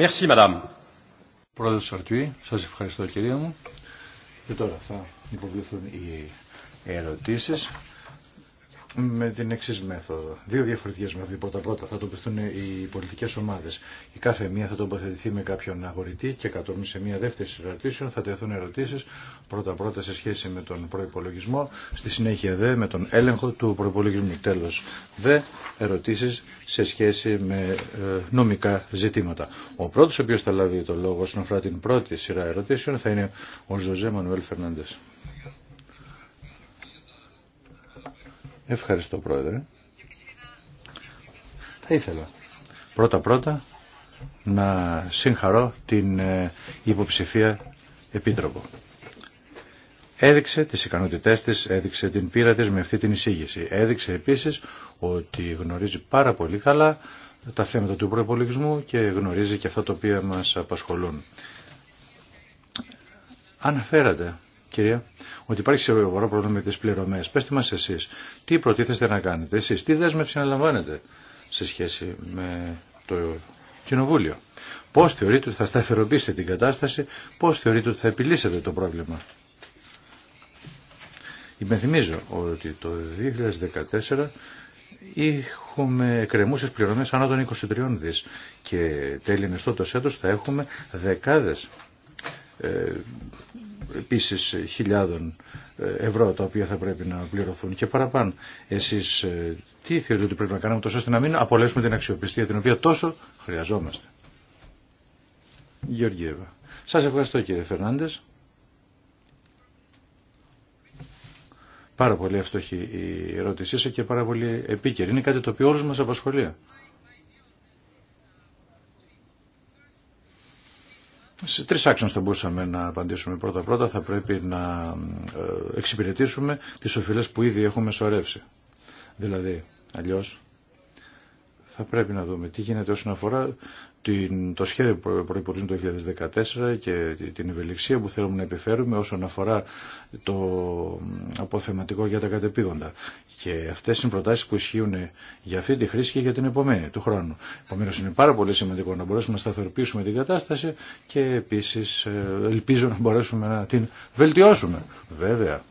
Merci, madame. Πρόεδρε Σαρτουή, σα ευχαριστώ κύριε μου. Και τώρα θα υποβληθούν οι ερωτήσει με την εξή μέθοδο. Δύο διαφορετικέ μέθοδοι. Πρώτα-πρώτα θα τοποθετηθούν οι πολιτικέ ομάδε. Η κάθε μία θα τοποθετηθεί με κάποιον αγορητή και κατόπιν σε μία δεύτερη ερωτήσεων θα τεθούν ερωτήσει πρώτα-πρώτα σε σχέση με τον προπολογισμό, στη συνέχεια δε με τον έλεγχο του προπολογισμού. Τέλο δε ερωτήσει σε σχέση με ε, νομικά ζητήματα. Ο πρώτο ο οποίο θα λάβει το λόγο όσον αφορά την πρώτη σειρά ερωτήσεων θα είναι ο Ζωζέ Μανουέλ Φερνάντε. Ευχαριστώ Πρόεδρε. Θα ήθελα πρώτα-πρώτα να συγχαρώ την ε, υποψηφία Επίτροπο. Έδειξε τις ικανότητές της, έδειξε την πείρα της με αυτή την εισήγηση. Έδειξε επίσης ότι γνωρίζει πάρα πολύ καλά τα θέματα του προπολογισμού και γνωρίζει και αυτά τα οποία μας απασχολούν. Αναφέρατε κυρία, ότι υπάρχει σοβαρό πρόβλημα με τι πληρωμέ. Πετε μα εσεί, τι προτίθεστε να κάνετε εσεί, τι δέσμευση να λαμβάνετε σε σχέση με το Κοινοβούλιο. Πώ θεωρείτε ότι θα σταθεροποιήσετε την κατάσταση, πώ θεωρείτε ότι θα επιλύσετε το πρόβλημα. Υπενθυμίζω ότι το 2014 είχαμε κρεμούσε πληρωμέ ανά των 23 δι και τέλη το έτο θα έχουμε δεκάδε ε, επίσης χιλιάδων ε, ευρώ τα οποία θα πρέπει να πληρωθούν και παραπάνω. Εσείς ε, τι θεωρείτε ότι πρέπει να κάνουμε τόσο ώστε να μην απολέσουμε την αξιοπιστία την οποία τόσο χρειαζόμαστε. Γεωργίευα. Σας ευχαριστώ κύριε Φερνάντες. Πάρα πολύ εύστοχη η ερώτησή σας και πάρα πολύ επίκαιρη. Είναι κάτι το οποίο όλους μας απασχολεί. σε τρεις άξονες θα μπορούσαμε να απαντήσουμε. Πρώτα-πρώτα θα πρέπει να ε, εξυπηρετήσουμε τις οφειλές που ήδη έχουμε σωρεύσει. Δηλαδή, αλλιώς θα πρέπει να δούμε τι γίνεται όσον αφορά την, το σχέδιο που προϋπορίζουν το 2014 και την ευελιξία που θέλουμε να επιφέρουμε όσον αφορά το αποθεματικό για τα κατεπίγοντα Και αυτές είναι προτάσεις που ισχύουν για αυτή τη χρήση και για την επομένη του χρόνου. Επομένως είναι πάρα πολύ σημαντικό να μπορέσουμε να σταθεροποιήσουμε την κατάσταση και επίσης ε, ελπίζω να μπορέσουμε να την βελτιώσουμε. Βέβαια.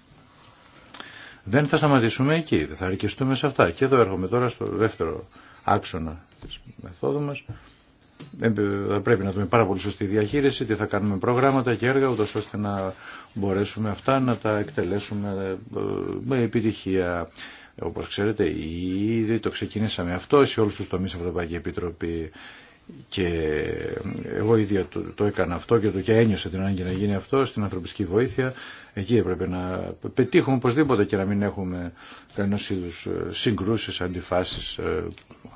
Δεν θα σταματήσουμε εκεί, θα αρκεστούμε σε αυτά. Και εδώ έρχομαι τώρα στο δεύτερο άξονα της μεθόδου μας ε, θα πρέπει να δούμε πάρα πολύ σωστή διαχείριση, τι θα κάνουμε προγράμματα και έργα, ούτως ώστε να μπορέσουμε αυτά να τα εκτελέσουμε ε, με επιτυχία. Όπως ξέρετε, ήδη το ξεκινήσαμε αυτό σε όλους τους τομείς Ευρωπαϊκή Επιτροπή και εγώ ίδια το, το έκανα αυτό και το και ένιωσα την ανάγκη να γίνει αυτό στην ανθρωπιστική βοήθεια. Εκεί έπρεπε να πετύχουμε οπωσδήποτε και να μην έχουμε κανένα είδου ε, συγκρούσει, αντιφάσει, ε,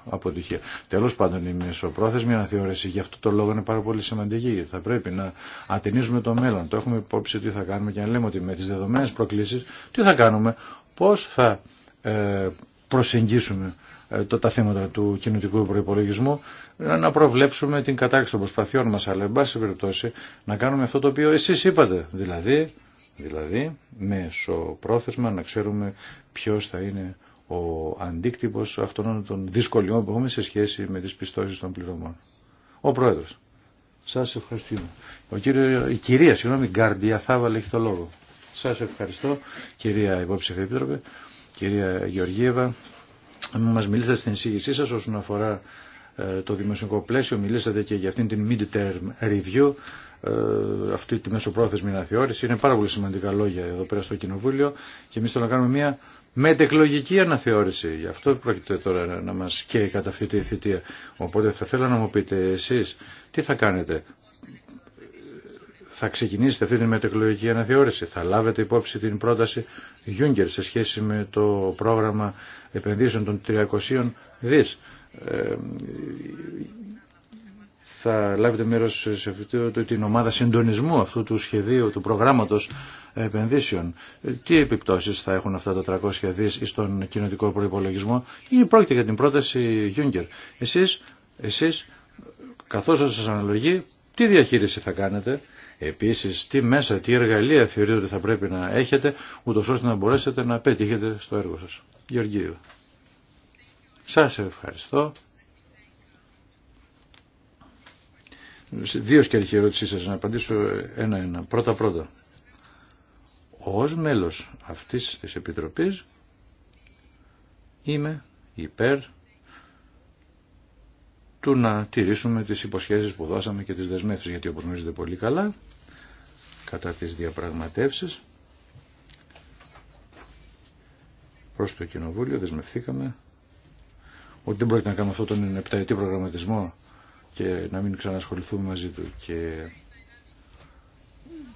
αποτυχία. Τέλο πάντων, η μεσοπρόθεσμη αναθεώρηση γι' αυτό το λόγο είναι πάρα πολύ σημαντική. Θα πρέπει να ατενίζουμε το μέλλον. Το έχουμε υπόψη τι θα κάνουμε και αν λέμε ότι με τι δεδομένε προκλήσει τι θα κάνουμε, πώ θα ε, προσεγγίσουμε ε, το, τα θέματα του κοινωτικού προπολογισμού, ε, να προβλέψουμε την κατάρριξη των προσπαθειών μας, αλλά εν πάση περιπτώσει να κάνουμε αυτό το οποίο εσείς είπατε, δηλαδή, δηλαδή πρόθεσμα να ξέρουμε ποιος θα είναι ο αντίκτυπος αυτών των δυσκολιών που έχουμε σε σχέση με τις πιστώσεις των πληρωμών. Ο Πρόεδρος. Σας ευχαριστούμε. Ο κύριο, η κυρία, συγγνώμη, Γκάρντια Θάβαλ έχει το λόγο. Σας ευχαριστώ, κυρία Υπόψηφη Επίτροπε, κυρία Γεωργίευα μας μιλήσατε στην εισήγησή σας όσον αφορά ε, το δημοσιοκοπλαίσιο, πλαίσιο, μιλήσατε και για αυτήν την mid-term review, ε, αυτή τη μεσοπρόθεσμη αναθεώρηση. Είναι πάρα πολύ σημαντικά λόγια εδώ πέρα στο Κοινοβούλιο και εμεί θέλουμε να κάνουμε μια μετεκλογική αναθεώρηση. Γι' αυτό πρόκειται τώρα να μα καίει κατά αυτή τη θητεία. Οπότε θα θέλω να μου πείτε εσεί τι θα κάνετε θα ξεκινήσετε αυτή την μετεκλογική αναθεώρηση, θα λάβετε υπόψη την πρόταση Γιούγκερ σε σχέση με το πρόγραμμα επενδύσεων των 300 δις. Ε, θα λάβετε μέρος σε αυτή την ομάδα συντονισμού αυτού του σχεδίου, του προγράμματος επενδύσεων. Ε, τι επιπτώσεις θα έχουν αυτά τα 300 δις στον κοινωτικό προϋπολογισμό. Είναι πρόκειται για την πρόταση Γιούγκερ. Εσείς, εσείς καθώς σας αναλογεί τι διαχείριση θα κάνετε, επίσης τι μέσα, τι εργαλεία θεωρείτε ότι θα πρέπει να έχετε, ούτως ώστε να μπορέσετε να πετύχετε στο έργο σας. Γεωργίου. Σας ευχαριστώ. Δύο σκέλη ερώτησή σας, να απαντήσω ένα-ένα. Πρώτα-πρώτα. Ως μέλος αυτής της Επιτροπής είμαι υπέρ του να τηρήσουμε τις υποσχέσεις που δώσαμε και τις δεσμεύσεις, γιατί όπως γνωρίζετε πολύ καλά, κατά τις διαπραγματεύσεις, προς το Κοινοβούλιο δεσμευθήκαμε ότι δεν πρόκειται να κάνουμε αυτό τον επταετή προγραμματισμό και να μην ξανασχοληθούμε μαζί του. Και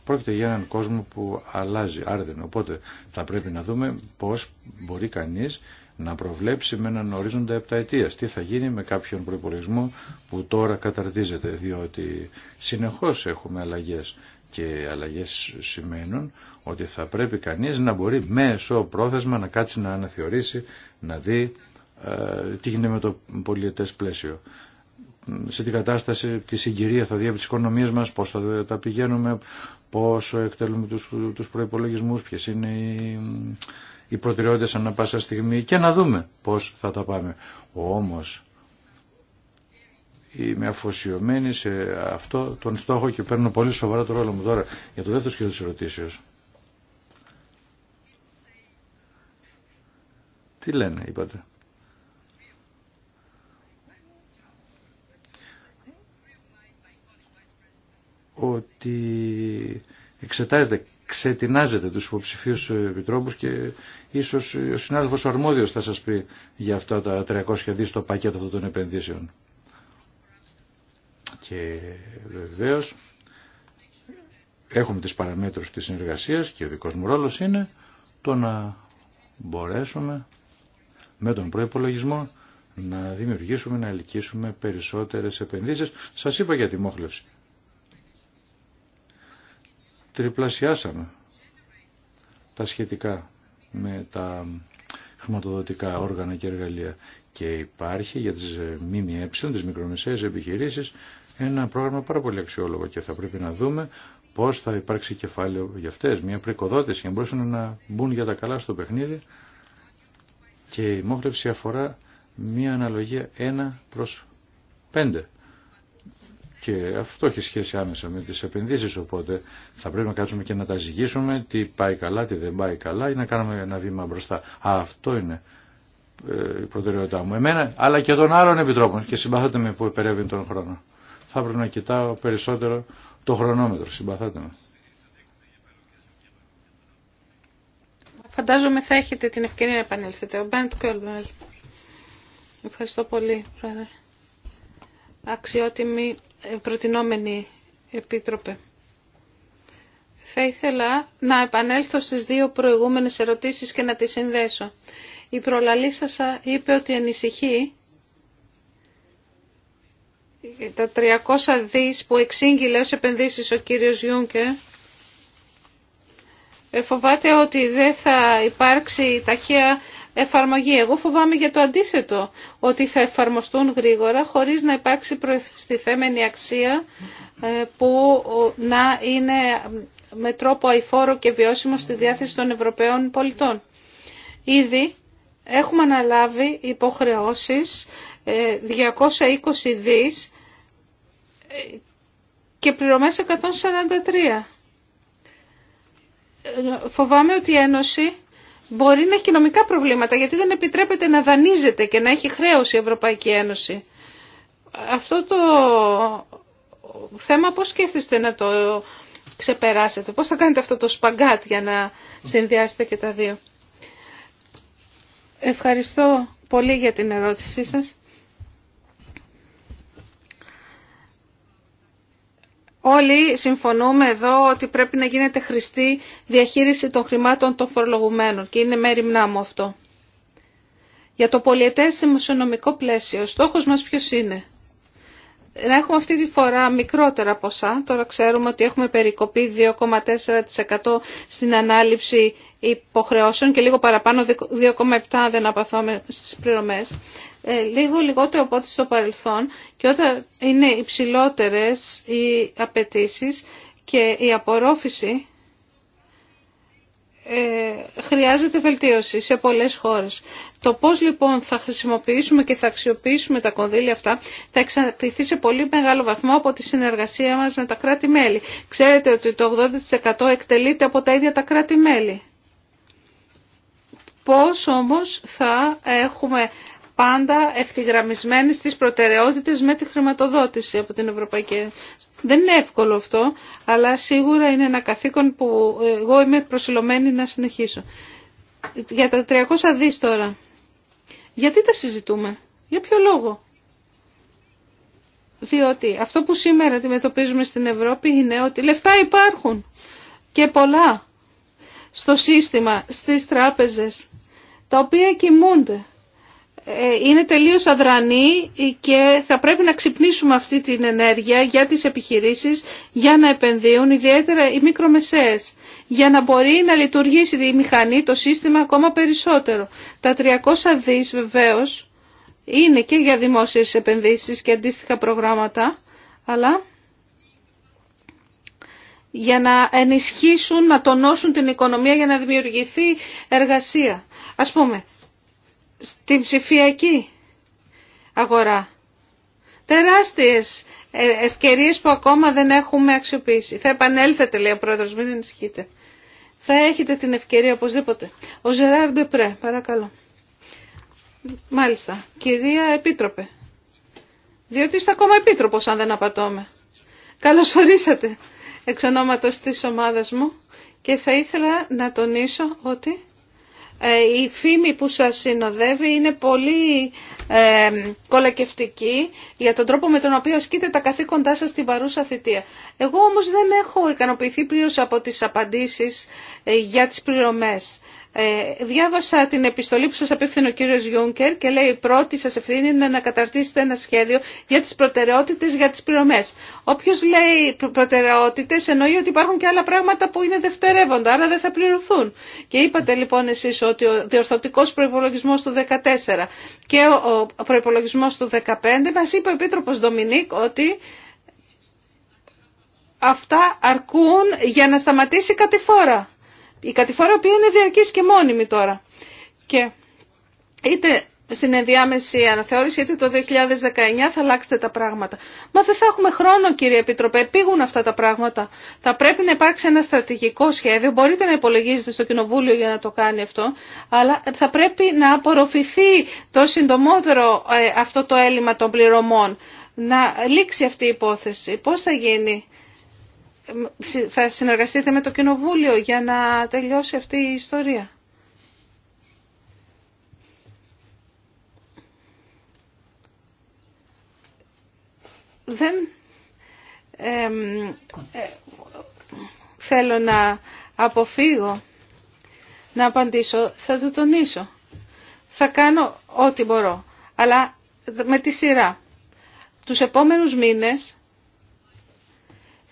πρόκειται για έναν κόσμο που αλλάζει άρδεν. Οπότε θα πρέπει να δούμε πώς μπορεί κανείς να προβλέψει με έναν ορίζοντα επταετίας τι θα γίνει με κάποιον προϋπολογισμό που τώρα καταρτίζεται διότι συνεχώς έχουμε αλλαγές και αλλαγές σημαίνουν ότι θα πρέπει κανείς να μπορεί μέσω πρόθεσμα να κάτσει να αναθεωρήσει να δει ε, τι γίνεται με το πολιετές πλαίσιο σε την κατάσταση, τη συγκυρία θα από τις οικονομίες μας, πώς θα τα πηγαίνουμε, πόσο εκτελούμε τους, τους προϋπολογισμούς, ποιες είναι οι, οι προτεραιότητες ανά πάσα στιγμή και να δούμε πώς θα τα πάμε. Όμως είμαι αφοσιωμένη σε αυτό τον στόχο και παίρνω πολύ σοβαρά το ρόλο μου τώρα για το δεύτερο σχέδιο της ερωτήσεως. Τι λένε, είπατε. Ότι εξετάζεται ξετινάζετε τους υποψηφίους επιτρόπους και ίσως ο συνάδελφος ο Αρμόδιος θα σας πει για αυτά τα 300 δις στο πακέτο αυτών των επενδύσεων. Και βεβαίως έχουμε τις παραμέτρους της συνεργασίας και ο δικός μου ρόλος είναι το να μπορέσουμε με τον προϋπολογισμό να δημιουργήσουμε, να ελκύσουμε περισσότερες επενδύσεις. Σας είπα για τη μόχλευση τριπλασιάσαμε τα σχετικά με τα χρηματοδοτικά όργανα και εργαλεία. Και υπάρχει για τις ε, ΜΜΕ, τις μικρομεσαίες επιχειρήσεις, ένα πρόγραμμα πάρα πολύ αξιόλογο και θα πρέπει να δούμε πώς θα υπάρξει κεφάλαιο για αυτές, μια πρικοδότηση για να μπορέσουν να μπουν για τα καλά στο παιχνίδι και η μόχλευση αφορά μια αναλογία 1 προς 5. Και αυτό έχει σχέση άμεσα με τις επενδύσεις, οπότε θα πρέπει να κάτσουμε και να τα ζυγίσουμε τι πάει καλά, τι δεν πάει καλά ή να κάνουμε ένα βήμα μπροστά. αυτό είναι ε, η προτεραιότητά μου. Εμένα, αλλά και των άλλων επιτρόπων και συμπαθάτε με που επερεύει τον χρόνο. Θα πρέπει να κοιτάω περισσότερο το χρονόμετρο, συμπαθάτε με. Φαντάζομαι θα έχετε την ευκαιρία να επανέλθετε. Ο Μπέντ Κόλμπερ. Ευχαριστώ πολύ, πρόεδρε. Αξιότιμη προτινόμενη επίτροπε. Θα ήθελα να επανέλθω στις δύο προηγούμενες ερωτήσεις και να τις συνδέσω. Η σα είπε ότι ανησυχεί τα 300 δις που εξήγηλε ως επενδύσεις ο κύριος Γιούνκερ ε, φοβάται ότι δεν θα υπάρξει ταχεία εφαρμογή. Εγώ φοβάμαι για το αντίθετο, ότι θα εφαρμοστούν γρήγορα χωρίς να υπάρξει προστιθέμενη αξία ε, που να είναι με τρόπο αηφόρο και βιώσιμο στη διάθεση των Ευρωπαίων πολιτών. Ήδη έχουμε αναλάβει υποχρεώσεις 220 ε, δις ε, και πληρωμές 143. Φοβάμαι ότι η Ένωση μπορεί να έχει και νομικά προβλήματα γιατί δεν επιτρέπεται να δανείζεται και να έχει χρέος η Ευρωπαϊκή Ένωση. Αυτό το θέμα πώς σκέφτεστε να το ξεπεράσετε, πώς θα κάνετε αυτό το σπαγκάτ για να συνδυάσετε και τα δύο. Ευχαριστώ πολύ για την ερώτησή σας. Όλοι συμφωνούμε εδώ ότι πρέπει να γίνεται χρηστή διαχείριση των χρημάτων των φορολογουμένων και είναι μέρη μου αυτό. Για το πολιετές δημοσιονομικό πλαίσιο, ο στόχος μας ποιος είναι να έχουμε αυτή τη φορά μικρότερα ποσά. Τώρα ξέρουμε ότι έχουμε περικοπεί 2,4% στην ανάληψη υποχρεώσεων και λίγο παραπάνω 2,7% δεν απαθώμε στις πληρωμές. Ε, λίγο λιγότερο από ό,τι στο παρελθόν και όταν είναι υψηλότερες οι απαιτήσει και η απορρόφηση ε, χρειάζεται βελτίωση σε πολλές χώρες. Το πώς λοιπόν θα χρησιμοποιήσουμε και θα αξιοποιήσουμε τα κονδύλια αυτά θα εξαρτηθεί σε πολύ μεγάλο βαθμό από τη συνεργασία μας με τα κράτη-μέλη. Ξέρετε ότι το 80% εκτελείται από τα ίδια τα κράτη-μέλη. Πώς όμως θα έχουμε πάντα ευθυγραμμισμένες τις προτεραιότητες με τη χρηματοδότηση από την Ευρωπαϊκή δεν είναι εύκολο αυτό, αλλά σίγουρα είναι ένα καθήκον που εγώ είμαι προσιλωμένη να συνεχίσω. Για τα 300 δις τώρα. Γιατί τα συζητούμε, για ποιο λόγο. Διότι αυτό που σήμερα αντιμετωπίζουμε στην Ευρώπη είναι ότι λεφτά υπάρχουν και πολλά στο σύστημα, στις τράπεζες, τα οποία κοιμούνται είναι τελείως αδρανή και θα πρέπει να ξυπνήσουμε αυτή την ενέργεια για τις επιχειρήσεις για να επενδύουν ιδιαίτερα οι μικρομεσαίες για να μπορεί να λειτουργήσει η μηχανή, το σύστημα ακόμα περισσότερο. Τα 300 δις βεβαίως είναι και για δημόσιες επενδύσεις και αντίστοιχα προγράμματα, αλλά για να ενισχύσουν, να τονώσουν την οικονομία για να δημιουργηθεί εργασία. Ας πούμε, στην ψηφιακή αγορά. Τεράστιες ε, ευκαιρίες που ακόμα δεν έχουμε αξιοποιήσει. Θα επανέλθετε, λέει ο πρόεδρος, μην ενισχύετε. Θα έχετε την ευκαιρία οπωσδήποτε. Ο Ζεράρ Ντεπρέ, παρακαλώ. Μάλιστα. Κυρία Επίτροπε. Διότι είστε ακόμα επίτροπος, αν δεν απατώμε. Καλώς ορίσατε εξ ονόματος της ομάδας μου και θα ήθελα να τονίσω ότι ε, η φήμη που σας συνοδεύει είναι πολύ ε, κολακευτική για τον τρόπο με τον οποίο ασκείτε τα καθήκοντά σας στην παρούσα θητεία. Εγώ όμως δεν έχω ικανοποιηθεί πλήρως από τις απαντήσεις ε, για τις πληρωμές. Ε, διάβασα την επιστολή που σας απίφθηνε ο κύριος Γιούνκερ και λέει η πρώτη σας ευθύνη είναι να καταρτήσετε ένα σχέδιο για τις προτεραιότητες για τις πληρωμές. Όποιος λέει προτεραιότητες εννοεί ότι υπάρχουν και άλλα πράγματα που είναι δευτερεύοντα, άρα δεν θα πληρωθούν. Και είπατε λοιπόν εσείς ότι ο διορθωτικός προϋπολογισμός του 2014 και ο προϋπολογισμός του 2015 μας είπε ο Επίτροπος Ντομινίκ ότι αυτά αρκούν για να σταματήσει κατηφόρα. Η κατηφόρα οποία είναι διαρκή και μόνιμη τώρα. Και είτε στην ενδιάμεση αναθεώρηση, είτε το 2019 θα αλλάξετε τα πράγματα. Μα δεν θα έχουμε χρόνο κύριε Επιτροπέ, πήγουν αυτά τα πράγματα. Θα πρέπει να υπάρξει ένα στρατηγικό σχέδιο, μπορείτε να υπολογίζετε στο Κοινοβούλιο για να το κάνει αυτό, αλλά θα πρέπει να απορροφηθεί το συντομότερο ε, αυτό το έλλειμμα των πληρωμών. Να λήξει αυτή η υπόθεση. Πώς θα γίνει θα συνεργαστείτε με το Κοινοβούλιο για να τελειώσει αυτή η ιστορία. Δεν ε, θέλω να αποφύγω να απαντήσω, θα το τονίσω. Θα κάνω ό,τι μπορώ, αλλά με τη σειρά. Τους επόμενους μήνες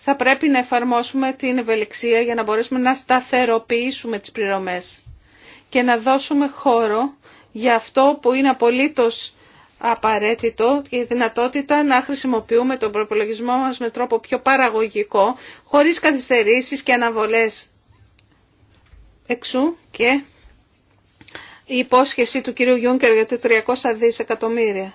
θα πρέπει να εφαρμόσουμε την ευελιξία για να μπορέσουμε να σταθεροποιήσουμε τις πληρωμές και να δώσουμε χώρο για αυτό που είναι απολύτως απαραίτητο η δυνατότητα να χρησιμοποιούμε τον προπολογισμό μας με τρόπο πιο παραγωγικό, χωρίς καθυστερήσεις και αναβολές. Εξού και η υπόσχεση του κυρίου Γιούνκερ για τα 300 δισεκατομμύρια.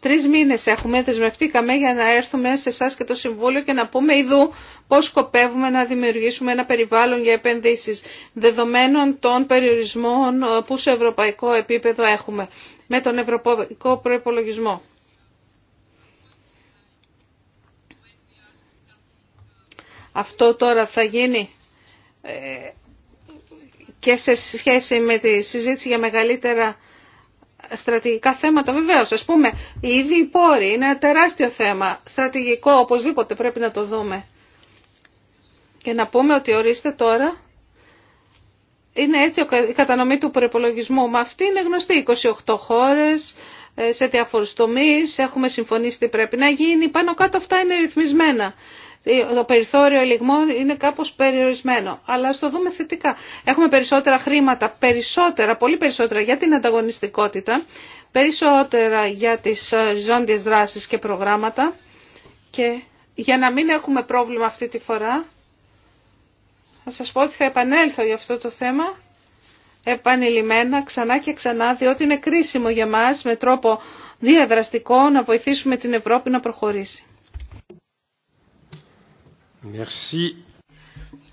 Τρεις μήνες έχουμε, δεσμευτήκαμε για να έρθουμε σε εσά και το Συμβούλιο και να πούμε ειδού πώς σκοπεύουμε να δημιουργήσουμε ένα περιβάλλον για επενδύσεις δεδομένων των περιορισμών ε, που σε ευρωπαϊκό επίπεδο έχουμε με τον ευρωπαϊκό προϋπολογισμό. Αυτό τώρα θα γίνει ε, και σε σχέση με τη συζήτηση για μεγαλύτερα στρατηγικά θέματα βεβαίω, α πούμε, οι ίδιοι πόροι είναι ένα τεράστιο θέμα, στρατηγικό, οπωσδήποτε πρέπει να το δούμε. Και να πούμε ότι ορίστε τώρα, είναι έτσι η κατανομή του προπολογισμού. Μα αυτή είναι γνωστή, 28 χώρε ε, σε διάφορου τομεί έχουμε συμφωνήσει τι πρέπει να γίνει, πάνω κάτω αυτά είναι ρυθμισμένα το περιθώριο ελιγμών είναι κάπως περιορισμένο. Αλλά ας το δούμε θετικά. Έχουμε περισσότερα χρήματα, περισσότερα, πολύ περισσότερα για την ανταγωνιστικότητα, περισσότερα για τις ε, ζώντιες δράσεις και προγράμματα και για να μην έχουμε πρόβλημα αυτή τη φορά, θα σας πω ότι θα επανέλθω για αυτό το θέμα επανειλημμένα ξανά και ξανά, διότι είναι κρίσιμο για μας με τρόπο διαδραστικό να βοηθήσουμε την Ευρώπη να προχωρήσει.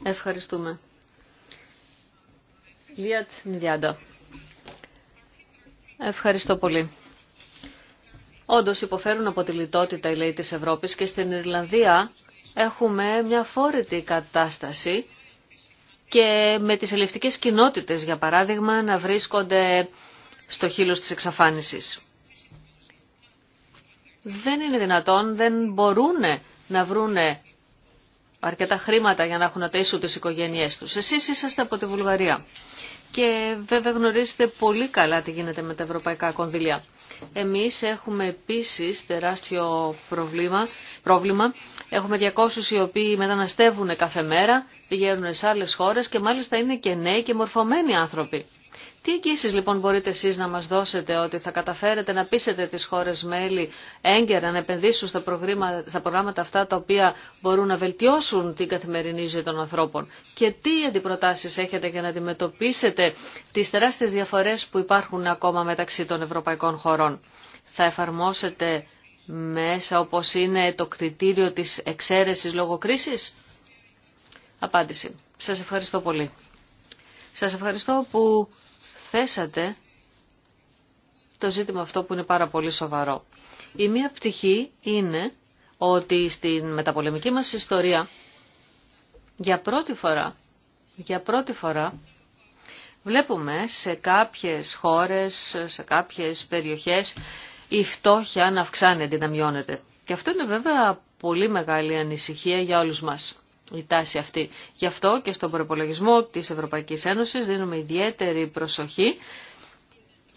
Ευχαριστούμε. Λιάτ Νιάντα. Ευχαριστώ πολύ. Όντω υποφέρουν από τη λιτότητα οι λαοί της Ευρώπης και στην Ιρλανδία έχουμε μια φόρητη κατάσταση και με τις ελευτικές κοινότητες, για παράδειγμα, να βρίσκονται στο χείλος της εξαφάνισης. Δεν είναι δυνατόν, δεν μπορούν να βρούνε αρκετά χρήματα για να έχουν να τις οικογένειές τους. Εσείς είσαστε από τη Βουλγαρία και βέβαια γνωρίζετε πολύ καλά τι γίνεται με τα ευρωπαϊκά κονδυλιά. Εμείς έχουμε επίσης τεράστιο προβλήμα, πρόβλημα. Έχουμε 200 οι οποίοι μεταναστεύουν κάθε μέρα, πηγαίνουν σε άλλες χώρες και μάλιστα είναι και νέοι και μορφωμένοι άνθρωποι. Τι εγγύσεις λοιπόν μπορείτε εσείς να μας δώσετε ότι θα καταφέρετε να πείσετε τις χώρες μέλη έγκαιρα να επενδύσουν στα, προγράμματα αυτά τα οποία μπορούν να βελτιώσουν την καθημερινή ζωή των ανθρώπων. Και τι αντιπροτάσεις έχετε για να αντιμετωπίσετε τις τεράστιες διαφορές που υπάρχουν ακόμα μεταξύ των ευρωπαϊκών χωρών. Θα εφαρμόσετε μέσα όπως είναι το κριτήριο της εξαίρεσης λόγω κρίσης. Απάντηση. Σας ευχαριστώ πολύ. Σας ευχαριστώ που θέσατε το ζήτημα αυτό που είναι πάρα πολύ σοβαρό. Η μία πτυχή είναι ότι στην μεταπολεμική μας ιστορία για πρώτη φορά, για πρώτη φορά βλέπουμε σε κάποιες χώρες, σε κάποιες περιοχές η φτώχεια να αυξάνεται, να μειώνεται. Και αυτό είναι βέβαια πολύ μεγάλη ανησυχία για όλους μας η αυτή. Γι' αυτό και στον προπολογισμό της Ευρωπαϊκής Ένωσης δίνουμε ιδιαίτερη προσοχή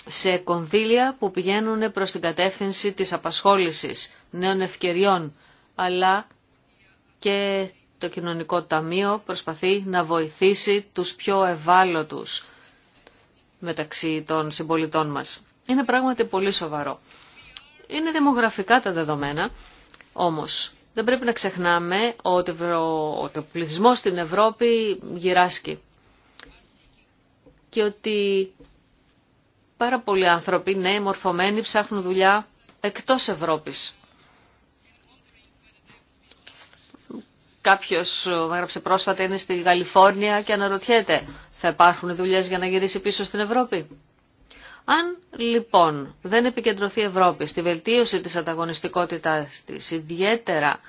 σε κονδύλια που πηγαίνουν προς την κατεύθυνση της απασχόλησης νέων ευκαιριών, αλλά και το Κοινωνικό Ταμείο προσπαθεί να βοηθήσει τους πιο ευάλωτους μεταξύ των συμπολιτών μας. Είναι πράγματι πολύ σοβαρό. Είναι δημογραφικά τα δεδομένα, όμως δεν πρέπει να ξεχνάμε ότι ο πληθυσμό στην Ευρώπη γυράσκει και ότι πάρα πολλοί άνθρωποι, νέοι μορφωμένοι, ψάχνουν δουλειά εκτός Ευρώπης. Κάποιος έγραψε πρόσφατα είναι στη Γαλιφόρνια και αναρωτιέται θα υπάρχουν δουλειές για να γυρίσει πίσω στην Ευρώπη. Αν λοιπόν δεν επικεντρωθεί η Ευρώπη στη βελτίωση της ανταγωνιστικότητάς της, ιδιαίτερα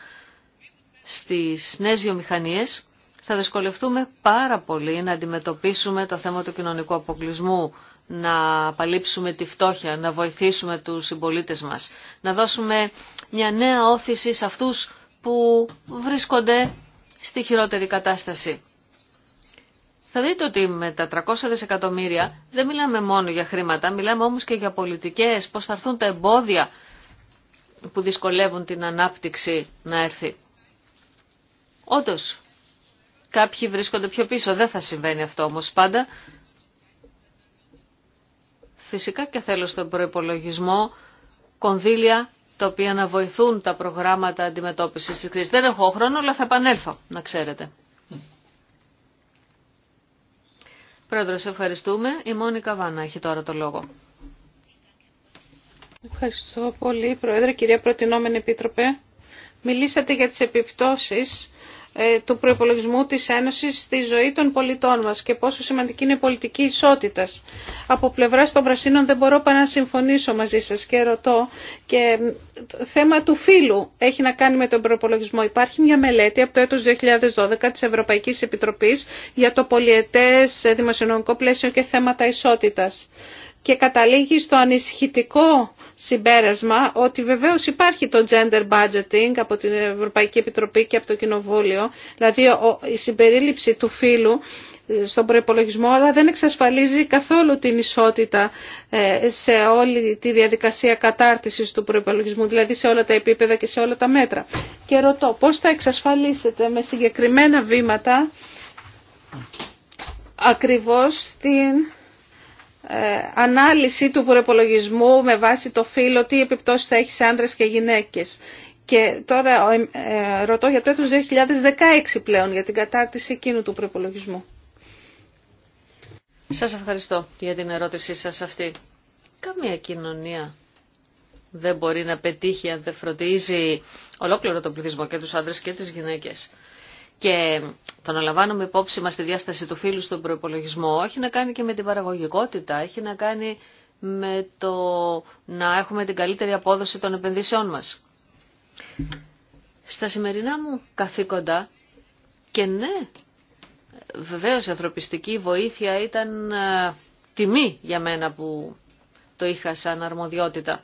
στις νέες βιομηχανίες, θα δυσκολευτούμε πάρα πολύ να αντιμετωπίσουμε το θέμα του κοινωνικού αποκλεισμού, να παλύψουμε τη φτώχεια, να βοηθήσουμε τους συμπολίτε μας, να δώσουμε μια νέα όθηση σε αυτούς που βρίσκονται στη χειρότερη κατάσταση θα δείτε ότι με τα 300 δισεκατομμύρια δεν μιλάμε μόνο για χρήματα, μιλάμε όμως και για πολιτικές, πώς θα έρθουν τα εμπόδια που δυσκολεύουν την ανάπτυξη να έρθει. Όντως, κάποιοι βρίσκονται πιο πίσω, δεν θα συμβαίνει αυτό όμως πάντα. Φυσικά και θέλω στον προϋπολογισμό κονδύλια τα οποία να βοηθούν τα προγράμματα αντιμετώπισης της κρίσης. Δεν έχω χρόνο, αλλά θα επανέλθω, να ξέρετε. σε ευχαριστούμε. Η Μόνικα Βάνα έχει τώρα το λόγο. Ευχαριστώ πολύ, Πρόεδρε, κυρία Προτινόμενη Επίτροπε. Μιλήσατε για τις επιπτώσεις ε, του προϋπολογισμού της Ένωσης στη ζωή των πολιτών μας και πόσο σημαντική είναι η πολιτική ισότητα. Από πλευρά των Πρασίνων δεν μπορώ παρά να συμφωνήσω μαζί σας και ρωτώ και το θέμα του φύλου έχει να κάνει με τον προϋπολογισμό. Υπάρχει μια μελέτη από το έτος 2012 της Ευρωπαϊκής Επιτροπής για το πολιετές δημοσιονομικό πλαίσιο και θέματα ισότητας και καταλήγει στο ανησυχητικό συμπέρασμα ότι βεβαίως υπάρχει το gender budgeting από την Ευρωπαϊκή Επιτροπή και από το Κοινοβούλιο, δηλαδή η συμπερίληψη του φύλου ε, στον προϋπολογισμό αλλά δεν εξασφαλίζει καθόλου την ισότητα ε, σε όλη τη διαδικασία κατάρτισης του προϋπολογισμού δηλαδή σε όλα τα επίπεδα και σε όλα τα μέτρα. Και ρωτώ, πώς θα εξασφαλίσετε με συγκεκριμένα βήματα ακριβώς την ε, ανάλυση του προπολογισμού με βάση το φύλλο, τι επιπτώσεις θα έχει σε άνδρες και γυναίκες. Και τώρα ε, ρωτώ για το έτος 2016 πλέον για την κατάρτιση εκείνου του προπολογισμού. Σας ευχαριστώ για την ερώτησή σας αυτή. Καμία κοινωνία δεν μπορεί να πετύχει αν δεν φροντίζει ολόκληρο τον πληθυσμό και τους άντρε και τις γυναίκες και το να λαμβάνουμε υπόψη μας τη διάσταση του φίλου στον προπολογισμό έχει να κάνει και με την παραγωγικότητα, έχει να κάνει με το να έχουμε την καλύτερη απόδοση των επενδύσεών μας. Στα σημερινά μου καθήκοντα και ναι, βεβαίως η ανθρωπιστική βοήθεια ήταν ε, τιμή για μένα που το είχα σαν αρμοδιότητα.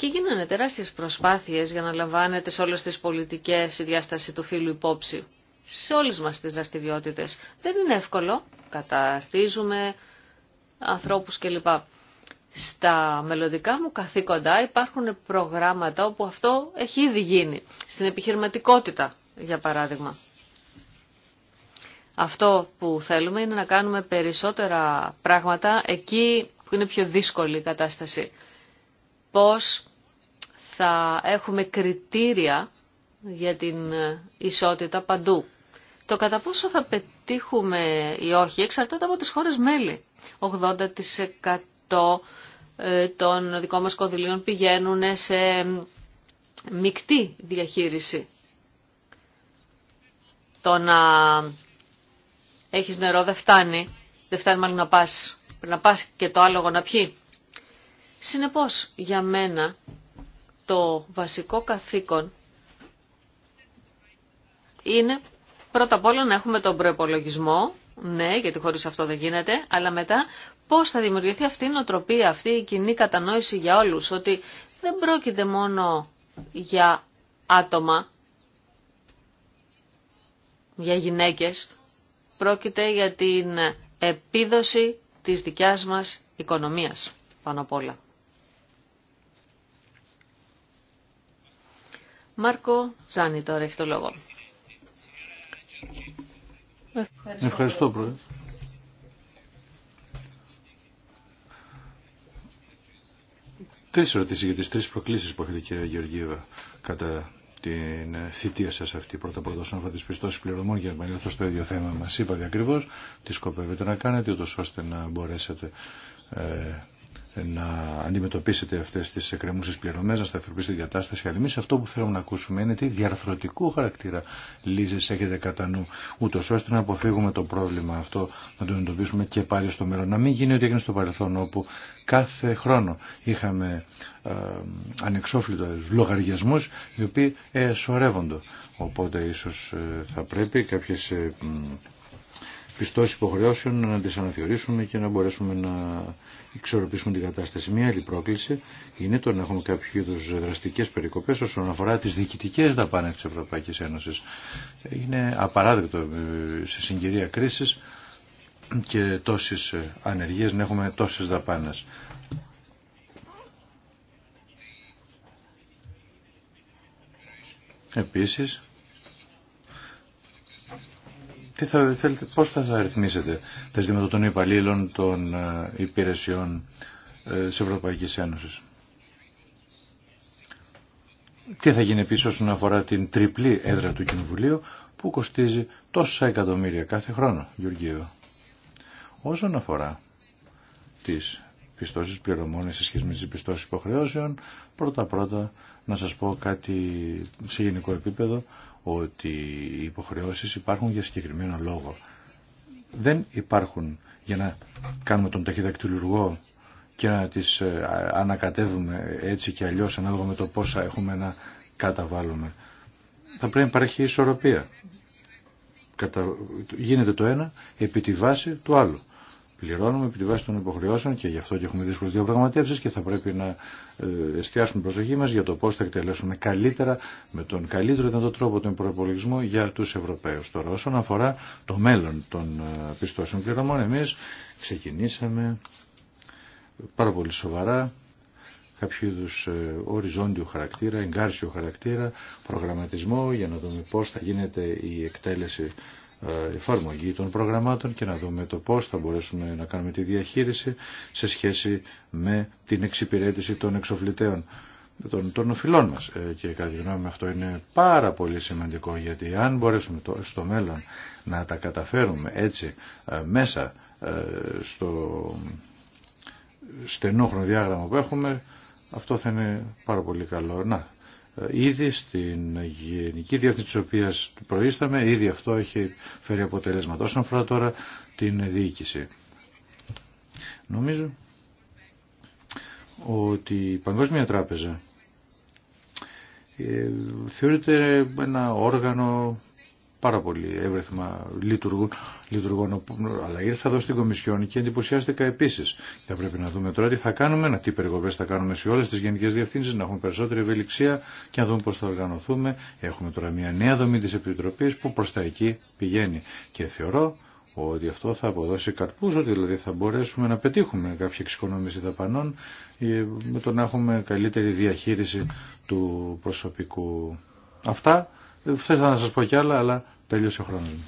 Και γίνανε τεράστιε προσπάθειες για να λαμβάνεται σε όλες τις πολιτικές η διάσταση του φίλου υπόψη. Σε όλες μας τις δραστηριότητε. Δεν είναι εύκολο. Καταρτίζουμε ανθρώπους κλπ. Στα μελλοντικά μου καθήκοντα υπάρχουν προγράμματα όπου αυτό έχει ήδη γίνει. Στην επιχειρηματικότητα, για παράδειγμα. Αυτό που θέλουμε είναι να κάνουμε περισσότερα πράγματα εκεί που είναι πιο δύσκολη η κατάσταση. Πώς θα έχουμε κριτήρια για την ε, ισότητα παντού. Το κατά πόσο θα πετύχουμε ή όχι εξαρτάται από τις χώρες μέλη. 80% ε, των δικών μας κονδυλίων πηγαίνουν σε μεικτή διαχείριση. Το να έχεις νερό δεν φτάνει, δεν φτάνει μάλλον να πας, να πας και το άλογο να πιει. Συνεπώς, για μένα το βασικό καθήκον είναι πρώτα απ' όλα να έχουμε τον προπολογισμό, ναι, γιατί χωρίς αυτό δεν γίνεται, αλλά μετά πώς θα δημιουργηθεί αυτή η νοοτροπία, αυτή η κοινή κατανόηση για όλους, ότι δεν πρόκειται μόνο για άτομα, για γυναίκες, πρόκειται για την επίδοση της δικιάς μας οικονομίας πάνω απ' όλα. Μάρκο Ζάνι τώρα έχει το λόγο. Ευχαριστώ, Πρόεδρε. Τρει ερωτήσει για τι τρεις προκλήσεις που έχετε κύριε Γεωργίου, κατά την θητεία σας αυτή πρώτα όλα, όσον αφορά τι πιστώσει πληρωμών για να επανέλθω στο ίδιο θέμα μας είπατε ακριβώς τι σκοπεύετε να κάνετε ούτω ώστε να μπορέσετε ε, να αντιμετωπίσετε αυτές τις εκκρεμούσες πληρωμές, να σταθεροποιήσετε την κατάσταση. Αλλά εμείς αυτό που θέλουμε να ακούσουμε είναι τι διαρθρωτικού χαρακτήρα λύσεις έχετε κατά νου, ούτως ώστε να αποφύγουμε το πρόβλημα αυτό, να το αντιμετωπίσουμε και πάλι στο μέλλον. Να μην γίνει ό,τι έγινε στο παρελθόν, όπου κάθε χρόνο είχαμε ε, ανεξόφλητους λογαριασμούς, οι οποίοι ε, σωρεύονται. Οπότε ίσως ε, θα πρέπει κάποιες... Ε, πιστώσεις υποχρεώσεων να τις αναθεωρήσουμε και να μπορέσουμε να εξορροπήσουμε την κατάσταση. Μία άλλη πρόκληση είναι το να έχουμε κάποιο είδου δραστικέ περικοπέ όσον αφορά τι διοικητικέ δαπάνε τη Ευρωπαϊκή Ένωση. Είναι απαράδεκτο ε, σε συγκυρία κρίση και τόσε ανεργίε να έχουμε τόσε δαπάνε. Επίσης, τι θα, θέλετε, πώς θα, θα τα ζητήματα των υπαλλήλων των ε, υπηρεσιών ε, της Ευρωπαϊκής Ένωσης. Τι θα γίνει επίσης όσον αφορά την τριπλή έδρα του Κοινοβουλίου που κοστίζει τόσα εκατομμύρια κάθε χρόνο, Γεωργίου. Όσον αφορά τις πιστώσεις πληρωμών σε σχέση με τις πιστώσεις υποχρεώσεων, πρώτα-πρώτα να σας πω κάτι σε γενικό επίπεδο ότι οι υποχρεώσεις υπάρχουν για συγκεκριμένο λόγο. Δεν υπάρχουν για να κάνουμε τον ταχυδακτηλουργό και να τις ε, ανακατεύουμε έτσι και αλλιώς ανάλογα με το πόσα έχουμε να καταβάλουμε. Θα πρέπει να υπάρχει ισορροπία. Γίνεται το ένα επί τη βάση του άλλου πληρώνουμε επί τη βάση των υποχρεώσεων και γι' αυτό και έχουμε δύσκολε διαπραγματεύσει και θα πρέπει να ε, εστιάσουμε προσοχή μα για το πώ θα εκτελέσουμε καλύτερα με τον καλύτερο δυνατό τρόπο τον προπολογισμό για του Ευρωπαίου. Τώρα, όσον αφορά το μέλλον των ε, πιστώσεων πληρωμών, εμεί ξεκινήσαμε πάρα πολύ σοβαρά κάποιο είδου ε, οριζόντιου χαρακτήρα, εγκάρσιο χαρακτήρα, προγραμματισμό για να δούμε πώ θα γίνεται η εκτέλεση ε, εφαρμογή των προγραμμάτων και να δούμε το πώς θα μπορέσουμε να κάνουμε τη διαχείριση σε σχέση με την εξυπηρέτηση των εξοφλητέων των, των οφειλών μας. Ε, και κατά τη γνώμη αυτό είναι πάρα πολύ σημαντικό γιατί αν μπορέσουμε το, στο μέλλον να τα καταφέρουμε έτσι ε, μέσα στο στενόχρονο διάγραμμα που έχουμε αυτό θα είναι πάρα πολύ καλό. Να, ε, ήδη στην γενική διεύθυνση της οποίας προείσταμε, ήδη αυτό έχει φέρει αποτελέσματα. Όσον αφορά τώρα την διοίκηση. Νομίζω ότι η Παγκόσμια Τράπεζα ε, θεωρείται ένα όργανο πάρα πολύ εύρεθμα λειτουργούν, αλλά ήρθα εδώ στην Κομισιόν και εντυπωσιάστηκα επίση. Θα πρέπει να δούμε τώρα τι θα κάνουμε, να τι περιγωγέ θα κάνουμε σε όλε τι γενικέ διευθύνσει, να έχουμε περισσότερη ευελιξία και να δούμε πώ θα οργανωθούμε. Έχουμε τώρα μια νέα δομή τη Επιτροπή που προ τα εκεί πηγαίνει. Και θεωρώ ότι αυτό θα αποδώσει καρπούς, ότι δηλαδή θα μπορέσουμε να πετύχουμε κάποια εξοικονόμηση δαπανών ε, με το να έχουμε καλύτερη διαχείριση του προσωπικού. Αυτά θα ήθελα να σας πω κι άλλα, αλλά τελείωσε ο χρόνος μου.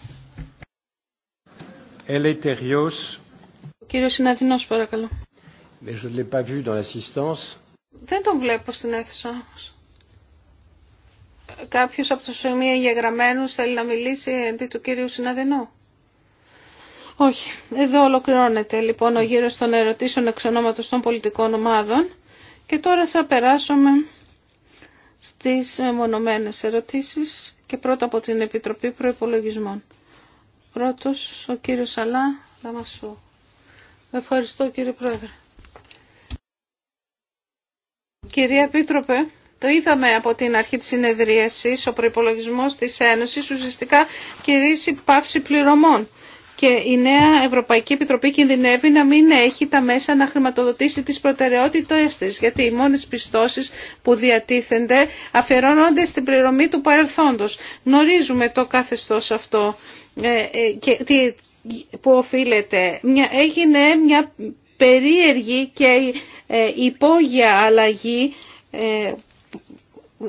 Ο κύριος Συναδεινός, παρακαλώ. Δεν τον βλέπω στην αίθουσα. Κάποιος από τους μη εγγεγραμμένους θέλει να μιλήσει αντί του κύριου Συναδεινού. Όχι. Εδώ ολοκληρώνεται λοιπόν ο γύρος των ερωτήσεων εξ ονόματος των πολιτικών ομάδων. Και τώρα θα περάσουμε στις μονομένες ερωτήσεις και πρώτα από την Επιτροπή Προϋπολογισμών. Πρώτος, ο κύριος Σαλά Δαμασού. Ευχαριστώ κύριε Πρόεδρε. Κυρία Επίτροπε, το είδαμε από την αρχή της συνεδρίασης, ο προϋπολογισμός της Ένωσης ουσιαστικά κηρύσσει πάυση πληρωμών και η νέα Ευρωπαϊκή Επιτροπή κινδυνεύει να μην έχει τα μέσα να χρηματοδοτήσει τις προτεραιότητες της, γιατί οι μόνες πιστώσεις που διατίθενται αφαιρώνονται στην πληρωμή του παρελθόντος. Γνωρίζουμε το καθεστώς αυτό ε, ε, και που οφείλεται. Έγινε μια περίεργη και ε, υπόγεια αλλαγή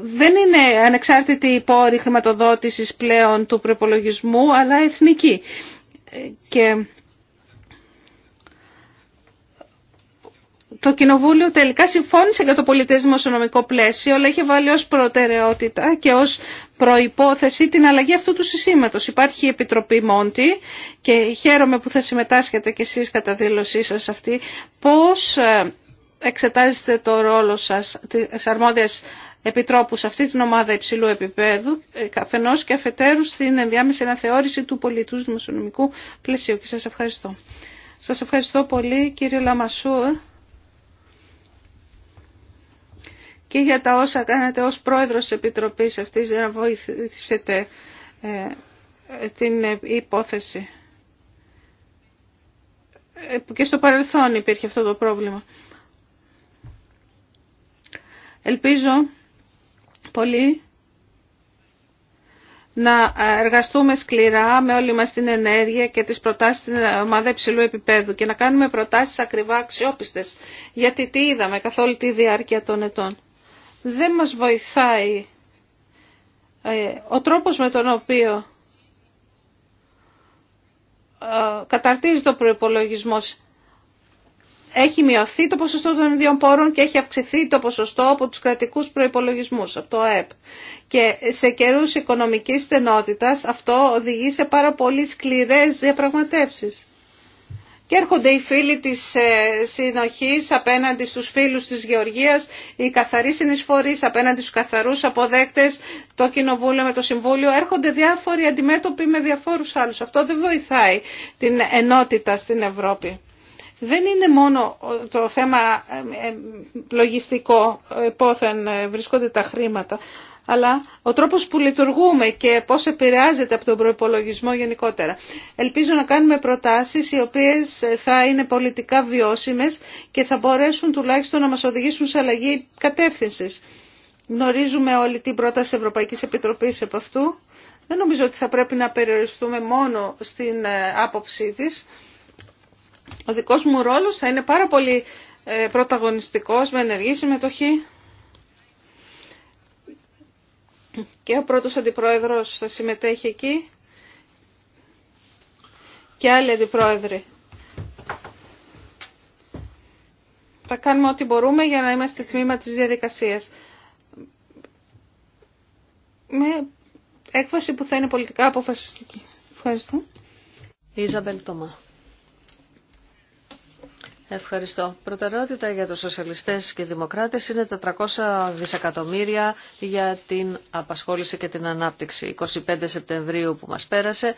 δεν είναι ανεξάρτητη η πόρη χρηματοδότησης πλέον του προπολογισμού, αλλά εθνική και το Κοινοβούλιο τελικά συμφώνησε για το δημοσιονομικό πλαίσιο, αλλά είχε βάλει ως προτεραιότητα και ως προϋπόθεση την αλλαγή αυτού του συστήματος. Υπάρχει η Επιτροπή Μόντι και χαίρομαι που θα συμμετάσχετε κι εσείς κατά δήλωσή σας αυτή. Πώς ε, εξετάζετε το ρόλο σας της αρμόδιας επιτρόπου σε αυτή την ομάδα υψηλού επίπεδου, καθενός ε, και αφετέρου στην ενδιάμεση αναθεώρηση του πολιτού δημοσιονομικού πλαισίου. Και σας ευχαριστώ. Σα ευχαριστώ πολύ κύριε Λαμασούρ και για τα όσα κάνατε ως πρόεδρος Επιτροπής αυτής για να βοηθήσετε ε, την ε, υπόθεση. Και στο παρελθόν υπήρχε αυτό το πρόβλημα. Ελπίζω πολύ να εργαστούμε σκληρά με όλη μας την ενέργεια και τις προτάσεις στην ομάδα υψηλού επίπεδου και να κάνουμε προτάσεις ακριβά αξιόπιστες. Γιατί τι είδαμε καθ' όλη τη διάρκεια των ετών. Δεν μας βοηθάει ε, ο τρόπος με τον οποίο ε, καταρτίζει το προϋπολογισμός έχει μειωθεί το ποσοστό των ιδίων πόρων και έχει αυξηθεί το ποσοστό από τους κρατικούς προϋπολογισμούς, από το ΕΠ. Και σε καιρούς οικονομικής στενότητας αυτό οδηγεί σε πάρα πολύ σκληρές διαπραγματεύσεις. Και έρχονται οι φίλοι της ε, συνοχής απέναντι στους φίλους της Γεωργίας, οι καθαροί συνεισφορείς απέναντι στους καθαρούς αποδέκτες, το Κοινοβούλιο με το Συμβούλιο. Έρχονται διάφοροι αντιμέτωποι με διαφόρους άλλους. Αυτό δεν βοηθάει την ενότητα στην Ευρώπη δεν είναι μόνο το θέμα ε, ε, λογιστικό πόθεν ε, βρισκόνται τα χρήματα, αλλά ο τρόπος που λειτουργούμε και πώς επηρεάζεται από τον προϋπολογισμό γενικότερα. Ελπίζω να κάνουμε προτάσεις οι οποίες θα είναι πολιτικά βιώσιμες και θα μπορέσουν τουλάχιστον να μας οδηγήσουν σε αλλαγή κατεύθυνσης. Γνωρίζουμε όλη την πρόταση Ευρωπαϊκής Επιτροπής από αυτού. Δεν νομίζω ότι θα πρέπει να περιοριστούμε μόνο στην άποψή της. Ο δικός μου ρόλος θα είναι πάρα πολύ ε, πρωταγωνιστικός με ενεργή συμμετοχή και ο πρώτος αντιπρόεδρος θα συμμετέχει εκεί και άλλοι αντιπρόεδροι. Θα κάνουμε ό,τι μπορούμε για να είμαστε τμήμα της διαδικασίας. Με έκβαση που θα είναι πολιτικά αποφασιστική. Ευχαριστώ. Ιζαμπέλ Τωμά. Ευχαριστώ. Προτεραιότητα για τους σοσιαλιστές και δημοκράτες είναι τα 300 δισεκατομμύρια για την απασχόληση και την ανάπτυξη. 25 Σεπτεμβρίου που μας πέρασε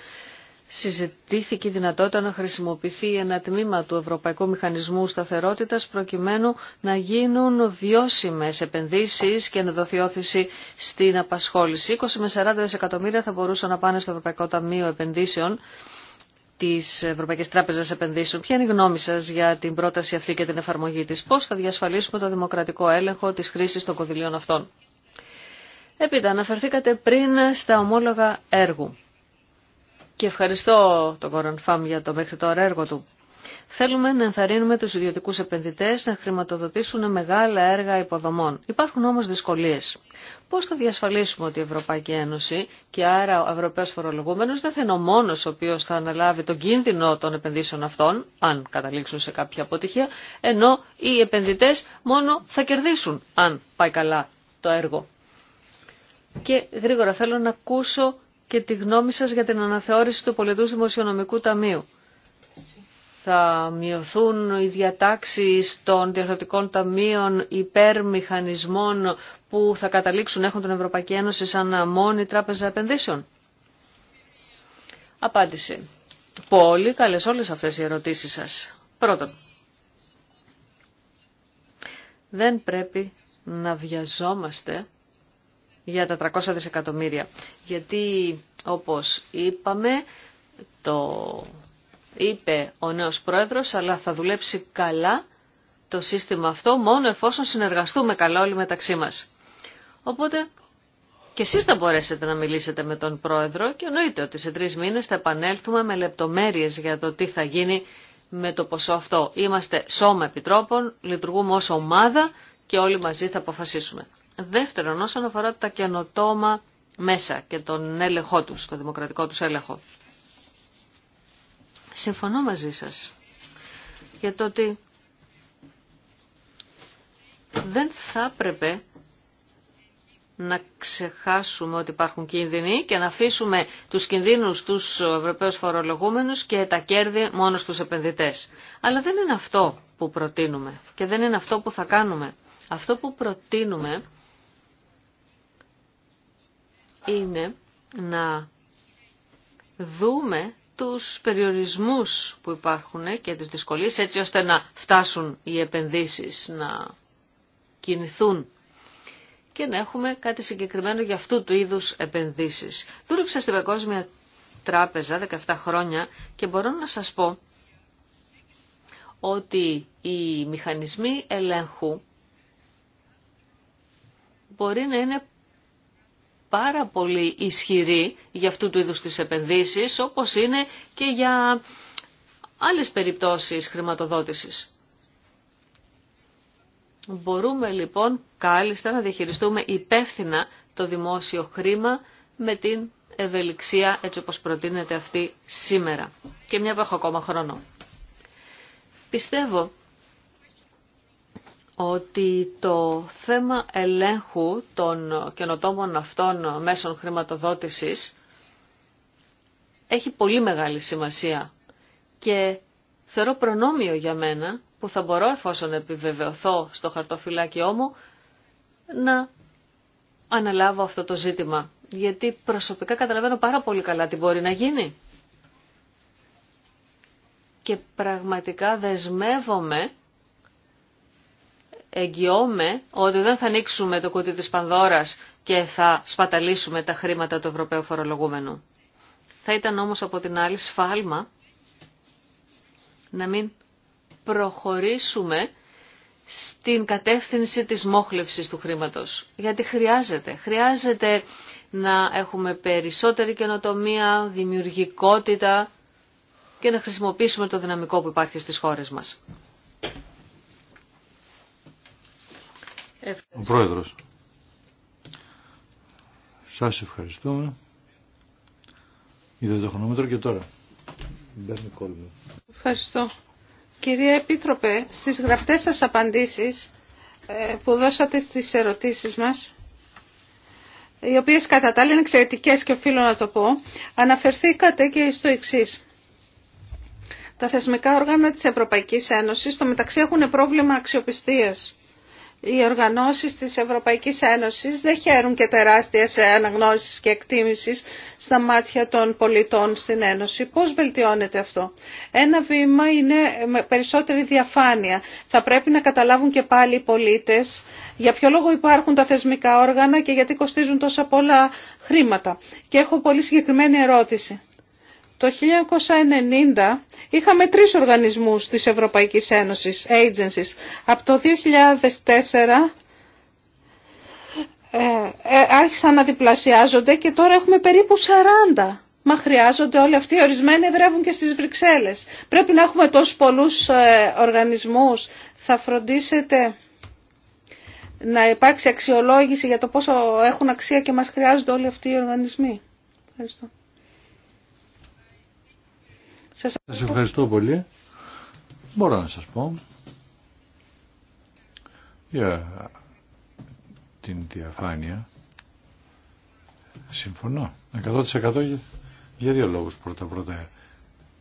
συζητήθηκε η δυνατότητα να χρησιμοποιηθεί ένα τμήμα του Ευρωπαϊκού Μηχανισμού Σταθερότητας προκειμένου να γίνουν βιώσιμες επενδύσεις και να δοθεί όθηση στην απασχόληση. 20 με 40 δισεκατομμύρια θα μπορούσαν να πάνε στο Ευρωπαϊκό Ταμείο Επενδύσεων της Ευρωπαϊκής Τράπεζας Επενδύσεων. Ποια είναι η γνώμη σας για την πρόταση αυτή και την εφαρμογή της. Πώς θα διασφαλίσουμε το δημοκρατικό έλεγχο της χρήσης των κονδυλίων αυτών. Επίτα, αναφερθήκατε πριν στα ομόλογα έργου. Και ευχαριστώ τον Κόρον Φαμ για το μέχρι τώρα έργο του. Θέλουμε να ενθαρρύνουμε τους ιδιωτικούς επενδυτές να χρηματοδοτήσουν μεγάλα έργα υποδομών. Υπάρχουν όμως δυσκολίες. Πώς θα διασφαλίσουμε ότι η Ευρωπαϊκή Ένωση και άρα ο Ευρωπαίος Φορολογούμενος δεν θα είναι ο μόνος ο οποίος θα αναλάβει τον κίνδυνο των επενδύσεων αυτών, αν καταλήξουν σε κάποια αποτυχία, ενώ οι επενδυτές μόνο θα κερδίσουν αν πάει καλά το έργο. Και γρήγορα θέλω να ακούσω και τη γνώμη σας για την αναθεώρηση του πολιτού δημοσιονομικού ταμείου θα μειωθούν οι διατάξεις των διαρθρωτικών ταμείων μηχανισμών που θα καταλήξουν έχουν τον Ευρωπαϊκή Ένωση σαν μόνη τράπεζα επενδύσεων. Απάντηση. Πολύ καλές όλες αυτές οι ερωτήσεις σας. Πρώτον, δεν πρέπει να βιαζόμαστε για τα 300 δισεκατομμύρια. Γιατί, όπως είπαμε, το είπε ο νέος πρόεδρος, αλλά θα δουλέψει καλά το σύστημα αυτό μόνο εφόσον συνεργαστούμε καλά όλοι μεταξύ μας. Οπότε και εσείς θα μπορέσετε να μιλήσετε με τον πρόεδρο και εννοείται ότι σε τρεις μήνες θα επανέλθουμε με λεπτομέρειες για το τι θα γίνει με το ποσό αυτό. Είμαστε σώμα επιτρόπων, λειτουργούμε ως ομάδα και όλοι μαζί θα αποφασίσουμε. Δεύτερον, όσον αφορά τα καινοτόμα μέσα και τον έλεγχό τους, το δημοκρατικό τους έλεγχο. Συμφωνώ μαζί σας για το ότι δεν θα έπρεπε να ξεχάσουμε ότι υπάρχουν κίνδυνοι και να αφήσουμε τους κινδύνους τους Ευρωπαίους φορολογούμενους και τα κέρδη μόνο στους επενδυτές. Αλλά δεν είναι αυτό που προτείνουμε και δεν είναι αυτό που θα κάνουμε. Αυτό που προτείνουμε είναι να δούμε τους περιορισμούς που υπάρχουν και τις δυσκολίες έτσι ώστε να φτάσουν οι επενδύσεις, να κινηθούν και να έχουμε κάτι συγκεκριμένο για αυτού του είδους επενδύσεις. Δούλεψα στην Παγκόσμια Τράπεζα 17 χρόνια και μπορώ να σας πω ότι οι μηχανισμοί ελέγχου μπορεί να είναι πάρα πολύ ισχυρή για αυτού του είδους τις επενδύσεις, όπως είναι και για άλλες περιπτώσεις χρηματοδότησης. Μπορούμε λοιπόν κάλλιστα να διαχειριστούμε υπεύθυνα το δημόσιο χρήμα με την ευελιξία έτσι όπως προτείνεται αυτή σήμερα. Και μια που έχω ακόμα χρόνο. Πιστεύω ότι το θέμα ελέγχου των καινοτόμων αυτών μέσων χρηματοδότησης έχει πολύ μεγάλη σημασία και θεωρώ προνόμιο για μένα που θα μπορώ εφόσον επιβεβαιωθώ στο χαρτοφυλάκιό μου να αναλάβω αυτό το ζήτημα. Γιατί προσωπικά καταλαβαίνω πάρα πολύ καλά τι μπορεί να γίνει. Και πραγματικά δεσμεύομαι εγγυώμαι ότι δεν θα ανοίξουμε το κουτί της Πανδώρας και θα σπαταλήσουμε τα χρήματα του Ευρωπαίου Φορολογούμενου. Θα ήταν όμως από την άλλη σφάλμα να μην προχωρήσουμε στην κατεύθυνση της μόχλευσης του χρήματος. Γιατί χρειάζεται. Χρειάζεται να έχουμε περισσότερη καινοτομία, δημιουργικότητα και να χρησιμοποιήσουμε το δυναμικό που υπάρχει στις χώρες μας. Ο Πρόεδρος. Σας ευχαριστούμε. Είδατε το χρονόμετρο και τώρα. Ευχαριστώ. Κυρία Επίτροπε, στις γραπτές σας απαντήσεις ε, που δώσατε στις ερωτήσεις μας, οι οποίες κατά τα είναι εξαιρετικές και οφείλω να το πω, αναφερθήκατε και στο εξή. Τα θεσμικά όργανα της Ευρωπαϊκής Ένωσης, στο μεταξύ έχουν πρόβλημα αξιοπιστίας οι οργανώσεις της Ευρωπαϊκής Ένωσης δεν χαίρουν και τεράστια σε και εκτίμησης στα μάτια των πολιτών στην Ένωση. Πώς βελτιώνεται αυτό. Ένα βήμα είναι με περισσότερη διαφάνεια. Θα πρέπει να καταλάβουν και πάλι οι πολίτες για ποιο λόγο υπάρχουν τα θεσμικά όργανα και γιατί κοστίζουν τόσα πολλά χρήματα. Και έχω πολύ συγκεκριμένη ερώτηση. Το 1990 είχαμε τρεις οργανισμούς της Ευρωπαϊκής Ένωσης, agencies. Από το 2004 ε, ε, άρχισαν να διπλασιάζονται και τώρα έχουμε περίπου 40. Μα χρειάζονται όλοι αυτοί, ορισμένοι δρεύουν και στις Βρυξέλλες. Πρέπει να έχουμε τόσους πολλούς ε, οργανισμούς. Θα φροντίσετε να υπάρξει αξιολόγηση για το πόσο έχουν αξία και μας χρειάζονται όλοι αυτοί οι οργανισμοί. Ευχαριστώ. Σας ευχαριστώ. πολύ. Μπορώ να σας πω για την διαφάνεια. Συμφωνώ. 100% για δύο λόγους. Πρώτα-πρώτα,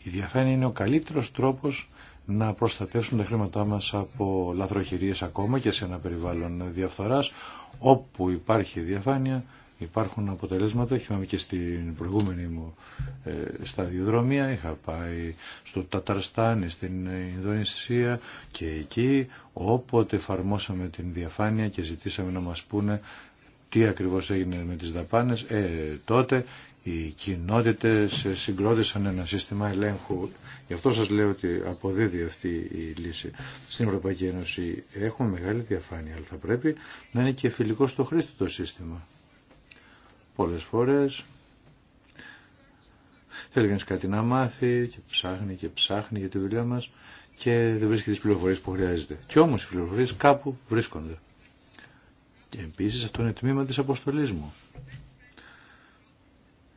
η διαφάνεια είναι ο καλύτερος τρόπος να προστατεύσουν τα χρήματά μας από λαθροχειρίες ακόμα και σε ένα περιβάλλον διαφθοράς όπου υπάρχει διαφάνεια υπάρχουν αποτελέσματα. Είχαμε και στην προηγούμενη μου ε, σταδιοδρομία. Είχα πάει στο Ταταρστάν, στην Ινδονησία και εκεί όποτε εφαρμόσαμε την διαφάνεια και ζητήσαμε να μας πούνε τι ακριβώς έγινε με τις δαπάνες, ε, τότε οι κοινότητες συγκρότησαν ένα σύστημα ελέγχου. Γι' αυτό σας λέω ότι αποδίδει αυτή η λύση. Στην Ευρωπαϊκή Ένωση έχουμε μεγάλη διαφάνεια, αλλά θα πρέπει να είναι και φιλικό στο χρήστη το σύστημα. Πολλές φορές θέλει κανείς κάτι να μάθει και ψάχνει και ψάχνει για τη δουλειά μας και δεν βρίσκει τις πληροφορίες που χρειάζεται. Και όμως οι πληροφορίες κάπου βρίσκονται. Και επίσης αυτό είναι το τμήμα της αποστολής μου.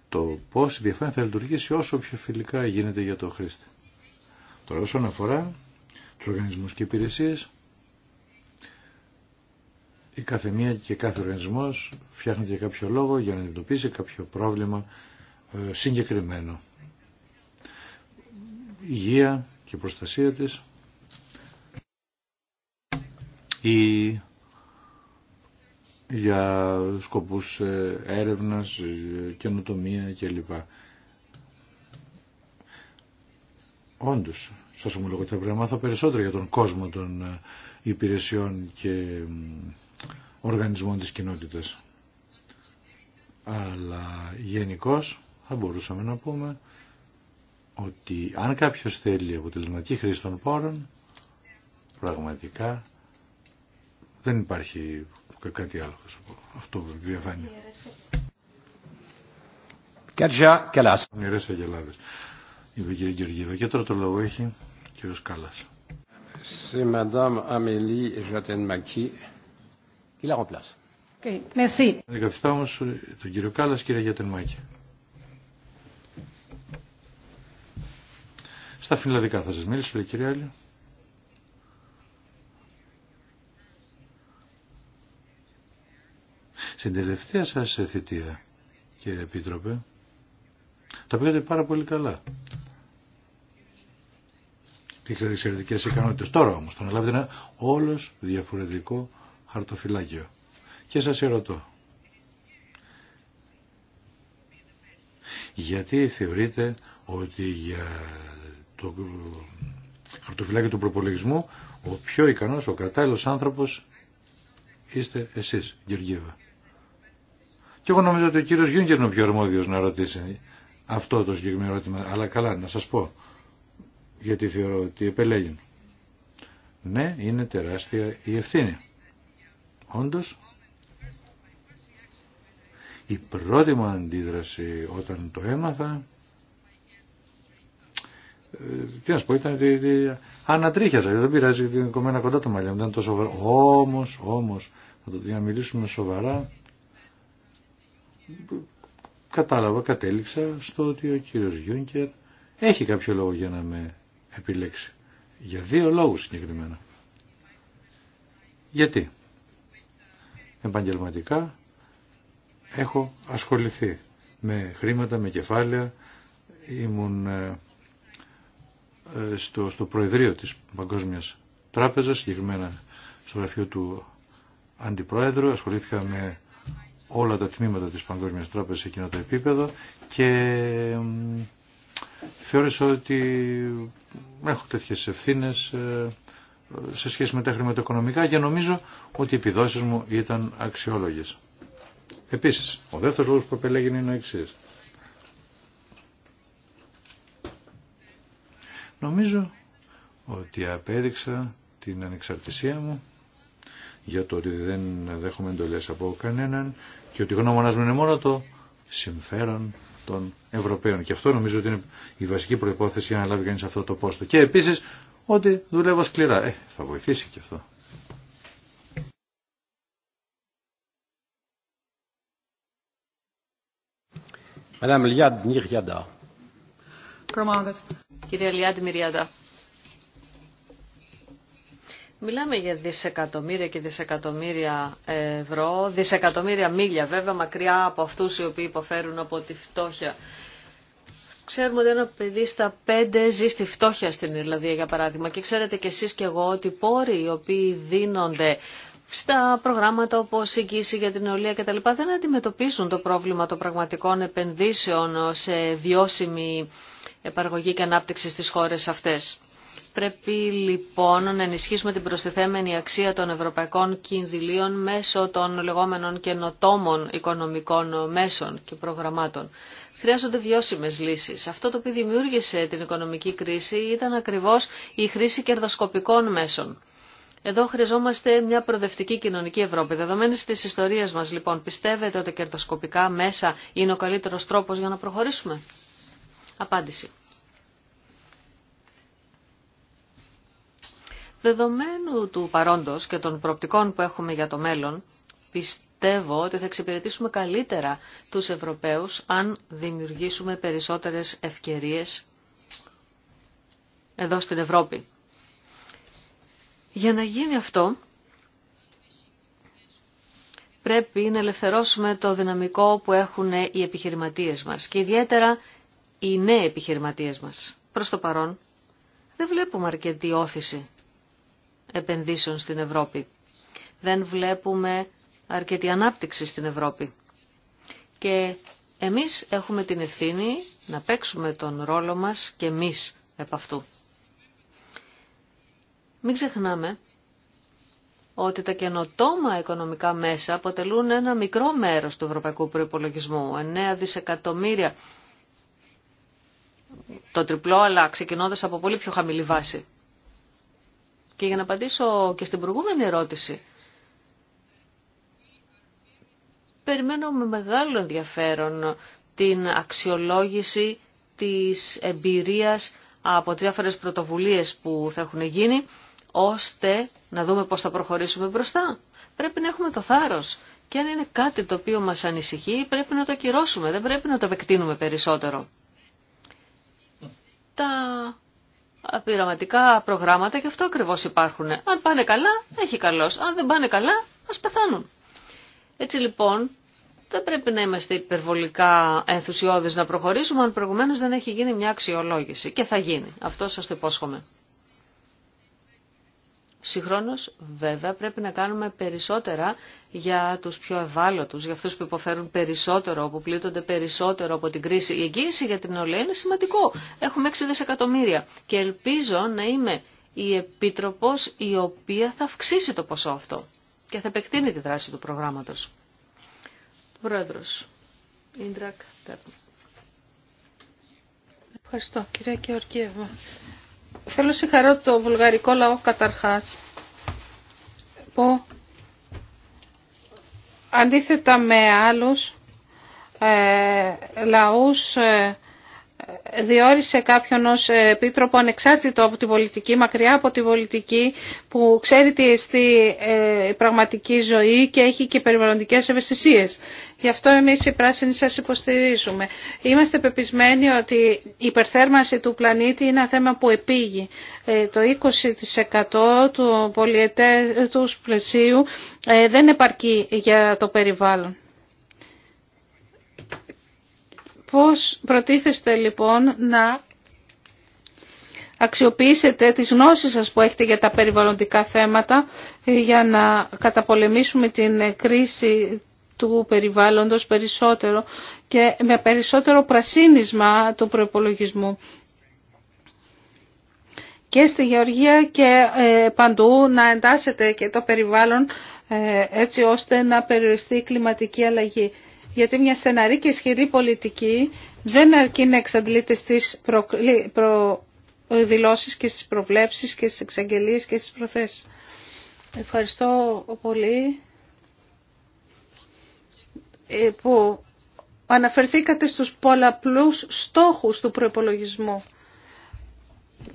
Το πώς η διαφάνεια θα λειτουργήσει όσο πιο φιλικά γίνεται για το χρήστη. Τώρα όσον αφορά τους οργανισμούς και υπηρεσίες, η κάθε μία και κάθε οργανισμός φτιάχνει και κάποιο λόγο για να αντιμετωπίσει κάποιο πρόβλημα ε, συγκεκριμένο. Υγεία και προστασία της. Ή για σκοπούς ε, έρευνας, ε, καινοτομία κλπ. Όντως, σας ομολογώ ότι θα πρέπει να μάθω περισσότερο για τον κόσμο των υπηρεσιών και οργανισμών της κοινότητας. Αλλά γενικώ θα μπορούσαμε να πούμε ότι αν κάποιος θέλει αποτελεσματική χρήση των πόρων, πραγματικά δεν υπάρχει κάτι άλλο. Αυτό διαφάνει. Κάτζα Κελάς. Μοιρές Αγελάδες. Είπε κύριε Γεωργίδα. Και τώρα το λόγο έχει ο κύριος Κάλλας. Σε Madame Amélie Jatenmaki qui la remplace. Okay. Merci. Αντικαθιστά όμως ε, τον κύριο Κάλλας, κύριε Γιατενμάκη. Στα φινλανδικά θα σας μιλήσω, λέει κύριε Άλλη. Στην τελευταία σας θητεία, κύριε Επίτροπε, τα πήγατε πάρα πολύ καλά. Υπήρξατε εξαιρετικέ ικανότητε. Τώρα όμω το να λάβετε ένα όλο διαφορετικό χαρτοφυλάκιο. Και σας ερωτώ. Γιατί θεωρείτε ότι για το χαρτοφυλάκιο του προπολογισμού ο πιο ικανός, ο κατάλληλος άνθρωπος είστε εσείς, Γεργίβα. Και εγώ νομίζω ότι ο κύριος Γιούγκερ είναι ο πιο αρμόδιος να ρωτήσει αυτό το συγκεκριμένο ερώτημα. Αλλά καλά, να σας πω γιατί θεωρώ ότι επελέγει. Ναι, είναι τεράστια η ευθύνη. Όντως, η πρώτη μου αντίδραση όταν το έμαθα, ε, τι να σου πω, ήταν ότι ανατρίχιαζα, δεν πειράζει είναι κομμένα κοντά τα μαλλιά μου, ήταν τόσο σοβαρό. Όμως, όμως, να να μιλήσουμε σοβαρά, κατάλαβα, κατέληξα στο ότι ο κύριος Γιούνκερ έχει κάποιο λόγο για να με επιλέξει. Για δύο λόγους συγκεκριμένα. Γιατί επαγγελματικά έχω ασχοληθεί με χρήματα, με κεφάλαια. Ήμουν ε, ε, στο, στο Προεδρείο της Παγκόσμιας Τράπεζας, συγκεκριμένα στο γραφείο του Αντιπρόεδρου. Ασχολήθηκα με όλα τα τμήματα της Παγκόσμιας Τράπεζας σε εκείνο το επίπεδο και θεώρησα ότι έχω τέτοιες ευθύνες ε, σε σχέση με τα χρηματοοικονομικά και νομίζω ότι οι επιδόσεις μου ήταν αξιόλογες. Επίσης, ο δεύτερος λόγος που επελέγει είναι ο εξή. Νομίζω ότι απέδειξα την ανεξαρτησία μου για το ότι δεν δέχομαι εντολές από κανέναν και ότι γνώμονας μου είναι μόνο το συμφέρον των Ευρωπαίων. Και αυτό νομίζω ότι είναι η βασική προϋπόθεση για να λάβει κανείς αυτό το πόστο. Και επίσης ότι δουλεύω σκληρά. Ε, θα βοηθήσει και αυτό. Κυρία Λιάντ Μυριάντα, μιλάμε για δισεκατομμύρια και δισεκατομμύρια ευρώ, δισεκατομμύρια μίλια βέβαια μακριά από αυτούς οι οποίοι υποφέρουν από τη φτώχεια. Ξέρουμε ότι ένα παιδί στα πέντε ζει στη φτώχεια στην Ιρλανδία, για παράδειγμα. Και ξέρετε κι εσείς κι εγώ ότι οι πόροι οι οποίοι δίνονται στα προγράμματα όπως εγγύηση για την νεολαία κτλ. δεν αντιμετωπίζουν το πρόβλημα των πραγματικών επενδύσεων σε βιώσιμη επαργωγή και ανάπτυξη στις χώρες αυτές. Πρέπει λοιπόν να ενισχύσουμε την προστιθέμενη αξία των ευρωπαϊκών κινδυλίων μέσω των λεγόμενων καινοτόμων οικονομικών μέσων και προγραμμάτων χρειάζονται βιώσιμες λύσεις. Αυτό το οποίο δημιούργησε την οικονομική κρίση ήταν ακριβώς η χρήση κερδοσκοπικών μέσων. Εδώ χρειαζόμαστε μια προοδευτική κοινωνική Ευρώπη. Δεδομένης της ιστορίας μας λοιπόν, πιστεύετε ότι κερδοσκοπικά μέσα είναι ο καλύτερος τρόπος για να προχωρήσουμε. Απάντηση. Δεδομένου του παρόντος και των προοπτικών που έχουμε για το μέλλον, πιστεύω ότι θα εξυπηρετήσουμε καλύτερα τους Ευρωπαίους αν δημιουργήσουμε περισσότερες ευκαιρίες εδώ στην Ευρώπη. Για να γίνει αυτό, πρέπει να ελευθερώσουμε το δυναμικό που έχουν οι επιχειρηματίες μας και ιδιαίτερα οι νέοι επιχειρηματίες μας. Προς το παρόν, δεν βλέπουμε αρκετή όθηση επενδύσεων στην Ευρώπη. Δεν βλέπουμε αρκετή ανάπτυξη στην Ευρώπη. Και εμείς έχουμε την ευθύνη να παίξουμε τον ρόλο μας και εμείς επ' αυτού. Μην ξεχνάμε ότι τα καινοτόμα οικονομικά μέσα αποτελούν ένα μικρό μέρος του ευρωπαϊκού προϋπολογισμού, 9 δισεκατομμύρια, το τριπλό, αλλά ξεκινώντας από πολύ πιο χαμηλή βάση. Και για να απαντήσω και στην προηγούμενη ερώτηση, περιμένω με μεγάλο ενδιαφέρον την αξιολόγηση της εμπειρίας από διάφορες πρωτοβουλίες που θα έχουν γίνει, ώστε να δούμε πώς θα προχωρήσουμε μπροστά. Πρέπει να έχουμε το θάρρος. Και αν είναι κάτι το οποίο μας ανησυχεί, πρέπει να το ακυρώσουμε, δεν πρέπει να το επεκτείνουμε περισσότερο. Τα πειραματικά προγράμματα και αυτό ακριβώς υπάρχουν. Αν πάνε καλά, έχει καλός. Αν δεν πάνε καλά, ας πεθάνουν. Έτσι λοιπόν δεν πρέπει να είμαστε υπερβολικά ενθουσιώδεις να προχωρήσουμε αν προηγουμένως δεν έχει γίνει μια αξιολόγηση και θα γίνει. Αυτό σας το υπόσχομαι. Συγχρόνως βέβαια πρέπει να κάνουμε περισσότερα για τους πιο ευάλωτους, για αυτούς που υποφέρουν περισσότερο, που πλήττονται περισσότερο από την κρίση. Η εγγύηση για την νεολαία είναι σημαντικό. Έχουμε 6 δισεκατομμύρια και ελπίζω να είμαι η Επίτροπος η οποία θα αυξήσει το ποσό αυτό και θα επεκτείνει τη δράση του προγράμματος. Πρόεδρος, Ιντρακ Ευχαριστώ κυρία Κεωργίευα. Θέλω συγχαρώ το βουλγαρικό λαό καταρχάς που αντίθετα με άλλους ε, λαούς ε, διόρισε κάποιον ως επίτροπο ανεξάρτητο από την πολιτική, μακριά από την πολιτική, που ξέρει τι εστί ε, η πραγματική ζωή και έχει και περιβαλλοντικές ευαισθησίες. Γι' αυτό εμείς οι πράσινοι σας υποστηρίζουμε. Είμαστε πεπισμένοι ότι η υπερθέρμανση του πλανήτη είναι ένα θέμα που επήγει. Ε, το 20% του πολιετές του πλαισίου ε, δεν επαρκεί για το περιβάλλον. Πώς προτίθεστε λοιπόν να αξιοποιήσετε τις γνώσεις σας που έχετε για τα περιβαλλοντικά θέματα ε, για να καταπολεμήσουμε την κρίση του περιβάλλοντος περισσότερο και με περισσότερο πρασίνισμα του προπολογισμού. Και στη Γεωργία και ε, παντού να εντάσσετε και το περιβάλλον ε, έτσι ώστε να περιοριστεί η κλιματική αλλαγή γιατί μια στεναρή και ισχυρή πολιτική δεν αρκεί να εξαντλείται στις δηλώσεις και στις προβλέψεις και στις εξαγγελίες και στις προθέσεις. Ευχαριστώ πολύ ε, που αναφερθήκατε στους πολλαπλούς στόχους του προϋπολογισμού.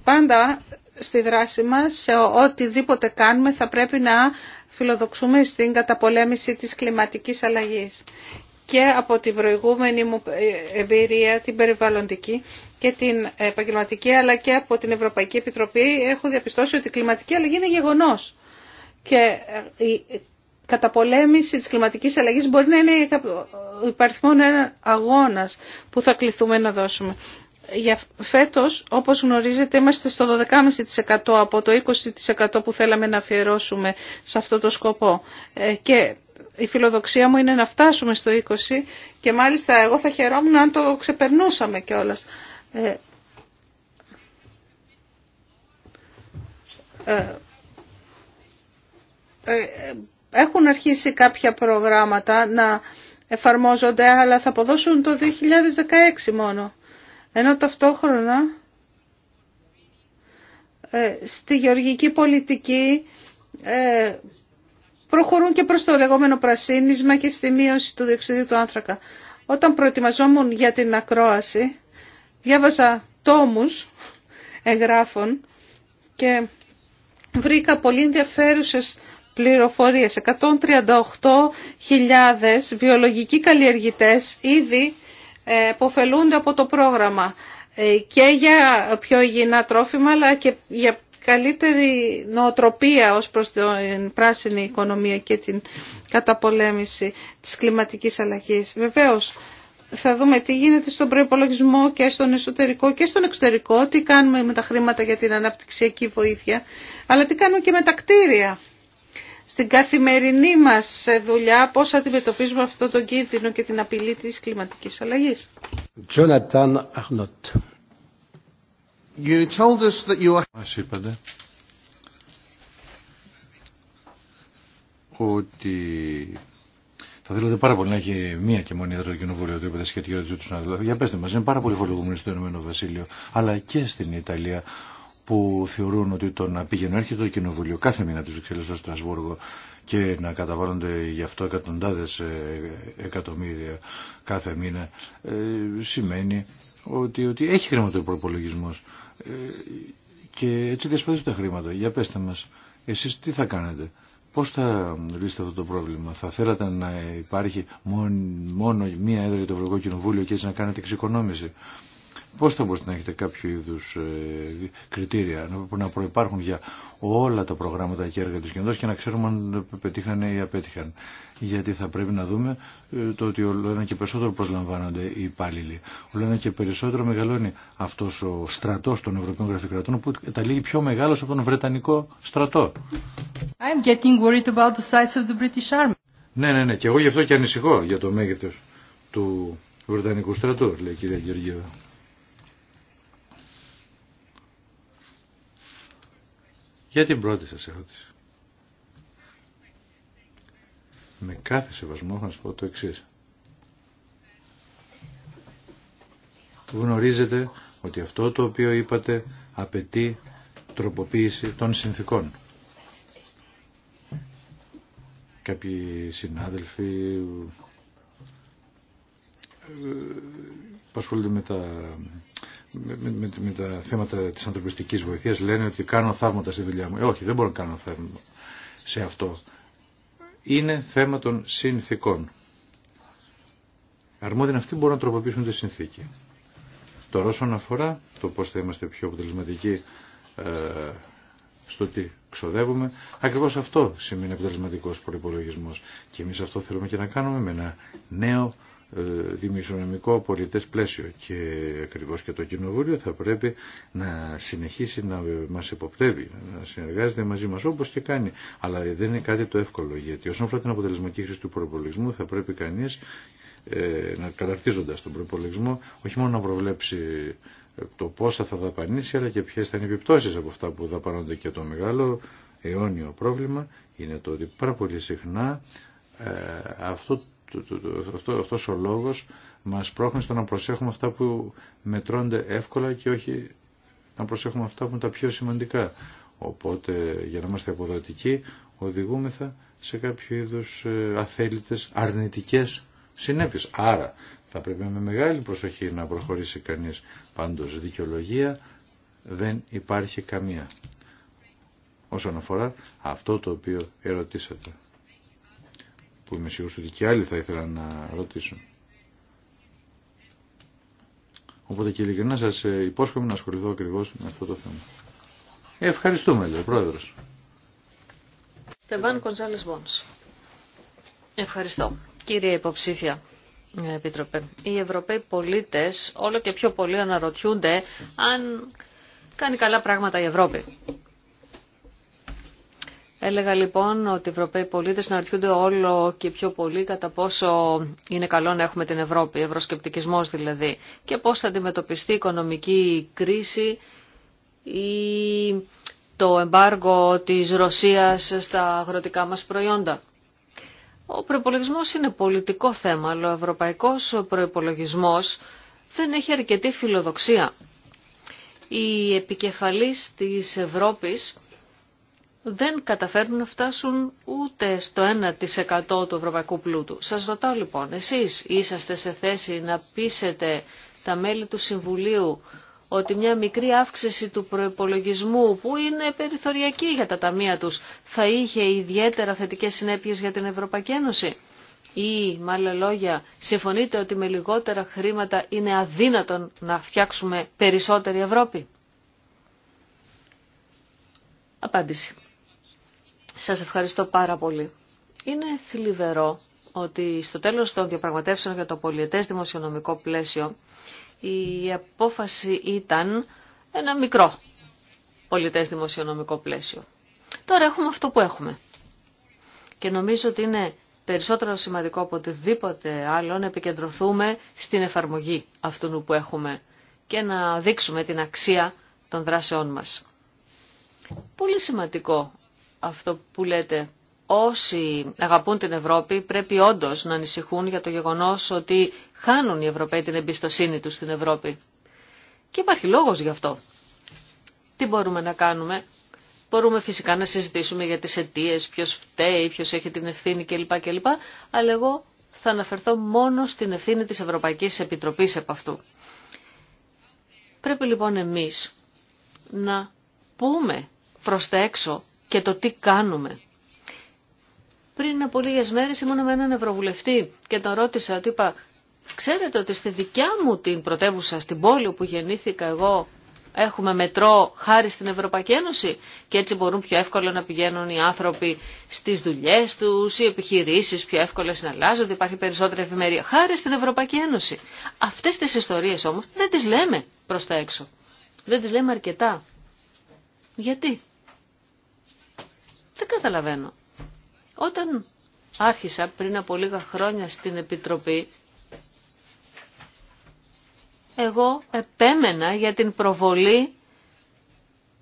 Πάντα στη δράση μας, σε οτιδήποτε κάνουμε, θα πρέπει να φιλοδοξούμε στην καταπολέμηση της κλιματικής αλλαγής και από την προηγούμενη μου εμπειρία, την περιβαλλοντική και την επαγγελματική, αλλά και από την Ευρωπαϊκή Επιτροπή, έχω διαπιστώσει ότι η κλιματική αλλαγή είναι γεγονός. Και ε, η καταπολέμηση της κλιματικής αλλαγής μπορεί να είναι υπαριθμόν ένα αγώνας που θα κληθούμε να δώσουμε. Για φέτος, όπως γνωρίζετε, είμαστε στο 12,5% από το 20% που θέλαμε να αφιερώσουμε σε αυτό το σκοπό. Ε, και η φιλοδοξία μου είναι να φτάσουμε στο 20 και μάλιστα εγώ θα χαιρόμουν αν το ξεπερνούσαμε κιόλα. Ε, ε, ε, έχουν αρχίσει κάποια προγράμματα να εφαρμόζονται, αλλά θα αποδώσουν το 2016 μόνο. Ενώ ταυτόχρονα ε, στη γεωργική πολιτική προχωρούν και προς το λεγόμενο πρασίνισμα και στη μείωση του διοξιδίου του άνθρακα. Όταν προετοιμαζόμουν για την ακρόαση, διάβαζα τόμους εγγράφων και βρήκα πολύ ενδιαφέρουσες πληροφορίες. 138.000 βιολογικοί καλλιεργητές ήδη ε, υποφελούνται από το πρόγραμμα ε, και για πιο υγιεινά τρόφιμα αλλά και για καλύτερη νοοτροπία ως προς την πράσινη οικονομία και την καταπολέμηση της κλιματικής αλλαγής. Βεβαίως, θα δούμε τι γίνεται στον προϋπολογισμό και στον εσωτερικό και στον εξωτερικό, τι κάνουμε με τα χρήματα για την αναπτυξιακή βοήθεια, αλλά τι κάνουμε και με τα κτίρια. Στην καθημερινή μας δουλειά πώς αντιμετωπίζουμε αυτό τον κίνδυνο και την απειλή της κλιματικής αλλαγής. Jonathan Arnott. You told us that you are... Μας είπατε ότι θα θέλατε πάρα πολύ να έχει μία και μόνη έδρα κοινοβούλιο το είπατε σχετικά του συναδέλφου. Για πετε μα, είναι πάρα πολύ φορολογούμενοι στο Ηνωμένο Βασίλειο, αλλά και στην Ιταλία, που θεωρούν ότι το να πηγαίνουν έρχεται το κοινοβούλιο κάθε μήνα του Βρυξέλλε στο Στρασβούργο και να καταβάλλονται γι' αυτό εκατοντάδε ε, εκατομμύρια κάθε μήνα, ε, σημαίνει ότι, ότι έχει χρήματα ο προπολογισμό. Ε, και έτσι διασπαθούν τα χρήματα. Για πέστε μας, εσείς τι θα κάνετε. Πώς θα λύσετε αυτό το πρόβλημα. Θα θέλατε να υπάρχει μόνο, μόνο μία έδρα για το Ευρωπαϊκό Κοινοβούλιο και έτσι να κάνετε εξοικονόμηση. Πώς θα μπορείτε να έχετε κάποιο είδους ε, κριτήρια που να προϋπάρχουν για όλα τα προγράμματα και έργα της κοινότητας και να ξέρουμε αν πετύχανε ή απέτυχαν. Γιατί θα πρέπει να δούμε ε, το ότι όλο ένα και περισσότερο προσλαμβάνονται οι υπάλληλοι. Όλο ένα και περισσότερο μεγαλώνει αυτός ο στρατός των Ευρωπαίων Γραφειοκρατών που καταλήγει πιο μεγάλος από τον Βρετανικό στρατό. I'm getting worried about the size of the British Army. Ναι, ναι, ναι. Και εγώ γι' αυτό και ανησυχώ για το μέγεθος του Βρετανικού στρατού, λέει η κυρία Γεωργίου. Για την πρώτη σας ερώτηση. Με κάθε σεβασμό θα σας πω το εξής. Γνωρίζετε ότι αυτό το οποίο είπατε απαιτεί τροποποίηση των συνθήκων. Κάποιοι συνάδελφοι ε, που ασχολούνται με τα με, με, με τα θέματα τη ανθρωπιστική βοηθείας λένε ότι κάνω θαύματα στη δουλειά μου. Ε, όχι, δεν μπορώ να κάνω θαύματα σε αυτό. Είναι θέμα των συνθήκων. Αρμόδιοι αυτοί μπορούν να τροποποιήσουν τη συνθήκη. Τώρα όσον αφορά το πώ θα είμαστε πιο αποτελεσματικοί ε, στο τι ξοδεύουμε, Ακριβώ αυτό σημαίνει αποτελεσματικό προπολογισμό. Και εμεί αυτό θέλουμε και να κάνουμε με ένα νέο ε, δημιουργικό πολιτές πλαίσιο και ακριβώς και το Κοινοβούλιο θα πρέπει να συνεχίσει να μας υποπτεύει, να συνεργάζεται μαζί μας όπως και κάνει. Αλλά δεν είναι κάτι το εύκολο γιατί όσον αφορά την αποτελεσματική χρήση του προπολογισμού θα πρέπει κανείς ε, να καταρτίζοντας τον προπολογισμό όχι μόνο να προβλέψει ε, το πόσα θα δαπανίσει αλλά και ποιες θα είναι επιπτώσεις από αυτά που δαπανώνται και το μεγάλο αιώνιο πρόβλημα είναι το ότι πάρα πολύ συχνά αυτό αυτό, αυτός ο λόγος μας πρόχνει στο να προσέχουμε αυτά που μετρώνται εύκολα και όχι να προσέχουμε αυτά που είναι τα πιο σημαντικά. Οπότε για να είμαστε αποδοτικοί οδηγούμεθα σε κάποιο είδους ε, αθέλητες αρνητικές συνέπειες. Άρα θα πρέπει με μεγάλη προσοχή να προχωρήσει κανείς πάντως δικαιολογία δεν υπάρχει καμία όσον αφορά αυτό το οποίο ερωτήσατε που είμαι σίγουρος ότι και άλλοι θα ήθελαν να ρωτήσουν. Οπότε και ειλικρινά σας ε, υπόσχομαι να ασχοληθώ ακριβώς με αυτό το θέμα. Ε, ευχαριστούμε, λέει ο Πρόεδρος. Στεβάν Κονζάλης Μπόνς. Ευχαριστώ. Κύριε υποψήφια, ε, Επίτροπε, οι Ευρωπαίοι πολίτες όλο και πιο πολύ αναρωτιούνται αν κάνει καλά πράγματα η Ευρώπη. Έλεγα λοιπόν ότι οι Ευρωπαίοι πολίτες να όλο και πιο πολύ κατά πόσο είναι καλό να έχουμε την Ευρώπη, ευρωσκεπτικισμός δηλαδή, και πώς θα αντιμετωπιστεί η οικονομική κρίση ή το εμπάργο της Ρωσίας στα αγροτικά μας προϊόντα. Ο προπολογισμό είναι πολιτικό θέμα, αλλά ο ευρωπαϊκός προπολογισμό δεν έχει αρκετή φιλοδοξία. Οι επικεφαλής της Ευρώπης δεν καταφέρνουν να φτάσουν ούτε στο 1% του ευρωπαϊκού πλούτου. Σας ρωτάω λοιπόν, εσείς είσαστε σε θέση να πείσετε τα μέλη του Συμβουλίου ότι μια μικρή αύξηση του προϋπολογισμού που είναι περιθωριακή για τα ταμεία τους θα είχε ιδιαίτερα θετικές συνέπειες για την Ευρωπαϊκή Ένωση. Ή, με άλλα λόγια, συμφωνείτε ότι με λιγότερα χρήματα είναι αδύνατον να φτιάξουμε περισσότερη Ευρώπη. Απάντηση. Σας ευχαριστώ πάρα πολύ. Είναι θλιβερό ότι στο τέλος των διαπραγματεύσεων για το πολιετές δημοσιονομικό πλαίσιο η απόφαση ήταν ένα μικρό πολιτές δημοσιονομικό πλαίσιο. Τώρα έχουμε αυτό που έχουμε. Και νομίζω ότι είναι περισσότερο σημαντικό από οτιδήποτε άλλο να επικεντρωθούμε στην εφαρμογή αυτού που έχουμε και να δείξουμε την αξία των δράσεών μας. Πολύ σημαντικό αυτό που λέτε. Όσοι αγαπούν την Ευρώπη πρέπει όντως να ανησυχούν για το γεγονός ότι χάνουν οι Ευρωπαίοι την εμπιστοσύνη τους στην Ευρώπη. Και υπάρχει λόγος γι' αυτό. Τι μπορούμε να κάνουμε. Μπορούμε φυσικά να συζητήσουμε για τις αιτίε, ποιο φταίει, ποιο έχει την ευθύνη κλπ. κλπ. Αλλά εγώ θα αναφερθώ μόνο στην ευθύνη της Ευρωπαϊκής Επιτροπής επ' αυτού. Πρέπει λοιπόν εμείς να πούμε προς τα έξω και το τι κάνουμε. Πριν από λίγες μέρες ήμουν με έναν ευρωβουλευτή και τον ρώτησα, του είπα, ξέρετε ότι στη δικιά μου την πρωτεύουσα, στην πόλη όπου γεννήθηκα εγώ, έχουμε μετρό χάρη στην Ευρωπαϊκή Ένωση και έτσι μπορούν πιο εύκολα να πηγαίνουν οι άνθρωποι στις δουλειές τους, οι επιχειρήσεις πιο εύκολα συναλλάζονται, υπάρχει περισσότερη ευημερία χάρη στην Ευρωπαϊκή Ένωση. Αυτές τις ιστορίες όμως δεν τις λέμε προς τα έξω. Δεν τις λέμε αρκετά. Γιατί. Δεν καταλαβαίνω. Όταν άρχισα πριν από λίγα χρόνια στην Επιτροπή, εγώ επέμενα για την προβολή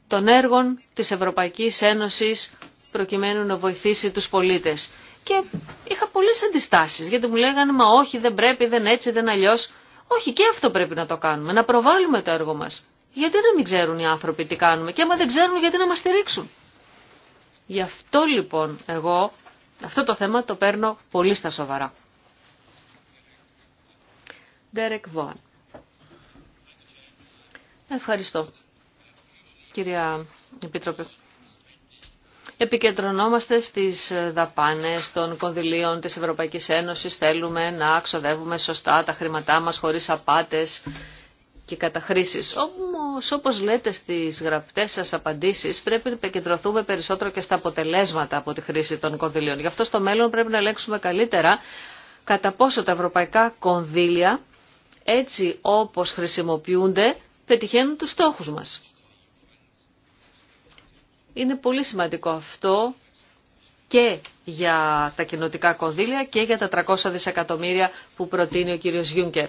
των έργων της Ευρωπαϊκής Ένωσης προκειμένου να βοηθήσει τους πολίτες. Και είχα πολλές αντιστάσεις, γιατί μου λέγανε «Μα όχι, δεν πρέπει, δεν έτσι, δεν αλλιώς». Όχι, και αυτό πρέπει να το κάνουμε, να προβάλλουμε το έργο μας. Γιατί να μην ξέρουν οι άνθρωποι τι κάνουμε και άμα δεν ξέρουν γιατί να μας στηρίξουν. Γι' αυτό λοιπόν εγώ αυτό το θέμα το παίρνω πολύ στα σοβαρά. Ευχαριστώ, κυρία Επίτροπε. Επικεντρωνόμαστε στις δαπάνες των κονδυλίων της Ευρωπαϊκής Ένωσης. Θέλουμε να ξοδεύουμε σωστά τα χρήματά μας χωρίς απάτες και καταχρήσεις. Όμως όπως λέτε στις γραπτές σας απαντήσεις πρέπει να επικεντρωθούμε περισσότερο και στα αποτελέσματα από τη χρήση των κονδυλίων. Γι' αυτό στο μέλλον πρέπει να ελέγξουμε καλύτερα κατά πόσο τα ευρωπαϊκά κονδύλια έτσι όπως χρησιμοποιούνται πετυχαίνουν τους στόχους μας. Είναι πολύ σημαντικό αυτό και για τα κοινοτικά κονδύλια και για τα 300 δισεκατομμύρια που προτείνει ο κύριος Γιούγκερ.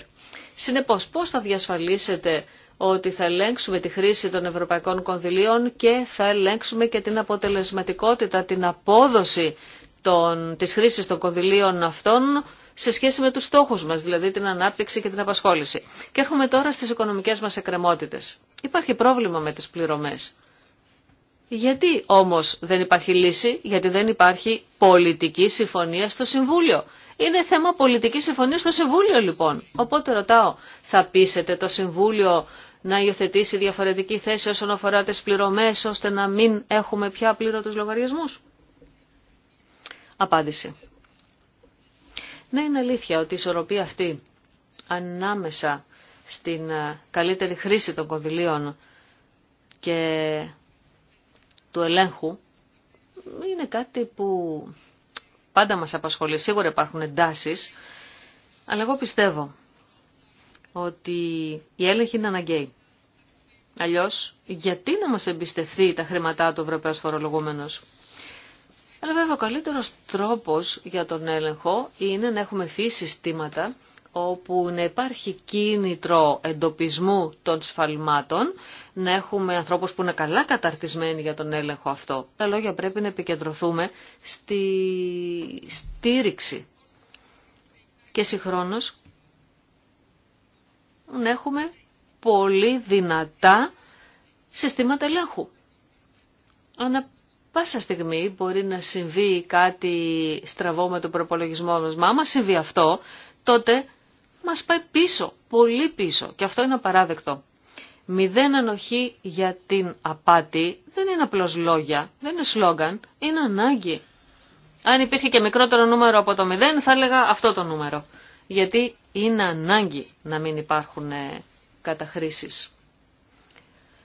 Συνεπώς, πώς θα διασφαλίσετε ότι θα ελέγξουμε τη χρήση των ευρωπαϊκών κονδυλίων και θα ελέγξουμε και την αποτελεσματικότητα, την απόδοση των, της χρήσης των κονδυλίων αυτών σε σχέση με τους στόχους μας, δηλαδή την ανάπτυξη και την απασχόληση. Και έρχομαι τώρα στις οικονομικές μας εκκρεμότητες. Υπάρχει πρόβλημα με τις πληρωμές. Γιατί όμως δεν υπάρχει λύση, γιατί δεν υπάρχει πολιτική συμφωνία στο Συμβούλιο. Είναι θέμα πολιτική συμφωνία στο Συμβούλιο λοιπόν. Οπότε ρωτάω, θα πείσετε το Συμβούλιο να υιοθετήσει διαφορετική θέση όσον αφορά τις πληρωμές, ώστε να μην έχουμε πια του λογαριασμούς. Απάντηση. Ναι, είναι αλήθεια ότι η ισορροπία αυτή ανάμεσα στην ε, καλύτερη χρήση των κονδυλίων και του ελέγχου είναι κάτι που πάντα μας απασχολεί, σίγουρα υπάρχουν εντάσεις, αλλά εγώ πιστεύω ότι η έλεγχη είναι αναγκαία. Αλλιώς, γιατί να μας εμπιστευτεί τα χρήματά του Ευρωπαίος Φορολογούμενος. Αλλά βέβαια ο καλύτερος τρόπος για τον έλεγχο είναι να έχουμε φύση συστήματα όπου να υπάρχει κίνητρο εντοπισμού των σφαλμάτων, να έχουμε ανθρώπους που είναι καλά καταρτισμένοι για τον έλεγχο αυτό. Τα λόγια πρέπει να επικεντρωθούμε στη στήριξη και συγχρόνως να έχουμε πολύ δυνατά συστήματα ελέγχου. Ανα πάσα στιγμή μπορεί να συμβεί κάτι στραβό με τον προπολογισμό μας, μα άμα συμβεί αυτό, τότε μας πάει πίσω, πολύ πίσω και αυτό είναι απαράδεκτο. Μηδέν ανοχή για την απάτη δεν είναι απλώς λόγια, δεν είναι σλόγγαν, είναι ανάγκη. Αν υπήρχε και μικρότερο νούμερο από το μηδέν θα έλεγα αυτό το νούμερο. Γιατί είναι ανάγκη να μην υπάρχουν ε, καταχρήσεις.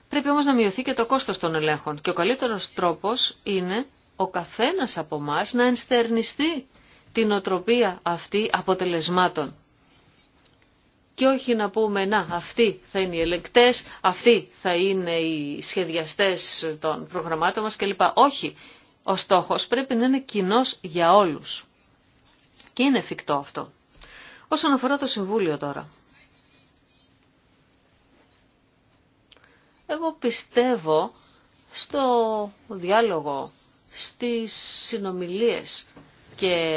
Πρέπει όμως να μειωθεί και το κόστος των ελέγχων και ο καλύτερος τρόπος είναι ο καθένας από εμά να ενστερνιστεί την οτροπία αυτή αποτελεσμάτων και όχι να πούμε να αυτοί θα είναι οι ελεγκτές, αυτοί θα είναι οι σχεδιαστές των προγραμμάτων μας κλπ. Όχι, ο στόχος πρέπει να είναι κοινό για όλους. Και είναι εφικτό αυτό. Όσον αφορά το Συμβούλιο τώρα. Εγώ πιστεύω στο διάλογο, στις συνομιλίες και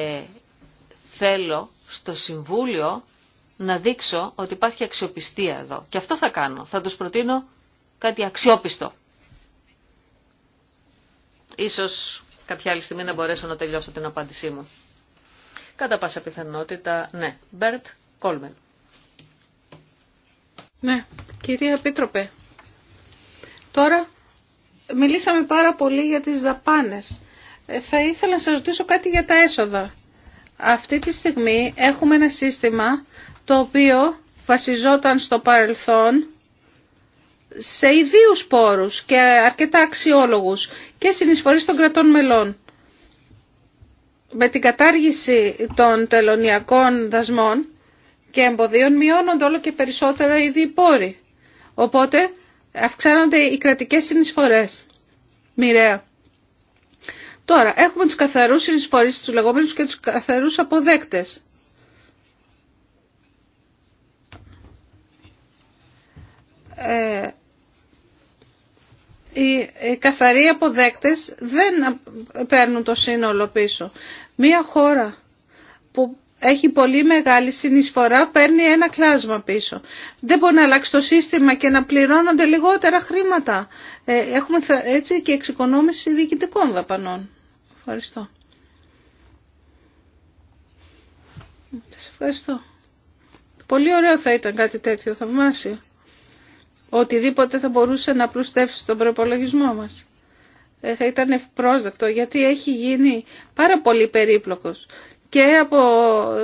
θέλω στο Συμβούλιο να δείξω ότι υπάρχει αξιοπιστία εδώ. Και αυτό θα κάνω. Θα τους προτείνω κάτι αξιόπιστο. Ίσως κάποια άλλη στιγμή να μπορέσω να τελειώσω την απάντησή μου. Κατά πάσα πιθανότητα, ναι. Μπέρτ Κόλμεν. Ναι, κυρία πίτροπε. Τώρα μιλήσαμε πάρα πολύ για τις δαπάνες. Ε, θα ήθελα να σας ρωτήσω κάτι για τα έσοδα. Αυτή τη στιγμή έχουμε ένα σύστημα το οποίο βασιζόταν στο παρελθόν σε ιδίους πόρους και αρκετά αξιόλογους και συνεισφορείς των κρατών μελών. Με την κατάργηση των τελωνιακών δασμών και εμποδίων μειώνονται όλο και περισσότερα οι ίδιοι πόροι. Οπότε αυξάνονται οι κρατικές συνεισφορές. Μοιραία. Τώρα, έχουμε τους καθαρούς συνεισφορείς, τους λεγόμενους και τους καθαρούς αποδέκτες. Ε, οι καθαροί αποδέκτες δεν παίρνουν το σύνολο πίσω. Μία χώρα που έχει πολύ μεγάλη συνεισφορά παίρνει ένα κλάσμα πίσω. Δεν μπορεί να αλλάξει το σύστημα και να πληρώνονται λιγότερα χρήματα. Ε, έχουμε έτσι και εξοικονόμηση διοικητικών δαπανών. Ευχαριστώ. Σας ευχαριστώ. Πολύ ωραίο θα ήταν κάτι τέτοιο, θαυμάσιο οτιδήποτε θα μπορούσε να πλουστεύσει τον προπολογισμό μας. Ε, θα ήταν ευπρόσδεκτο γιατί έχει γίνει πάρα πολύ περίπλοκος και από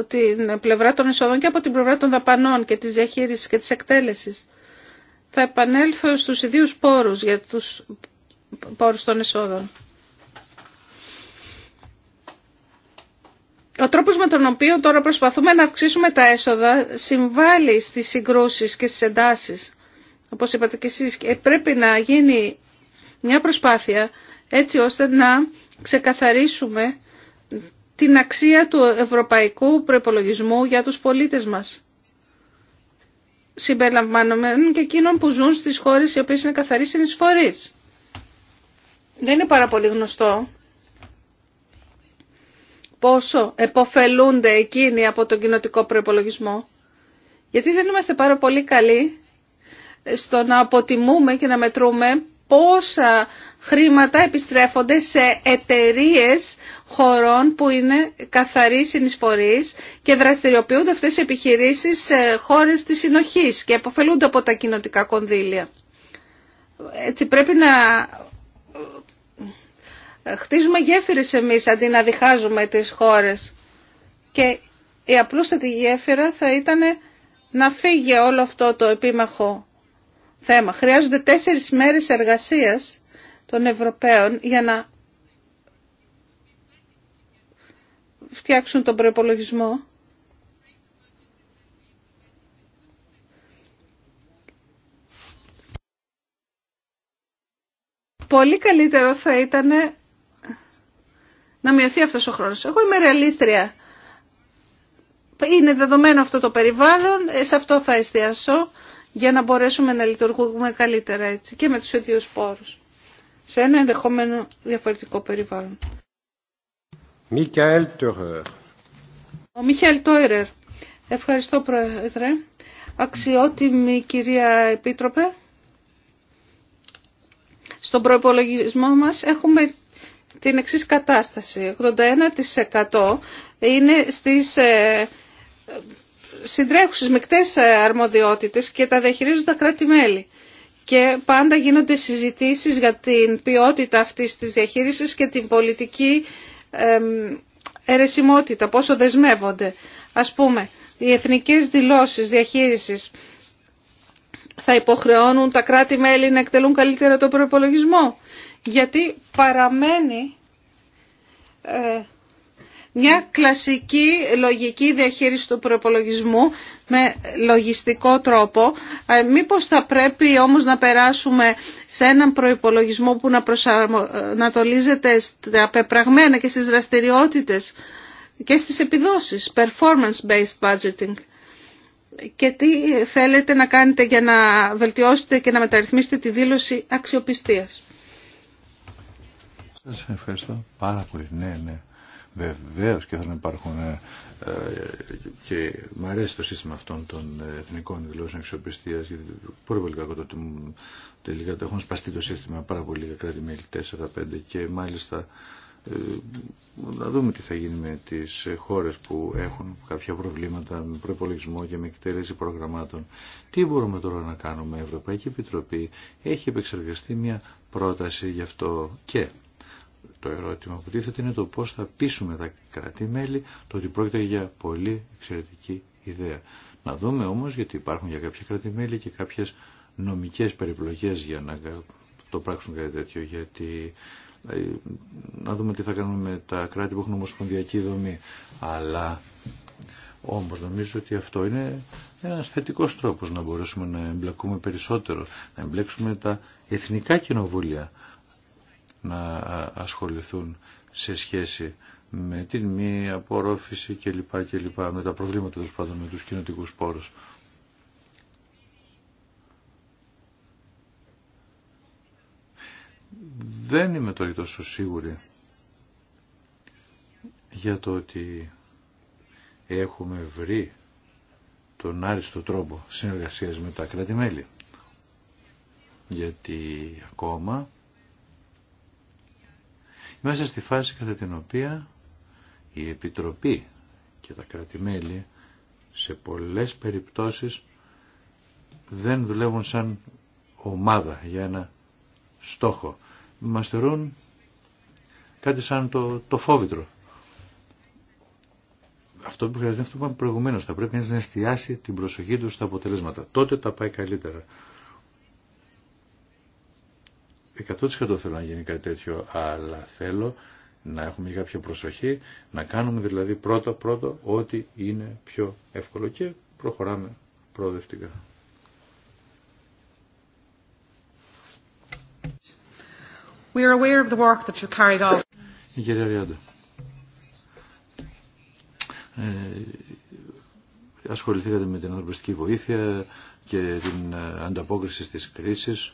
την πλευρά των εσόδων και από την πλευρά των δαπανών και της διαχείρισης και της εκτέλεσης. Θα επανέλθω στους ιδίους πόρους για τους πόρους των εσόδων. Ο τρόπος με τον οποίο τώρα προσπαθούμε να αυξήσουμε τα έσοδα συμβάλλει στις συγκρούσεις και στις εντάσεις όπως είπατε και εσείς, ε, πρέπει να γίνει μια προσπάθεια έτσι ώστε να ξεκαθαρίσουμε την αξία του ευρωπαϊκού προπολογισμού για τους πολίτες μας. Συμπεριλαμβανομένων και εκείνων που ζουν στις χώρες οι οποίες είναι καθαροί συνεισφορείς. Δεν είναι πάρα πολύ γνωστό πόσο εποφελούνται εκείνοι από τον κοινοτικό προπολογισμό. Γιατί δεν είμαστε πάρα πολύ καλοί στο να αποτιμούμε και να μετρούμε πόσα χρήματα επιστρέφονται σε εταιρείες χωρών που είναι καθαροί συνεισφορείς και δραστηριοποιούνται αυτές οι επιχειρήσεις σε χώρες της συνοχής και αποφελούνται από τα κοινοτικά κονδύλια. Έτσι πρέπει να ε, χτίζουμε γέφυρες εμείς αντί να διχάζουμε τις χώρες. Και η απλούστατη γέφυρα θα ήταν να φύγει όλο αυτό το επίμαχο θέμα. Χρειάζονται τέσσερις μέρες εργασίας των Ευρωπαίων για να φτιάξουν τον προπολογισμό. Πολύ καλύτερο θα ήταν να μειωθεί αυτός ο χρόνος. Εγώ είμαι ρεαλίστρια. Είναι δεδομένο αυτό το περιβάλλον, ε, σε αυτό θα εστιασώ για να μπορέσουμε να λειτουργούμε καλύτερα έτσι και με τους ίδιους πόρους σε ένα ενδεχόμενο διαφορετικό περιβάλλον. Ο Μιχαήλ Τόιρερ. Ευχαριστώ Πρόεδρε. Αξιότιμη κυρία Επίτροπε. Στον προϋπολογισμό μας έχουμε την εξής κατάσταση. 81% είναι στις ε, συντρέχουσες μεικτές ε, αρμοδιότητες και τα διαχειρίζουν τα κράτη-μέλη. Και πάντα γίνονται συζητήσεις για την ποιότητα αυτής της διαχείρισης και την πολιτική αιρεσιμότητα, πόσο δεσμεύονται. Ας πούμε, οι εθνικές δηλώσεις διαχείρισης θα υποχρεώνουν τα κράτη-μέλη να εκτελούν καλύτερα το προπολογισμό. Γιατί παραμένει ε, μια κλασική λογική διαχείριση του προπολογισμού με λογιστικό τρόπο. Ε, μήπως θα πρέπει όμως να περάσουμε σε έναν προϋπολογισμό που να προσανατολίζεται στα πεπραγμένα και στις δραστηριότητες και στις επιδόσεις, performance-based budgeting. Και τι θέλετε να κάνετε για να βελτιώσετε και να μεταρρυθμίσετε τη δήλωση αξιοπιστίας. Σας ευχαριστώ πάρα πολύ. Ναι, ναι. Βεβαίω και θα υπάρχουν ε, και μου αρέσει το σύστημα αυτών των εθνικών δηλώσεων αξιοπιστίας γιατί πολύ πολύ κακό το τελικά το έχουν σπαστεί το σύστημα πάρα πολύ για κράτη-μέλη 4-5 και μάλιστα ε, να δούμε τι θα γίνει με τις χώρες που έχουν κάποια προβλήματα με προπολογισμό και με εκτέλεση προγραμμάτων. Τι μπορούμε τώρα να κάνουμε. Η Ευρωπαϊκή Επιτροπή έχει επεξεργαστεί μια πρόταση γι' αυτό και το ερώτημα που τίθεται είναι το πώς θα πείσουμε τα κράτη-μέλη το ότι πρόκειται για πολύ εξαιρετική ιδέα. Να δούμε όμως γιατί υπάρχουν για κάποια κράτη-μέλη και κάποιες νομικές περιπλοκέ για να το πράξουν κάτι τέτοιο. Γιατί ε, να δούμε τι θα κάνουμε με τα κράτη που έχουν ομοσπονδιακή δομή. Αλλά όμως νομίζω ότι αυτό είναι ένας θετικός τρόπος να μπορέσουμε να εμπλακούμε περισσότερο, να εμπλέξουμε τα εθνικά κοινοβούλια να ασχοληθούν σε σχέση με την μη απορρόφηση κλπ. λοιπά... με τα προβλήματα τους πάντων με τους κοινωτικούς πόρους. Δεν είμαι τώρα τόσο σίγουρη για το ότι έχουμε βρει τον άριστο τρόπο συνεργασίας με τα κράτη-μέλη. Γιατί ακόμα μέσα στη φάση κατά την οποία η Επιτροπή και τα κράτη-μέλη σε πολλές περιπτώσεις δεν δουλεύουν σαν ομάδα για ένα στόχο. Μας θεωρούν κάτι σαν το, το φόβητρο. Αυτό που χρειάζεται είναι αυτό που είπαμε προηγουμένως. Θα πρέπει να εστιάσει την προσοχή του στα αποτελέσματα. Τότε τα πάει καλύτερα. 100% θέλω να γίνει κάτι τέτοιο, αλλά θέλω να έχουμε κάποια προσοχή, να κάνουμε δηλαδή πρώτα πρώτο ό,τι είναι πιο εύκολο και προχωράμε προοδευτικά. We are aware of the work that out. Ε, ασχοληθήκατε με την ανθρωπιστική βοήθεια και την ε, ανταπόκριση στις κρίσεις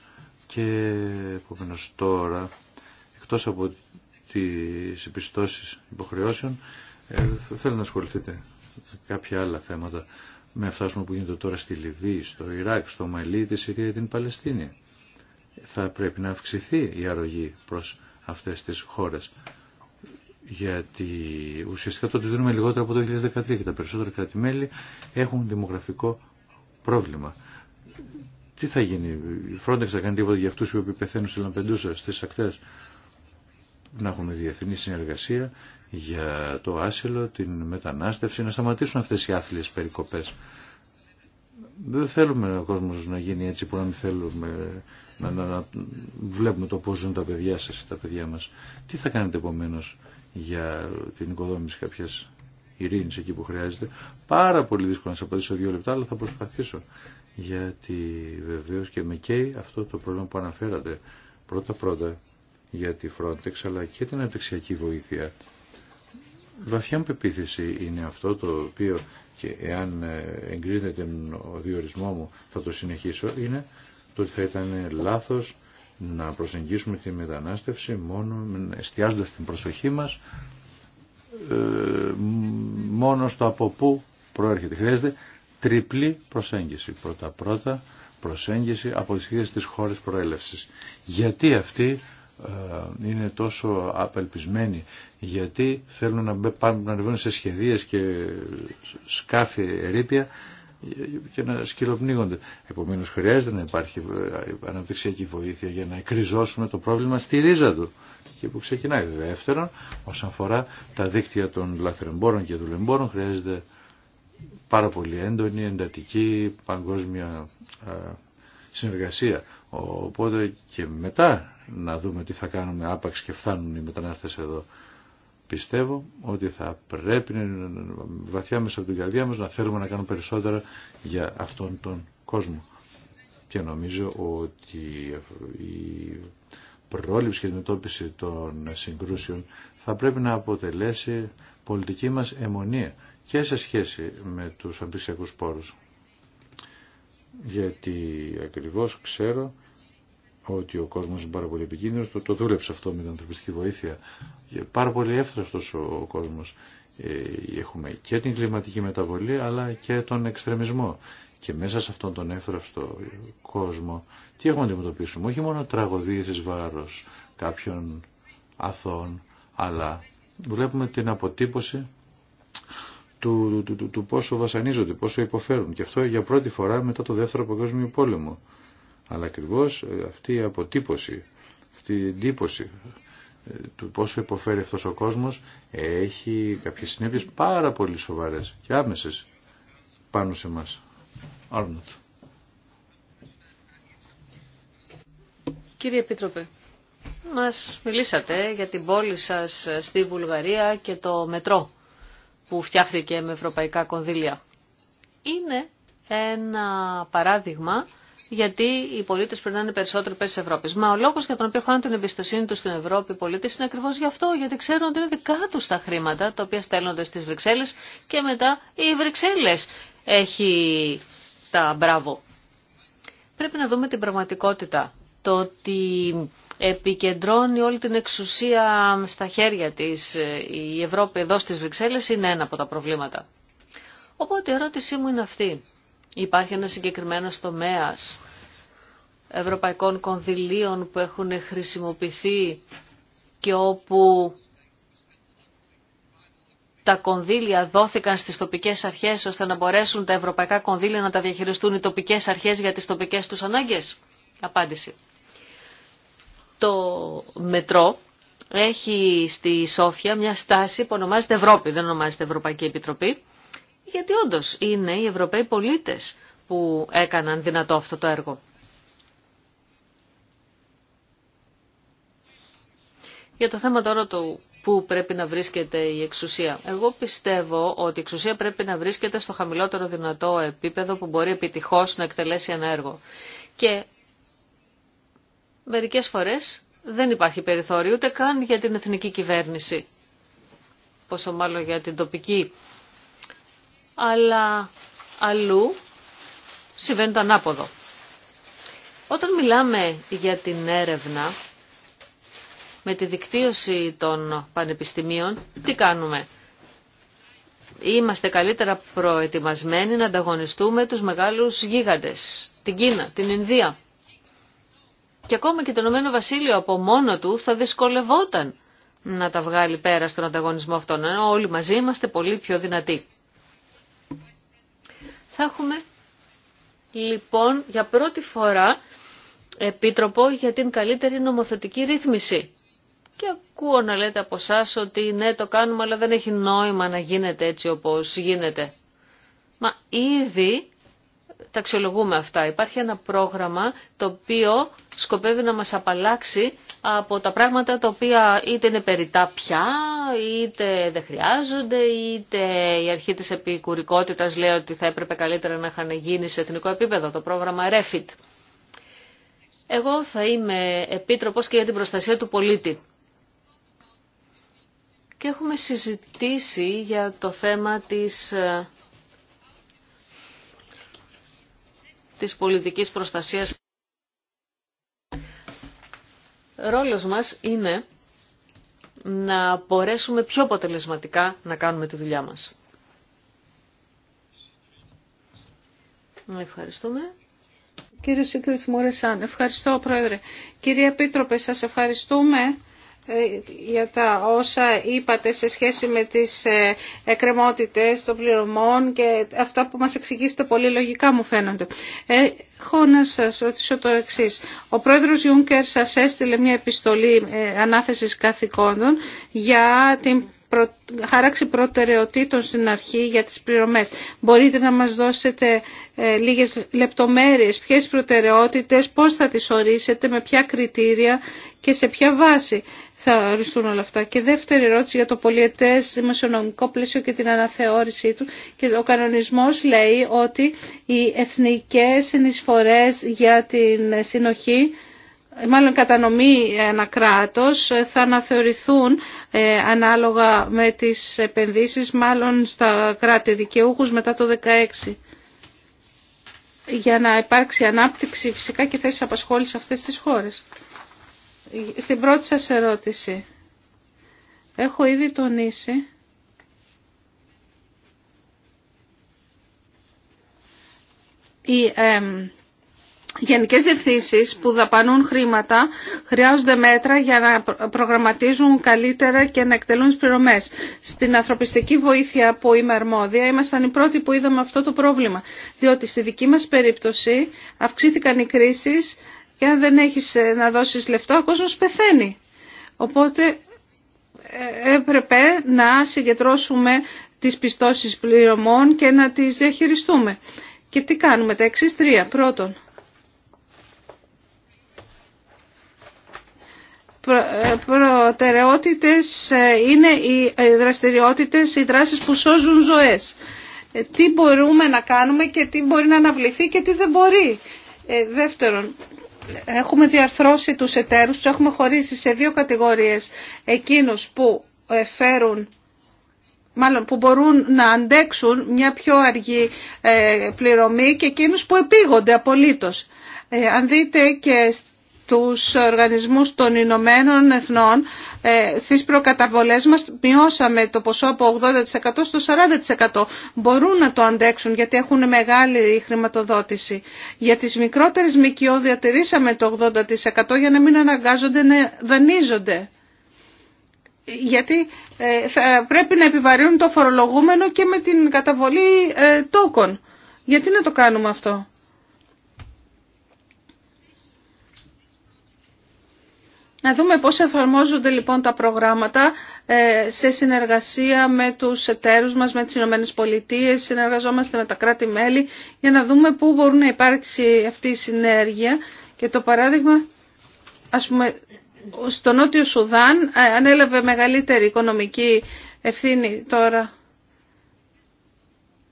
και επομένω τώρα, εκτός από τις επιστώσεις υποχρεώσεων, ε, θέλω να ασχοληθείτε με κάποια άλλα θέματα με αυτά που γίνεται τώρα στη Λιβύη, στο Ιράκ, στο Μαλί, τη Συρία την Παλαιστίνη. Θα πρέπει να αυξηθεί η αρρωγή προς αυτές τις χώρες. Γιατί ουσιαστικά το ότι δίνουμε λιγότερο από το 2013 και τα περισσότερα κράτη-μέλη έχουν δημογραφικό πρόβλημα. Τι θα γίνει, η Frontex θα κάνει τίποτα για αυτούς οι οποίοι πεθαίνουν στη Λαμπεντούσα, στις ακτές. Να έχουμε διεθνή συνεργασία για το άσυλο, την μετανάστευση, να σταματήσουν αυτές οι άθλιες περικοπές. Δεν θέλουμε ο κόσμος να γίνει έτσι που να μην θέλουμε να, να, βλέπουμε το πώς ζουν τα παιδιά σας ή τα παιδιά μας. Τι θα κάνετε επομένω για την οικοδόμηση κάποιας ειρήνης εκεί που χρειάζεται. Πάρα πολύ δύσκολο να σας απαντήσω δύο λεπτά, αλλά θα προσπαθήσω γιατί βεβαίως και με καίει αυτό το πρόβλημα που αναφέρατε πρώτα-πρώτα για τη Frontex αλλά και την αναπτυξιακή βοήθεια. Βαθιά μου πεποίθηση είναι αυτό το οποίο και εάν ε, εγκρίνεται τον διορισμό μου θα το συνεχίσω είναι το ότι θα ήταν λάθος να προσεγγίσουμε τη μετανάστευση μόνο εστιάζοντας την προσοχή μας ε, μόνο στο από πού προέρχεται. Χρειάζεται τρίπλη προσέγγιση. Πρώτα-πρώτα προσέγγιση από τις ίδιες τις χώρες προέλευσης. Γιατί αυτοί ε, είναι τόσο απελπισμένοι, γιατί θέλουν να πάνε να σε σχεδίες και σκάφη ερήπια και να σκυλοπνίγονται. Επομένως χρειάζεται να υπάρχει ε, αναπτυξιακή βοήθεια για να εκκριζώσουμε το πρόβλημα στη ρίζα του. Και που ξεκινάει δεύτερον, όσον αφορά τα δίκτυα των λαθρεμπόρων και δουλεμπόρων, χρειάζεται πάρα πολύ έντονη, εντατική παγκόσμια ε, συνεργασία. Οπότε και μετά να δούμε τι θα κάνουμε άπαξ και φτάνουν οι μετανάστες εδώ. Πιστεύω ότι θα πρέπει βαθιά μέσα από την καρδιά μας να θέλουμε να κάνουμε περισσότερα για αυτόν τον κόσμο. Και νομίζω ότι η πρόληψη και αντιμετώπιση των συγκρούσεων θα πρέπει να αποτελέσει πολιτική μας αιμονία και σε σχέση με τους αμπισιακούς πόρους. Γιατί ακριβώς ξέρω ότι ο κόσμος είναι πάρα πολύ επικίνδυνος, το, το δούλεψε αυτό με την ανθρωπιστική βοήθεια. Πάρα πολύ εύθραστος ο, ο κόσμος. Ε, έχουμε και την κλιματική μεταβολή αλλά και τον εξτρεμισμό. Και μέσα σε αυτόν τον εύθραυστο κόσμο τι έχουμε να αντιμετωπίσουμε. Όχι μόνο τραγωδίες εις βάρος κάποιων αθώων, αλλά βλέπουμε την αποτύπωση του, του, του, του πόσο βασανίζονται, πόσο υποφέρουν. Και αυτό για πρώτη φορά μετά το Δεύτερο Παγκόσμιο Πόλεμο. Αλλά ακριβώ ε, αυτή η αποτύπωση, αυτή η εντύπωση ε, του πόσο υποφέρει αυτός ο κόσμος έχει κάποιες συνέπειες πάρα πολύ σοβαρές και άμεσες πάνω σε μας. Άρνοτ. Κύριε Επίτροπε, μας μιλήσατε για την πόλη σας ε, στη Βουλγαρία και το μετρό που φτιάχθηκε με ευρωπαϊκά κονδύλια. Είναι ένα παράδειγμα γιατί οι πολίτες πρέπει να είναι περισσότερο υπέρ Ευρώπης. Μα ο λόγος για τον οποίο χάνουν την εμπιστοσύνη τους στην Ευρώπη οι πολίτες είναι ακριβώς γι' αυτό, γιατί ξέρουν ότι είναι δικά τους τα χρήματα τα οποία στέλνονται στις Βρυξέλλες και μετά οι Βρυξέλλες έχει τα μπράβο. Πρέπει να δούμε την πραγματικότητα. Το ότι επικεντρώνει όλη την εξουσία στα χέρια της ε, η Ευρώπη εδώ στις Βρυξέλλες είναι ένα από τα προβλήματα. Οπότε η ερώτησή μου είναι αυτή. Υπάρχει ένα συγκεκριμένο τομέα ευρωπαϊκών κονδυλίων που έχουν χρησιμοποιηθεί και όπου τα κονδύλια δόθηκαν στις τοπικές αρχές ώστε να μπορέσουν τα ευρωπαϊκά κονδύλια να τα διαχειριστούν οι τοπικές αρχές για τις τοπικές τους ανάγκες. Απάντηση το μετρό έχει στη Σόφια μια στάση που ονομάζεται Ευρώπη, δεν ονομάζεται Ευρωπαϊκή Επιτροπή, γιατί όντω είναι οι Ευρωπαίοι πολίτες που έκαναν δυνατό αυτό το έργο. Για το θέμα τώρα του πού πρέπει να βρίσκεται η εξουσία. Εγώ πιστεύω ότι η εξουσία πρέπει να βρίσκεται στο χαμηλότερο δυνατό επίπεδο που μπορεί επιτυχώς να εκτελέσει ένα έργο. Και μερικές φορές δεν υπάρχει περιθώριο ούτε καν για την εθνική κυβέρνηση, πόσο μάλλον για την τοπική. Αλλά αλλού συμβαίνει το ανάποδο. Όταν μιλάμε για την έρευνα, με τη δικτύωση των πανεπιστημίων, τι κάνουμε. Είμαστε καλύτερα προετοιμασμένοι να ανταγωνιστούμε τους μεγάλους γίγαντες, την Κίνα, την Ινδία. Και ακόμα και το Ηνωμένο Βασίλειο από μόνο του θα δυσκολευόταν να τα βγάλει πέρα στον ανταγωνισμό αυτόν. Ενώ όλοι μαζί είμαστε πολύ πιο δυνατοί. Θα έχουμε λοιπόν για πρώτη φορά επίτροπο για την καλύτερη νομοθετική ρύθμιση. Και ακούω να λέτε από εσά ότι ναι το κάνουμε αλλά δεν έχει νόημα να γίνεται έτσι όπως γίνεται. Μα ήδη τα αξιολογούμε αυτά. Υπάρχει ένα πρόγραμμα το οποίο σκοπεύει να μας απαλλάξει από τα πράγματα τα οποία είτε είναι περιτά πια, είτε δεν χρειάζονται, είτε η αρχή της επικουρικότητας λέει ότι θα έπρεπε καλύτερα να είχαν γίνει σε εθνικό επίπεδο, το πρόγραμμα REFIT. Εγώ θα είμαι επίτροπος και για την προστασία του πολίτη. Και έχουμε συζητήσει για το θέμα της ε, της πολιτικής προστασίας. Ρόλος μας είναι να μπορέσουμε πιο αποτελεσματικά να κάνουμε τη δουλειά μας. Ευχαριστούμε. Κύριε Σύγκριτ Μουρεσάν, ευχαριστώ Πρόεδρε. Κύριε Επίτροπε, σας ευχαριστούμε ε, για τα όσα είπατε σε σχέση με τις ε, εκκρεμότητες των πληρωμών και αυτά που μας εξηγήσετε πολύ λογικά μου φαίνονται. Ε, έχω να σας ρωτήσω το εξή. Ο πρόεδρος Ιούνκερ σας έστειλε μια επιστολή ανάθεσης καθηκόντων για την χάραξη προτεραιοτήτων στην αρχή για τις πληρωμές. Μπορείτε να μας δώσετε λίγες λεπτομέρειες, ποιες προτεραιότητες, πώς θα τις ορίσετε, με ποια κριτήρια και σε ποια βάση θα οριστούν όλα αυτά. Και δεύτερη ερώτηση για το πολιετές δημοσιονομικό πλαίσιο και την αναθεώρησή του. Και ο κανονισμός λέει ότι οι εθνικές συνεισφορές για την συνοχή μάλλον κατανομή ένα κράτος, θα αναθεωρηθούν ε, ανάλογα με τις επενδύσεις, μάλλον στα κράτη δικαιούχους μετά το 2016. Για να υπάρξει ανάπτυξη φυσικά και θέσεις απασχόλησης σε αυτές τις χώρες. Στην πρώτη σας ερώτηση, έχω ήδη τονίσει οι ε, γενικές διευθύνσεις που δαπανούν χρήματα χρειάζονται μέτρα για να προγραμματίζουν καλύτερα και να εκτελούν τις πληρωμές. Στην ανθρωπιστική βοήθεια που είμαι αρμόδια ήμασταν οι πρώτοι που είδαμε αυτό το πρόβλημα, διότι στη δική μας περίπτωση αυξήθηκαν οι κρίσεις και αν δεν έχεις ε, να δώσεις λεφτό, ο κόσμος πεθαίνει. Οπότε ε, έπρεπε να συγκεντρώσουμε τις πιστώσεις πληρωμών και να τις διαχειριστούμε. Και τι κάνουμε, τα εξής τρία. Πρώτον, ε, προτεραιότητες είναι οι δραστηριότητες, οι δράσεις που σώζουν ζωές. Τι μπορούμε να κάνουμε και τι μπορεί να αναβληθεί και τι δεν μπορεί. δεύτερον, έχουμε διαρθρώσει τους εταίρους, τους έχουμε χωρίσει σε δύο κατηγορίες. Εκείνους που ε, φέρουν μάλλον που μπορούν να αντέξουν μια πιο αργή ε, πληρωμή και εκείνους που επίγονται απολύτως. Ε, αν δείτε και στους οργανισμούς των Ηνωμένων Εθνών ε, στις προκαταβολές μας μειώσαμε το ποσό από 80% στο 40%. Μπορούν να το αντέξουν γιατί έχουν μεγάλη χρηματοδότηση. Για τις μικρότερες ΜΚΟ διατηρήσαμε το 80% για να μην αναγκάζονται να δανείζονται. Γιατί ε, πρέπει να επιβαρύνουν το φορολογούμενο και με την καταβολή ε, τόκων. Γιατί να το κάνουμε αυτό. Να δούμε πώς εφαρμόζονται λοιπόν τα προγράμματα ε, σε συνεργασία με τους εταίρους μας, με τις Ηνωμένες Πολιτείες, συνεργαζόμαστε με τα κράτη-μέλη για να δούμε πού μπορούν να υπάρξει αυτή η συνέργεια. Και το παράδειγμα, ας πούμε, στο Νότιο Σουδάν ε, ανέλαβε μεγαλύτερη οικονομική ευθύνη τώρα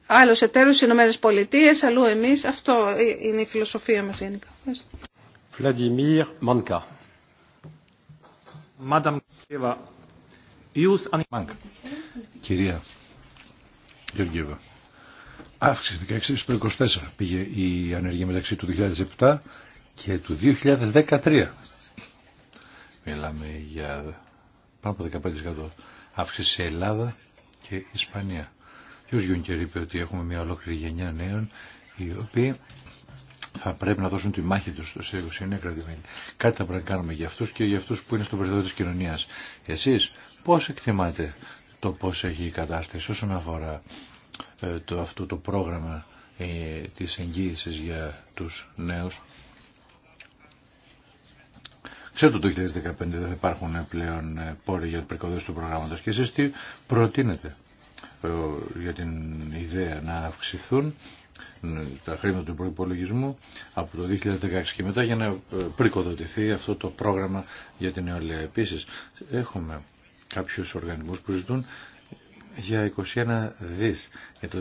Άλλο εταίρου οι Ηνωμένε Πολιτείε, αλλού εμεί. Αυτό ε, είναι η φιλοσοφία μα γενικά. Βλαδιμίρ Μάνκα. Κυρία Γεωργίευα, αύξηση 16 στο 24 πήγε η ανεργία μεταξύ του 2007 και του 2013. Μιλάμε για πάνω από 15% αύξηση σε Ελλάδα και Ισπανία. Ποιος Γιούνκερ είπε ότι έχουμε μια ολόκληρη γενιά νέων οι οποίοι θα πρέπει να δώσουν τη μάχη τους σε 29 κρατημένη. Κάτι θα πρέπει να κάνουμε για αυτούς και για αυτούς που είναι στο περιθώριο της κοινωνίας. Εσείς πώς εκτιμάτε το πώς έχει η κατάσταση όσον αφορά ε, το, αυτό το πρόγραμμα ε, της εγγύησης για τους νέους. ότι το 2015 δεν θα υπάρχουν πλέον ε, πόροι για την του προγράμματος και εσείς τι προτείνετε ε, για την ιδέα να αυξηθούν ναι, τα χρήματα του προϋπολογισμού από το 2016 και μετά για να ε, πρικοδοτηθεί αυτό το πρόγραμμα για την νεολαία. Επίσης έχουμε κάποιους οργανισμούς που ζητούν για 21 δις για το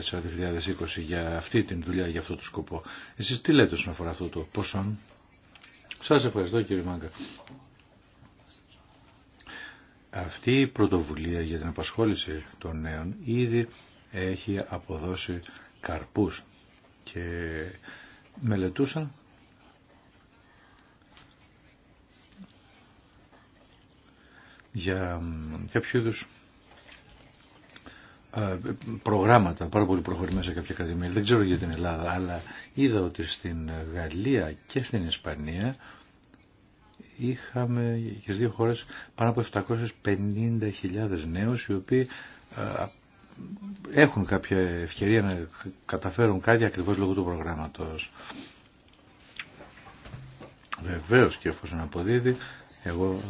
2014-2020 για αυτή την δουλειά, για αυτό το σκοπό. Εσείς τι λέτε όσον αφορά αυτό το ποσό. Σας ευχαριστώ κύριε Μάγκα. Αυτή η πρωτοβουλία για την απασχόληση των νέων ήδη έχει αποδώσει καρπούς και μελετούσα για κάποιο είδου προγράμματα πάρα πολύ προχωρημένα σε κάποια κατημία Δεν ξέρω για την Ελλάδα, αλλά είδα ότι στην Γαλλία και στην Ισπανία είχαμε και στις δύο χώρες πάνω από 750.000 νέους οι οποίοι έχουν κάποια ευκαιρία να καταφέρουν κάτι ακριβώς λόγω του προγράμματος. Βεβαίω και εφόσον αποδίδει, εγώ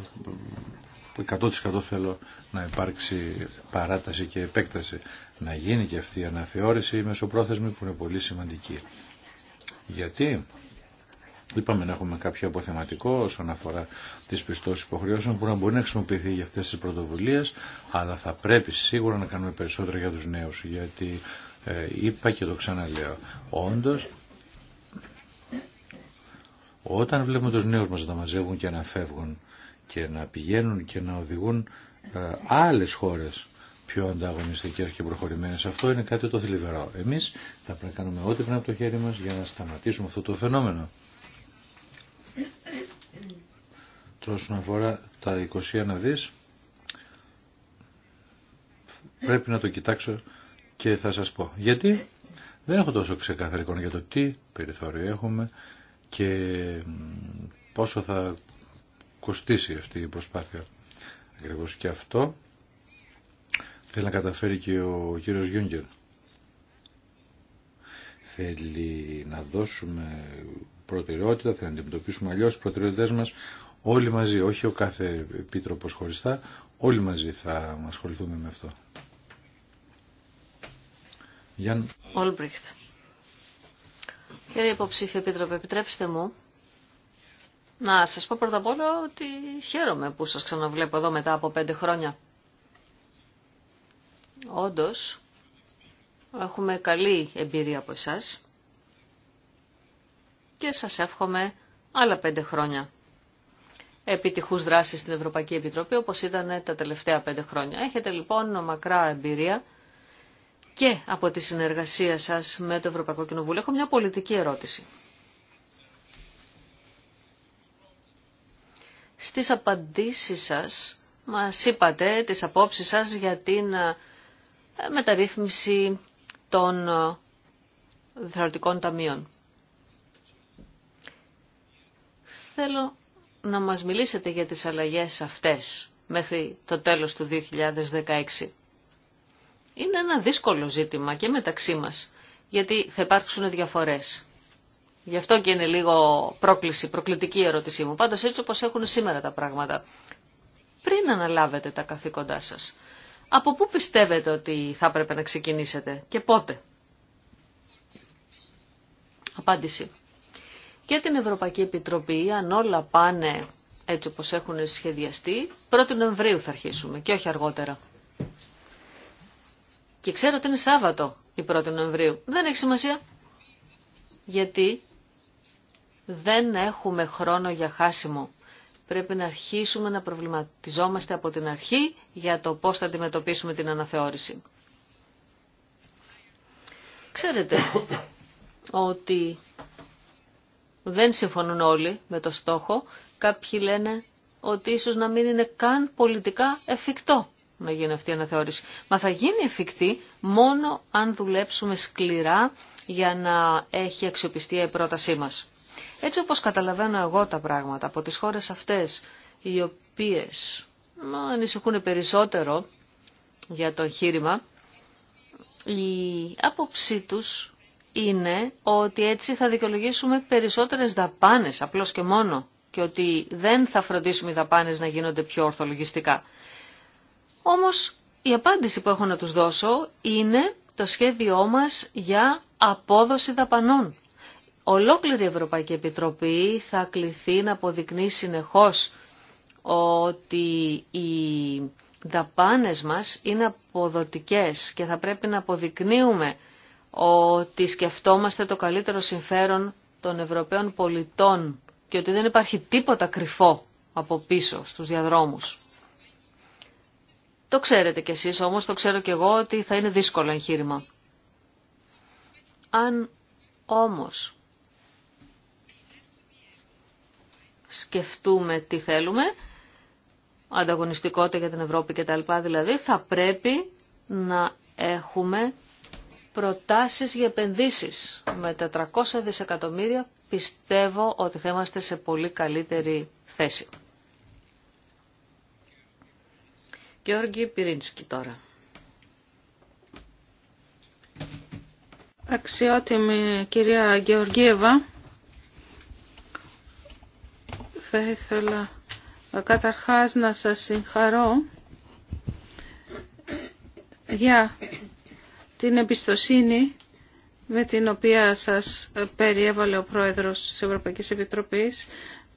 100% θέλω να υπάρξει παράταση και επέκταση. Να γίνει και αυτή η αναθεώρηση μεσοπρόθεσμη που είναι πολύ σημαντική. Γιατί Είπαμε να έχουμε κάποιο αποθεματικό όσον αφορά τι πιστώσει υποχρεώσεων που να μπορεί να χρησιμοποιηθεί για αυτέ τι πρωτοβουλίε, αλλά θα πρέπει σίγουρα να κάνουμε περισσότερα για του νέου. Γιατί ε, είπα και το ξαναλέω, όντω όταν βλέπουμε τους νέους μας να μαζεύουν και να φεύγουν και να πηγαίνουν και να οδηγούν ε, άλλες χώρες πιο ανταγωνιστικές και προχωρημένες, αυτό είναι κάτι το θλιβερό. Εμείς θα πρέπει να κάνουμε ό,τι πρέπει από το χέρι μας για να σταματήσουμε αυτό το φαινόμενο. Τώρα όσον αφορά τα 21 δις, πρέπει να το κοιτάξω και θα σας πω. Γιατί δεν έχω τόσο ξεκάθαρη εικόνα για το τι περιθώριο έχουμε και πόσο θα κοστίσει αυτή η προσπάθεια. Ακριβώς και αυτό θέλει να καταφέρει και ο κύριος Γιούγκερ. Θέλει να δώσουμε προτεραιότητα, θα αντιμετωπίσουμε αλλιώ, τι προτεραιότητέ μας όλοι μαζί, όχι ο κάθε επίτροπο χωριστά, όλοι μαζί θα ασχοληθούμε με αυτό. Γιάν... Ολμπριχτ. Κύριε υποψήφιο επίτροπε, επιτρέψτε μου να σας πω πρώτα απ' όλα ότι χαίρομαι που σας ξαναβλέπω εδώ μετά από πέντε χρόνια. Όντως, έχουμε καλή εμπειρία από εσάς και σας εύχομαι άλλα πέντε χρόνια επιτυχούς δράσεις στην Ευρωπαϊκή Επιτροπή όπως ήταν τα τελευταία πέντε χρόνια. Έχετε λοιπόν μακρά εμπειρία και από τη συνεργασία σας με το Ευρωπαϊκό Κοινοβούλιο. Έχω μια πολιτική ερώτηση. Στις απαντήσεις σας μας είπατε τις απόψεις σας για την ε, μεταρρύθμιση των ε, διδαρτικών ταμείων. Θέλω να μας μιλήσετε για τις αλλαγές αυτές μέχρι το τέλος του 2016. Είναι ένα δύσκολο ζήτημα και μεταξύ μας, γιατί θα υπάρξουν διαφορές. Γι' αυτό και είναι λίγο πρόκληση, προκλητική ερώτησή μου. Πάντως έτσι όπως έχουν σήμερα τα πράγματα. Πριν αναλάβετε τα καθήκοντά σας, από πού πιστεύετε ότι θα έπρεπε να ξεκινήσετε και πότε. Απάντηση. Και την Ευρωπαϊκή Επιτροπή, αν όλα πάνε έτσι όπως έχουν σχεδιαστεί, 1η Νοεμβρίου θα αρχίσουμε και όχι αργότερα. Και ξέρω ότι είναι Σάββατο η 1η Νοεμβρίου. Δεν έχει σημασία. Γιατί δεν έχουμε χρόνο για χάσιμο. Πρέπει να αρχίσουμε να προβληματιζόμαστε από την αρχή για το πώς θα αντιμετωπίσουμε την αναθεώρηση. Ξέρετε ότι δεν συμφωνούν όλοι με το στόχο. Κάποιοι λένε ότι ίσως να μην είναι καν πολιτικά εφικτό να γίνει αυτή η αναθεώρηση. Μα θα γίνει εφικτή μόνο αν δουλέψουμε σκληρά για να έχει αξιοπιστία η πρότασή μας. Έτσι όπως καταλαβαίνω εγώ τα πράγματα από τις χώρες αυτές, οι οποίες ανησυχούν περισσότερο για το εγχείρημα, η άποψή τους είναι ότι έτσι θα δικαιολογήσουμε περισσότερες δαπάνες απλώς και μόνο και ότι δεν θα φροντίσουμε οι δαπάνες να γίνονται πιο ορθολογιστικά. Όμως η απάντηση που έχω να τους δώσω είναι το σχέδιό μας για απόδοση δαπανών. Ολόκληρη η Ευρωπαϊκή Επιτροπή θα κληθεί να αποδεικνύει συνεχώς ότι οι δαπάνες μας είναι αποδοτικές και θα πρέπει να αποδεικνύουμε ότι σκεφτόμαστε το καλύτερο συμφέρον των Ευρωπαίων πολιτών και ότι δεν υπάρχει τίποτα κρυφό από πίσω στους διαδρόμους. Το ξέρετε κι εσείς όμως, το ξέρω κι εγώ ότι θα είναι δύσκολο εγχείρημα. Αν όμως σκεφτούμε τι θέλουμε, ανταγωνιστικότητα για την Ευρώπη κτλ. Δηλαδή θα πρέπει να έχουμε προτάσεις για επενδύσεις με 400 δισεκατομμύρια πιστεύω ότι θα είμαστε σε πολύ καλύτερη θέση. Γιώργη Πυρίνσκι τώρα. Αξιότιμη κυρία Γεωργίευα, θα ήθελα καταρχάς να σας συγχαρώ για την εμπιστοσύνη με την οποία σας περιέβαλε ο Πρόεδρος της Ευρωπαϊκής Επιτροπής,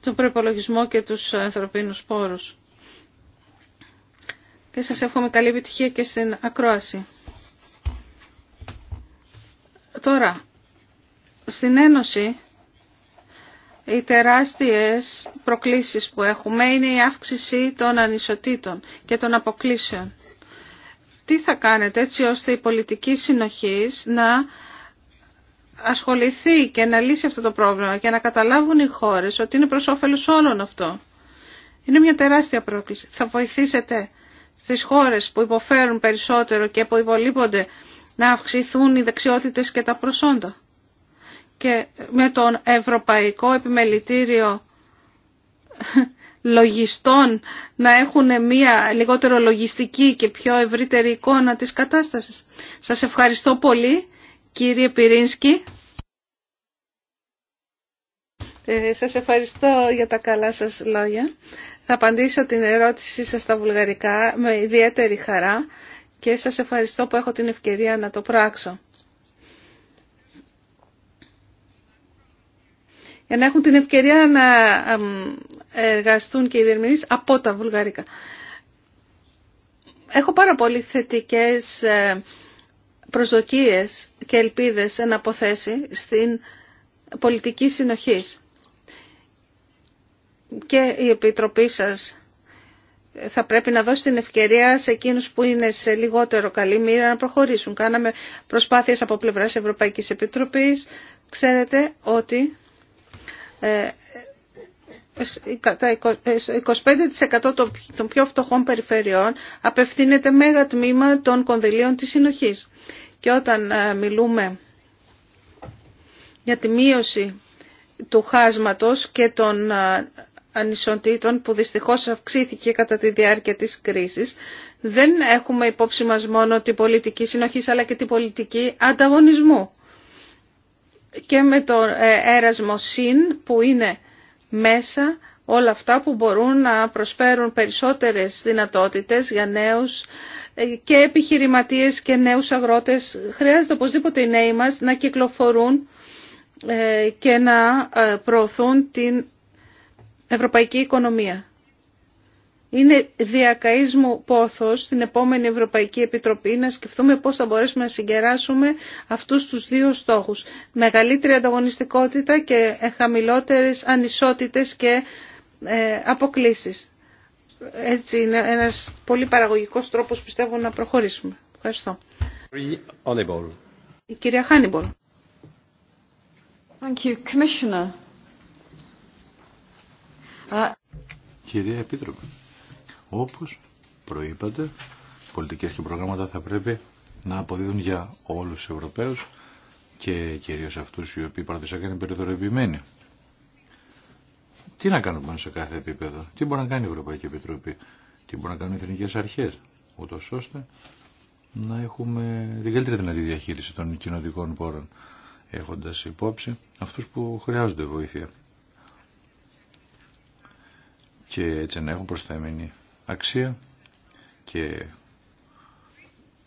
τον προπολογισμό και τους ανθρωπίνους πόρους. Και σας εύχομαι καλή επιτυχία και στην ακρόαση. Τώρα, στην Ένωση οι τεράστιες προκλήσεις που έχουμε είναι η αύξηση των ανισοτήτων και των αποκλήσεων τι θα κάνετε έτσι ώστε η πολιτική συνοχής να ασχοληθεί και να λύσει αυτό το πρόβλημα και να καταλάβουν οι χώρες ότι είναι προς όφελος όλων αυτό. Είναι μια τεράστια πρόκληση. Θα βοηθήσετε στις χώρες που υποφέρουν περισσότερο και που υπολείπονται να αυξηθούν οι δεξιότητες και τα προσόντα. Και με τον Ευρωπαϊκό Επιμελητήριο λογιστών να έχουν μια λιγότερο λογιστική και πιο ευρύτερη εικόνα της κατάστασης. Σας ευχαριστώ πολύ κύριε Πυρίνσκι. Ε, σας ευχαριστώ για τα καλά σας λόγια. Θα απαντήσω την ερώτησή σας στα βουλγαρικά με ιδιαίτερη χαρά και σας ευχαριστώ που έχω την ευκαιρία να το πράξω. Για να έχουν την ευκαιρία να εργαστούν και οι διερμηνείς από τα βουλγαρικά. Έχω πάρα πολύ θετικές ε, προσδοκίες και ελπίδες να αποθέσει στην πολιτική συνοχής. Και η Επιτροπή σας θα πρέπει να δώσει την ευκαιρία σε εκείνους που είναι σε λιγότερο καλή μοίρα να προχωρήσουν. Κάναμε προσπάθειες από πλευράς Ευρωπαϊκής Επιτροπής. Ξέρετε ότι ε, 25% των πιο φτωχών περιφερειών απευθύνεται μέγα τμήμα των κονδυλίων της συνοχής. Και όταν ε, μιλούμε για τη μείωση του χάσματος και των ε, ανισοτήτων που δυστυχώς αυξήθηκε κατά τη διάρκεια της κρίσης, δεν έχουμε υπόψη μας μόνο την πολιτική συνοχής αλλά και την πολιτική ανταγωνισμού. Και με το ε, έρασμο ΣΥΝ που είναι μέσα όλα αυτά που μπορούν να προσφέρουν περισσότερες δυνατότητες για νέους και επιχειρηματίες και νέους αγρότες. Χρειάζεται οπωσδήποτε οι νέοι μας να κυκλοφορούν ε, και να ε, προωθούν την ευρωπαϊκή οικονομία. Είναι διακαής μου πόθος στην επόμενη Ευρωπαϊκή Επιτροπή να σκεφτούμε πώς θα μπορέσουμε να συγκεράσουμε αυτούς τους δύο στόχους. Μεγαλύτερη ανταγωνιστικότητα και χαμηλότερες ανισότητες και ε, αποκλήσεις. Έτσι είναι ένας πολύ παραγωγικός τρόπος πιστεύω να προχωρήσουμε. Ευχαριστώ. Η κυρία Χάνιμπολ. Κυρία Επίτροπε. Όπως προείπατε, πολιτικές και προγράμματα θα πρέπει να αποδίδουν για όλους τους Ευρωπαίους και κυρίως αυτούς οι οποίοι παραδοσιακά είναι περιθωριοποιημένοι. Τι να κάνουμε σε κάθε επίπεδο, τι μπορεί να κάνει η Ευρωπαϊκή Επιτροπή, τι μπορεί να κάνουν οι εθνικές αρχές, ούτω ώστε να έχουμε την καλύτερη δυνατή διαχείριση των κοινωτικών πόρων, έχοντας υπόψη αυτούς που χρειάζονται βοήθεια. Και έτσι να έχουν προσθέμενη αξία και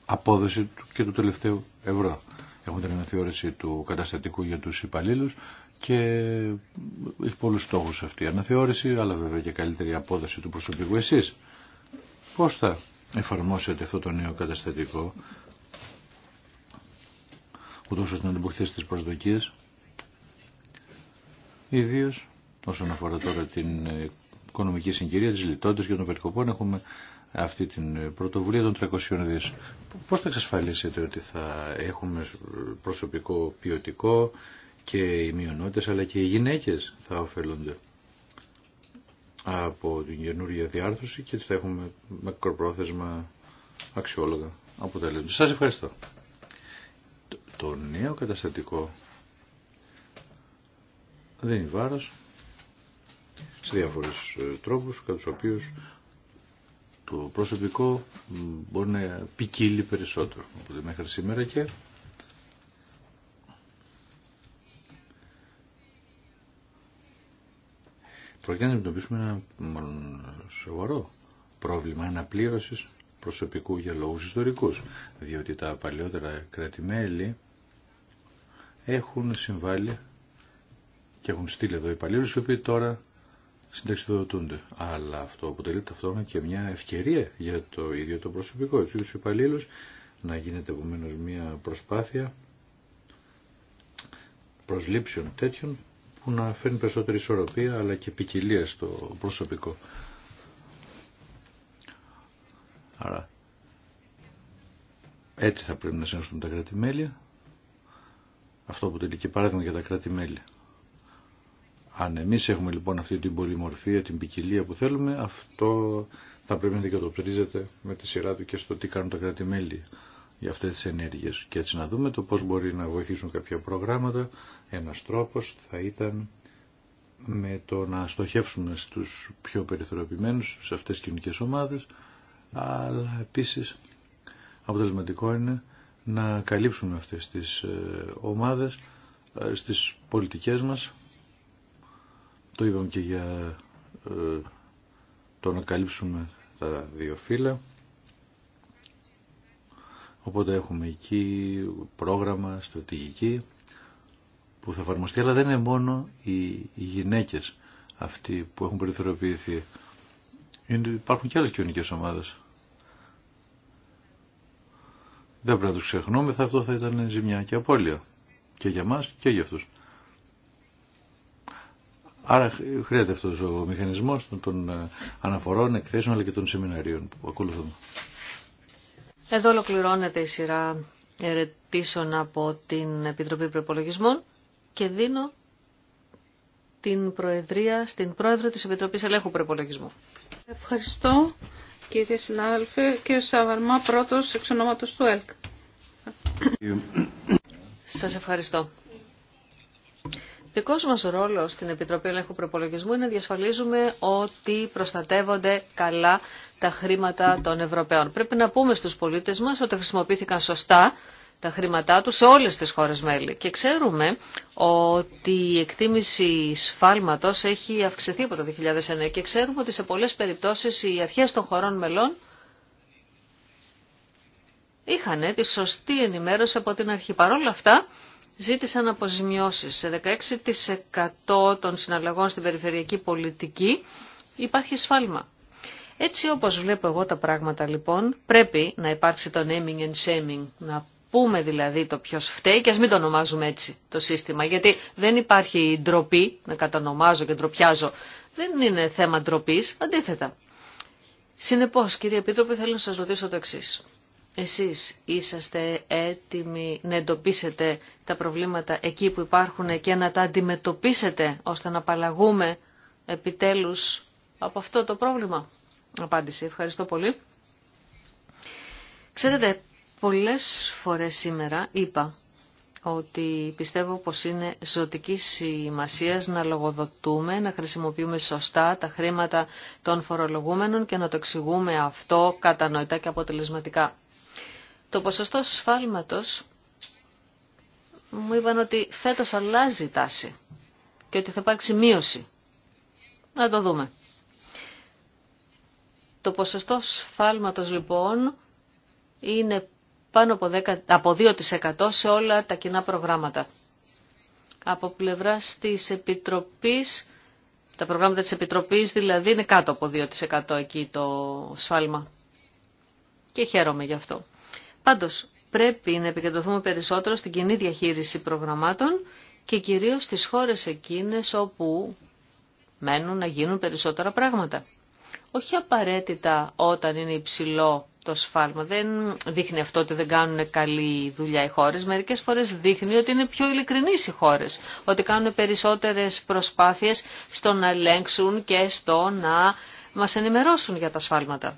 απόδοση και του τελευταίου ευρώ. Έχουμε την αναθεώρηση του καταστατικού για τους υπαλλήλους και έχει πολλούς στόχους αυτή η αναθεώρηση, αλλά βέβαια και καλύτερη απόδοση του προσωπικού. Εσείς πώς θα εφαρμόσετε αυτό το νέο καταστατικό, ούτως ώστε να αντιποχθήσετε τις προσδοκίες, ιδίως όσον αφορά τώρα την οικονομική συγκυρία, τη λιτότητα και των περικοπών έχουμε αυτή την πρωτοβουλία των 300 δις. Πώς θα εξασφαλίσετε ότι θα έχουμε προσωπικό ποιοτικό και οι μειονότητε αλλά και οι γυναίκες θα ωφελούνται από την καινούργια διάρθρωση και θα έχουμε μακροπρόθεσμα αξιόλογα αποτελέσματα. Σας ευχαριστώ. Το νέο καταστατικό δεν είναι βάρος, σε διάφορους ε, τρόπους κατά τους οποίους το προσωπικό μπορεί να ποικίλει περισσότερο. Οπότε μέχρι σήμερα και Πρόκειται να αντιμετωπίσουμε ένα σοβαρό πρόβλημα αναπλήρωσης προσωπικού για λόγους ιστορικούς, διότι τα παλιότερα κρατημέλη έχουν συμβάλει και έχουν στείλει εδώ υπαλλήλους οι οποίοι τώρα συνταξιδοτούνται. Αλλά αυτό αποτελεί ταυτόχρονα και μια ευκαιρία για το ίδιο το προσωπικό, του ίδιου υπαλλήλου, να γίνεται επομένω μια προσπάθεια προσλήψεων τέτοιων που να φέρνει περισσότερη ισορροπία αλλά και ποικιλία στο προσωπικό. Άρα έτσι θα πρέπει να συνεχίσουν τα κράτη-μέλη. Αυτό αποτελεί και παράδειγμα για τα κράτη-μέλη. Αν εμείς έχουμε λοιπόν αυτή την πολυμορφία, την ποικιλία που θέλουμε, αυτό θα πρέπει να δικαιοτοπτρίζεται με τη σειρά του και στο τι κάνουν τα κράτη-μέλη για αυτές τις ενέργειες. Και έτσι να δούμε το πώς μπορεί να βοηθήσουν κάποια προγράμματα. Ένας τρόπος θα ήταν με το να στοχεύσουμε στους πιο περιθωριοποιημένους, σε αυτές τις κοινωνικές ομάδες, αλλά επίσης αποτελεσματικό είναι να καλύψουμε αυτές τις ε, ομάδες ε, στις πολιτικές μας το είπαμε και για ε, το να καλύψουμε τα δύο φύλλα. Οπότε έχουμε εκεί πρόγραμμα, στρατηγική που θα εφαρμοστεί, αλλά δεν είναι μόνο οι γυναίκες αυτοί που έχουν περιθωριοποιηθεί. Είναι, υπάρχουν και άλλες κοινωνικές ομάδες. Δεν πρέπει να τους ξεχνούμε, θα αυτό θα ήταν ζημιά και απώλεια. Και για μας και για αυτούς. Άρα χρειάζεται αυτός ο μηχανισμός των αναφορών, εκθέσεων αλλά και των σεμιναρίων που ακολουθούν. Εδώ ολοκληρώνεται η σειρά ερετήσεων από την Επιτροπή Προπολογισμών και δίνω την Προεδρία στην Πρόεδρο της Επιτροπής Ελέγχου Προπολογισμού. Ευχαριστώ κύριε συνάδελφε. Κύριε Σαβαρμά, πρώτος εξ του ΕΛΚ. Σας ευχαριστώ. Δικός μας ρόλος στην Επιτροπή Ελέγχου Προπολογισμού είναι να διασφαλίζουμε ότι προστατεύονται καλά τα χρήματα των Ευρωπαίων. Πρέπει να πούμε στους πολίτες μας ότι χρησιμοποιήθηκαν σωστά τα χρήματά τους σε όλες τις χώρες μέλη. Και ξέρουμε ότι η εκτίμηση σφάλματος έχει αυξηθεί από το 2009 και ξέρουμε ότι σε πολλές περιπτώσεις οι αρχές των χωρών μελών είχαν τη σωστή ενημέρωση από την αρχή. Παρ' αυτά ζήτησαν αποζημιώσεις. Σε 16% των συναλλαγών στην περιφερειακή πολιτική υπάρχει σφάλμα. Έτσι όπως βλέπω εγώ τα πράγματα λοιπόν, πρέπει να υπάρξει το naming and shaming, να πούμε δηλαδή το ποιος φταίει και ας μην το ονομάζουμε έτσι το σύστημα, γιατί δεν υπάρχει ντροπή, να κατανομάζω και ντροπιάζω, δεν είναι θέμα ντροπή, αντίθετα. Συνεπώς κύριε Επίτροπε θέλω να σας ρωτήσω το εξής. Εσείς είσαστε έτοιμοι να εντοπίσετε τα προβλήματα εκεί που υπάρχουν και να τα αντιμετωπίσετε ώστε να απαλλαγούμε επιτέλους από αυτό το πρόβλημα. Απάντηση. Ευχαριστώ πολύ. Ξέρετε, πολλές φορές σήμερα είπα ότι πιστεύω πως είναι ζωτική σημασία να λογοδοτούμε, να χρησιμοποιούμε σωστά τα χρήματα των φορολογούμενων και να το εξηγούμε αυτό κατανοητά και αποτελεσματικά. Το ποσοστό σφάλματος μου είπαν ότι φέτος αλλάζει η τάση και ότι θα υπάρξει μείωση. Να το δούμε. Το ποσοστό σφάλματος λοιπόν είναι πάνω από, 2% σε όλα τα κοινά προγράμματα. Από πλευρά της Επιτροπής, τα προγράμματα της Επιτροπής δηλαδή είναι κάτω από 2% εκεί το σφάλμα. Και χαίρομαι γι' αυτό. Πάντως, πρέπει να επικεντρωθούμε περισσότερο στην κοινή διαχείριση προγραμμάτων και κυρίως στις χώρες εκείνες όπου μένουν να γίνουν περισσότερα πράγματα. Όχι απαραίτητα όταν είναι υψηλό το σφάλμα. Δεν δείχνει αυτό ότι δεν κάνουν καλή δουλειά οι χώρες. Μερικές φορές δείχνει ότι είναι πιο ειλικρινείς οι χώρες. Ότι κάνουν περισσότερες προσπάθειες στο να ελέγξουν και στο να μας ενημερώσουν για τα σφάλματα.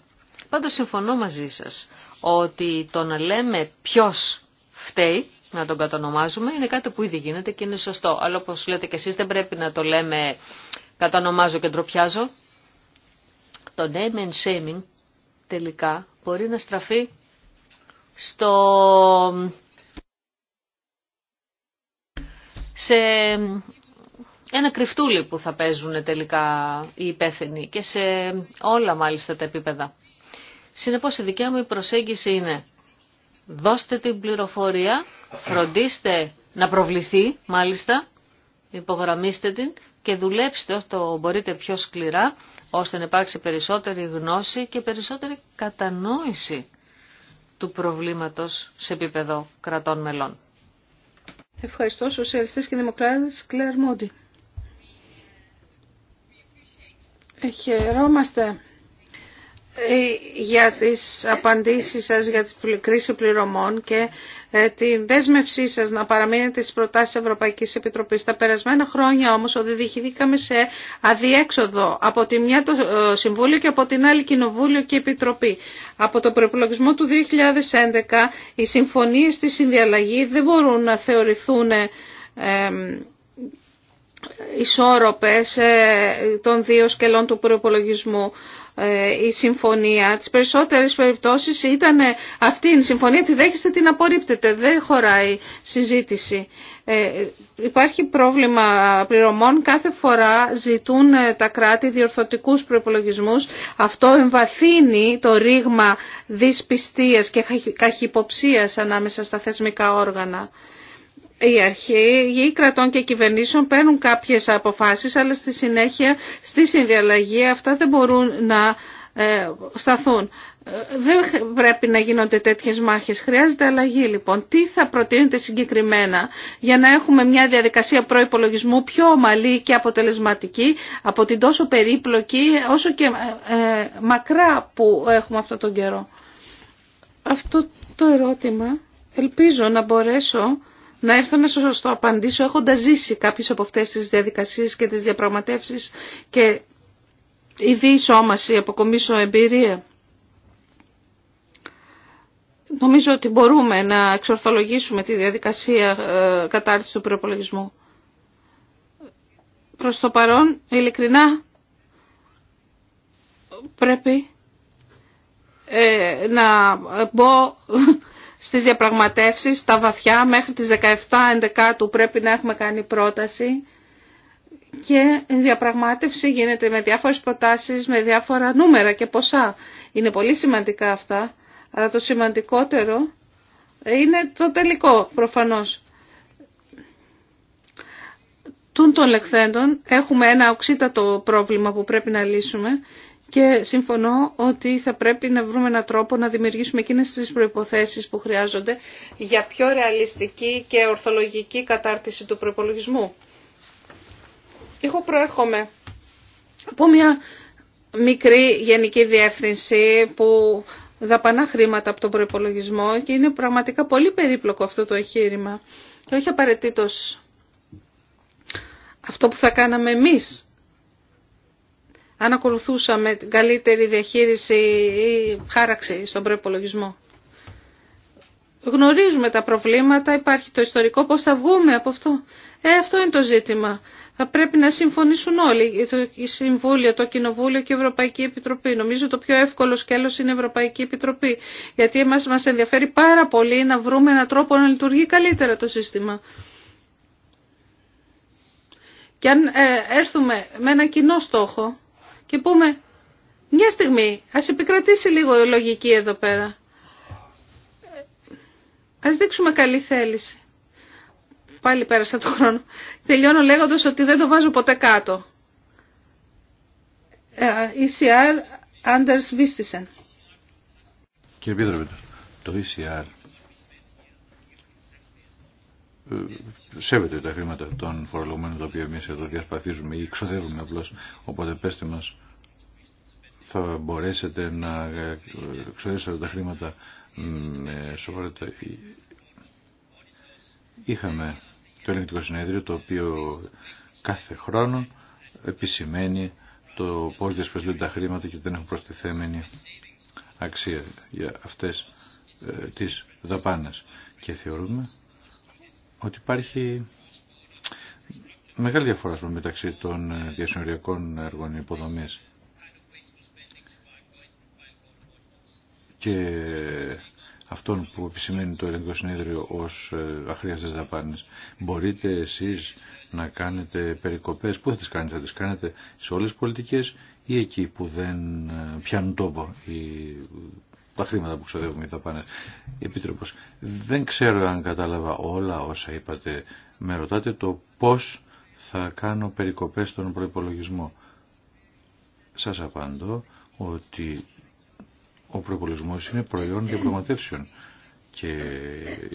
Πάντως συμφωνώ μαζί σας ότι το να λέμε ποιος φταίει, να τον κατονομάζουμε, είναι κάτι που ήδη γίνεται και είναι σωστό. Αλλά όπως λέτε και εσείς δεν πρέπει να το λέμε κατανομάζω και ντροπιάζω. Το name and shaming τελικά μπορεί να στραφεί στο... σε ένα κρυφτούλι που θα παίζουν τελικά οι υπεύθυνοι και σε όλα μάλιστα τα επίπεδα. Συνεπώς η δικιά μου προσέγγιση είναι δώστε την πληροφορία, φροντίστε να προβληθεί μάλιστα, υπογραμμίστε την και δουλέψτε ώστε το μπορείτε πιο σκληρά ώστε να υπάρξει περισσότερη γνώση και περισσότερη κατανόηση του προβλήματος σε επίπεδο κρατών μελών. Ευχαριστώ Σοσιαλιστές και Δημοκράτες Κλέρ Μόντι. Ε, χαιρόμαστε ε, για τις απαντήσεις σας για την κρίση πληρωμών και ε, την δέσμευσή σας να παραμείνετε στις προτάσεις Ευρωπαϊκής Επιτροπής. Τα περασμένα χρόνια όμως οδηγηθήκαμε σε αδιέξοδο από τη μια το ε, Συμβούλιο και από την άλλη Κοινοβούλιο και Επιτροπή. Από το προπολογισμό του 2011 οι συμφωνίες στη συνδιαλλαγή δεν μπορούν να θεωρηθούν ισόρροπες των δύο σκελών του προπολογισμού ε, η συμφωνία. Τις περισσότερες περιπτώσεις ήταν αυτή η συμφωνία, τη δέχεστε, την απορρίπτετε. Δεν χωράει συζήτηση. Ε, υπάρχει πρόβλημα πληρωμών. Κάθε φορά ζητούν ε, τα κράτη διορθωτικούς προϋπολογισμούς. Αυτό εμβαθύνει το ρήγμα δυσπιστίας και καχυποψία ανάμεσα στα θεσμικά όργανα οι αρχαίοι κρατών και κυβερνήσεων παίρνουν κάποιες αποφάσεις, αλλά στη συνέχεια στη συνδιαλλαγή αυτά δεν μπορούν να ε, σταθούν. Ε, δεν πρέπει να γίνονται τέτοιες μάχες. Χρειάζεται αλλαγή λοιπόν. Τι θα προτείνετε συγκεκριμένα για να έχουμε μια διαδικασία προϋπολογισμού πιο ομαλή και αποτελεσματική από την τόσο περίπλοκη όσο και ε, μακρά που έχουμε αυτόν τον καιρό. Αυτό το ερώτημα ελπίζω να μπορέσω να έρθω να σα το απαντήσω έχοντα ζήσει κάποιε από αυτέ τι διαδικασίε και τι διαπραγματεύσει και ήδη από αποκομίσω εμπειρία. Νομίζω ότι μπορούμε να εξορθολογήσουμε τη διαδικασία ε, κατάρτισης του προπολογισμού. Προς το παρόν, ειλικρινά, πρέπει ε, να μπω στις διαπραγματεύσεις, τα βαθιά, μέχρι τις 17-11 του πρέπει να έχουμε κάνει πρόταση και η διαπραγμάτευση γίνεται με διάφορες προτάσεις, με διάφορα νούμερα και ποσά. Είναι πολύ σημαντικά αυτά, αλλά το σημαντικότερο είναι το τελικό προφανώς. Τούν των λεχθέντων έχουμε ένα οξύτατο πρόβλημα που πρέπει να λύσουμε και συμφωνώ ότι θα πρέπει να βρούμε έναν τρόπο να δημιουργήσουμε εκείνες τις προϋποθέσεις που χρειάζονται για πιο ρεαλιστική και ορθολογική κατάρτιση του προϋπολογισμού. Εγώ προέρχομαι από μια μικρή γενική διεύθυνση που δαπανά χρήματα από τον προϋπολογισμό και είναι πραγματικά πολύ περίπλοκο αυτό το εγχείρημα και όχι απαραίτητο αυτό που θα κάναμε εμείς αν ακολουθούσαμε καλύτερη διαχείριση ή χάραξη στον προπολογισμό. Γνωρίζουμε τα προβλήματα, υπάρχει το ιστορικό, πώς θα βγούμε από αυτό. Ε, αυτό είναι το ζήτημα. Θα πρέπει να συμφωνήσουν όλοι, το Συμβούλιο, το Κοινοβούλιο και η Ευρωπαϊκή Επιτροπή. Νομίζω το πιο εύκολο σκέλος είναι η Ευρωπαϊκή Επιτροπή, γιατί εμάς μας ενδιαφέρει πάρα πολύ να βρούμε έναν τρόπο να λειτουργεί καλύτερα το σύστημα. Και αν ε, έρθουμε με ένα κοινό στόχο, και πούμε μια στιγμή, ας επικρατήσει λίγο η λογική εδώ πέρα. Ας δείξουμε καλή θέληση. Πάλι πέρασα το χρόνο. Τελειώνω λέγοντας ότι δεν το βάζω ποτέ κάτω. Ε, ECR Anders Vistisen. Κύριε το ECR ε, σέβεται τα χρήματα των φορολογουμένων τα οποία εμείς εδώ διασπαθίζουμε ή ξοδεύουμε απλώς. Οπότε πέστε μας, θα μπορέσετε να ε, ξοδεύσετε τα χρήματα με σοβαρότητα. Είχαμε το ελεγκτικό συνέδριο το οποίο κάθε χρόνο επισημαίνει το πώς διασπαθούνται τα χρήματα και δεν έχουν προστιθέμενη αξία για αυτές ε, τις δαπάνες. Και θεωρούμε ότι υπάρχει μεγάλη διαφορά μεταξύ των διασυνοριακών έργων υποδομής και αυτών που επισημαίνει το ελληνικό συνέδριο ως ε, αχρίαστες δαπάνες. Μπορείτε εσείς να κάνετε περικοπές, πού θα τις κάνετε, θα τις κάνετε σε όλες τις πολιτικές ή εκεί που δεν ε, πιάνουν τόπο οι τα χρήματα που ξοδεύουμε θα πάνε. Επιτροπος, δεν ξέρω αν κατάλαβα όλα όσα είπατε. Με ρωτάτε το πως θα κάνω περικοπές στον προϋπολογισμό σας απαντώ ότι ο προϋπολογισμός είναι προϊόν διαπραγματεύσεων. Και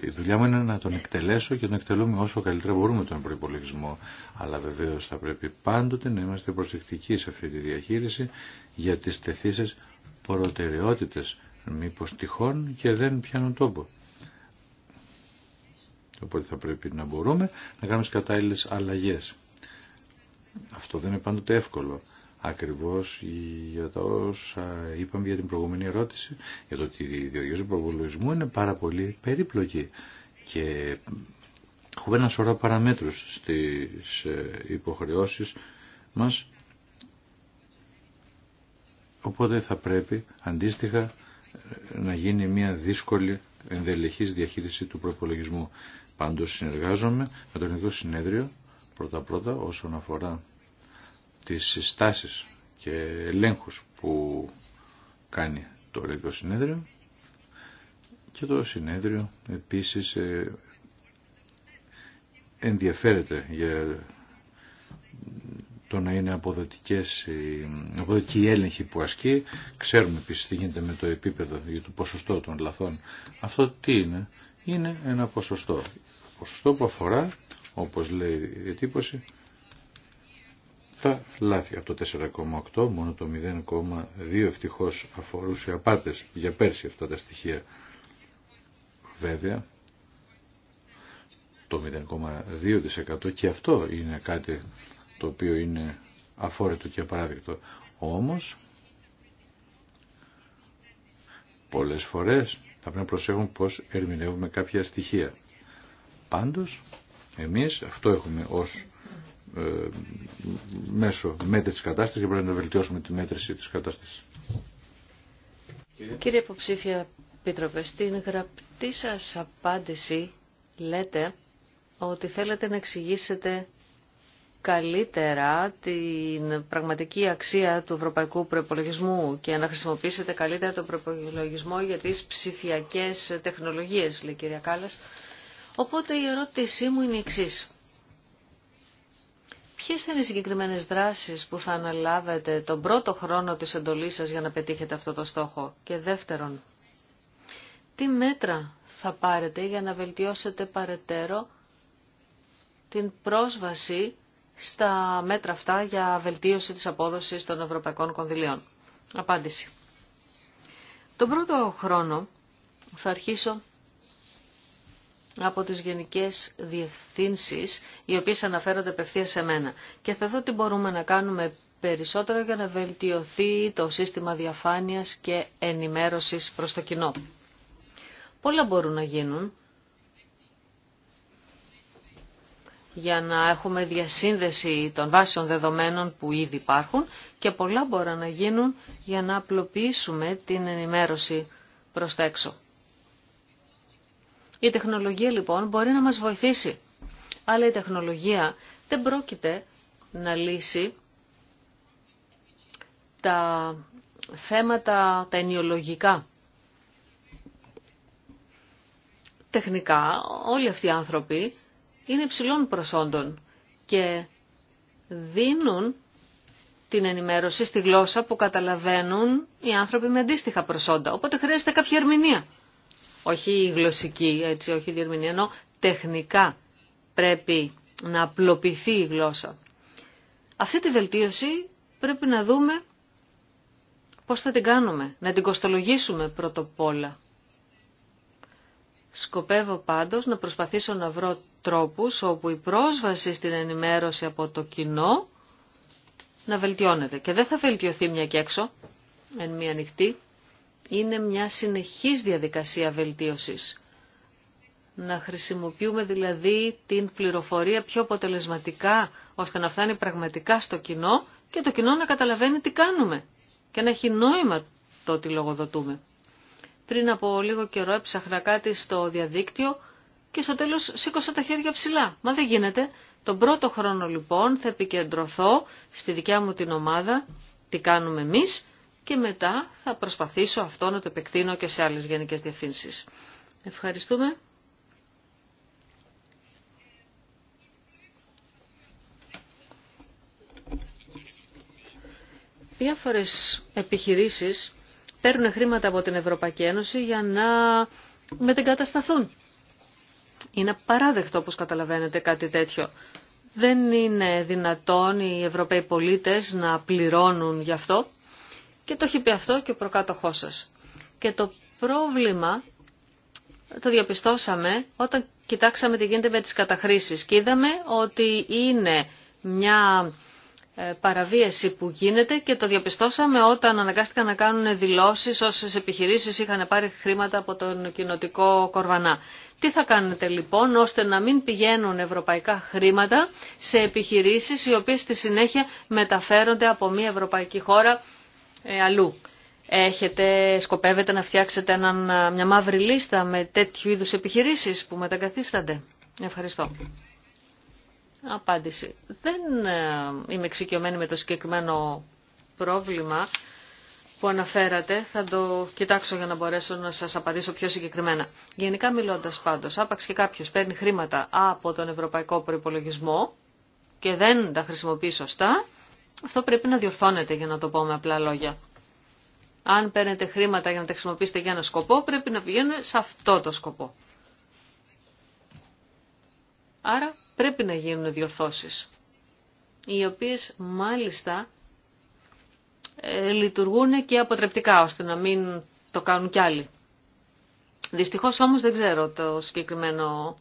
η δουλειά μου είναι να τον εκτελέσω και τον εκτελούμε όσο καλύτερα μπορούμε τον προπολογισμό. Αλλά βεβαίω θα πρέπει πάντοτε να είμαστε προσεκτικοί σε αυτή τη διαχείριση για τι τεθήσει προτεραιότητε μήπως τυχόν και δεν πιάνουν τόπο. Οπότε θα πρέπει να μπορούμε να κάνουμε κατάλληλες αλλαγές. Αυτό δεν είναι πάντοτε εύκολο. Ακριβώς για τα όσα είπαμε για την προηγούμενη ερώτηση, για το ότι η διοργία του προβολισμού είναι πάρα πολύ περίπλοκη και έχουμε ένα σωρό παραμέτρους στις ε, υποχρεώσεις μας, οπότε θα πρέπει αντίστοιχα να γίνει μια δύσκολη ενδελεχής διαχείριση του προπολογισμού. Πάντως συνεργάζομαι με το Ελληνικό Συνέδριο πρώτα-πρώτα όσον αφορά τις συστάσεις και ελέγχους που κάνει το Ελληνικό Συνέδριο και το Συνέδριο επίσης ε, ενδιαφέρεται για να είναι αποδοτικές, αποδοτική η έλεγχη που ασκεί. Ξέρουμε επίσης τι γίνεται με το επίπεδο για το ποσοστό των λαθών. Αυτό τι είναι. Είναι ένα ποσοστό. Ποσοστό που αφορά, όπως λέει η ετύπωση, τα λάθη. Από το 4,8 μόνο το 0,2 ευτυχώς αφορούσε απάτες για πέρσι αυτά τα στοιχεία. Βέβαια, το 0,2% και αυτό είναι κάτι το οποίο είναι αφόρετο και απαράδεκτο. Όμως, πολλές φορές θα πρέπει να προσέχουμε πώς ερμηνεύουμε κάποια στοιχεία. Πάντως, εμείς αυτό έχουμε ως ε, μέσο μέτρηση κατάστασης και πρέπει να βελτιώσουμε τη μέτρηση της κατάστασης. Κύριε Υποψήφια Πίτροπε, στην γραπτή σας απάντηση λέτε ότι θέλετε να εξηγήσετε καλύτερα την πραγματική αξία του ευρωπαϊκού προπολογισμού και να χρησιμοποιήσετε καλύτερα τον προπολογισμό για τις ψηφιακές τεχνολογίες, λέει η κυρία Κάλλας. Οπότε η ερώτησή μου είναι η εξή. Ποιες θα είναι οι συγκεκριμένες δράσεις που θα αναλάβετε τον πρώτο χρόνο της εντολής σας για να πετύχετε αυτό το στόχο. Και δεύτερον, τι μέτρα θα πάρετε για να βελτιώσετε παρετέρω την πρόσβαση στα μέτρα αυτά για βελτίωση της απόδοσης των ευρωπαϊκών κονδυλίων. Απάντηση. Τον πρώτο χρόνο θα αρχίσω από τις γενικές διευθύνσεις, οι οποίες αναφέρονται απευθεία σε μένα. Και θα δω τι μπορούμε να κάνουμε περισσότερο για να βελτιωθεί το σύστημα διαφάνειας και ενημέρωσης προς το κοινό. Πολλά μπορούν να γίνουν για να έχουμε διασύνδεση των βάσεων δεδομένων που ήδη υπάρχουν και πολλά μπορούν να γίνουν για να απλοποιήσουμε την ενημέρωση προς τα έξω. Η τεχνολογία λοιπόν μπορεί να μας βοηθήσει, αλλά η τεχνολογία δεν πρόκειται να λύσει τα θέματα τα ενιολογικά. Τεχνικά όλοι αυτοί οι άνθρωποι είναι υψηλών προσόντων και δίνουν την ενημέρωση στη γλώσσα που καταλαβαίνουν οι άνθρωποι με αντίστοιχα προσόντα. Οπότε χρειάζεται κάποια ερμηνεία. Όχι η γλωσσική, έτσι, όχι η ερμηνεία, ενώ τεχνικά πρέπει να απλοποιηθεί η γλώσσα. Αυτή τη βελτίωση πρέπει να δούμε πώς θα την κάνουμε, να την κοστολογήσουμε πρώτα απ' Σκοπεύω πάντως να προσπαθήσω να βρω τρόπους όπου η πρόσβαση στην ενημέρωση από το κοινό να βελτιώνεται. Και δεν θα βελτιωθεί μια και έξω, εν μια ανοιχτή. Είναι μια συνεχής διαδικασία βελτίωσης. Να χρησιμοποιούμε δηλαδή την πληροφορία πιο αποτελεσματικά, ώστε να φτάνει πραγματικά στο κοινό και το κοινό να καταλαβαίνει τι κάνουμε και να έχει νόημα το ότι λογοδοτούμε. Πριν από λίγο καιρό έψαχνα κάτι στο διαδίκτυο και στο τέλος σήκωσα τα χέρια ψηλά. Μα δεν γίνεται. Τον πρώτο χρόνο λοιπόν θα επικεντρωθώ στη δικιά μου την ομάδα, τι κάνουμε εμείς και μετά θα προσπαθήσω αυτό να το επεκτείνω και σε άλλες γενικές διευθύνσεις. Ευχαριστούμε. Διάφορες επιχειρήσεις παίρνουν χρήματα από την Ευρωπαϊκή Ένωση για να μετεγκατασταθούν. Είναι παράδεκτο, όπως καταλαβαίνετε, κάτι τέτοιο. Δεν είναι δυνατόν οι Ευρωπαίοι πολίτες να πληρώνουν γι' αυτό και το έχει πει αυτό και ο προκάτοχός σας. Και το πρόβλημα το διαπιστώσαμε όταν κοιτάξαμε τι γίνεται με τις καταχρήσεις και είδαμε ότι είναι μια ε, παραβίαση που γίνεται και το διαπιστώσαμε όταν αναγκάστηκαν να κάνουν δηλώσεις όσες επιχειρήσεις είχαν πάρει χρήματα από τον κοινοτικό κορβανά. Τι θα κάνετε λοιπόν ώστε να μην πηγαίνουν ευρωπαϊκά χρήματα σε επιχειρήσεις οι οποίες στη συνέχεια μεταφέρονται από μια ευρωπαϊκή χώρα ε, αλλού. Έχετε, σκοπεύετε να φτιάξετε έναν, μια μαύρη λίστα με τέτοιου είδους επιχειρήσεις που μετακαθίστανται. Ευχαριστώ. Απάντηση. Δεν ε, είμαι εξοικειωμένη με το συγκεκριμένο πρόβλημα που αναφέρατε, θα το κοιτάξω για να μπορέσω να σας απαντήσω πιο συγκεκριμένα. Γενικά μιλώντας πάντως, άπαξ και κάποιος παίρνει χρήματα από τον ευρωπαϊκό προϋπολογισμό και δεν τα χρησιμοποιεί σωστά, αυτό πρέπει να διορθώνεται για να το πω με απλά λόγια. Αν παίρνετε χρήματα για να τα χρησιμοποιήσετε για ένα σκοπό, πρέπει να πηγαίνουν σε αυτό το σκοπό. Άρα πρέπει να γίνουν διορθώσεις, οι οποίες μάλιστα ε, λειτουργούν και αποτρεπτικά ώστε να μην το κάνουν κι άλλοι. Δυστυχώς όμως δεν ξέρω το συγκεκριμένο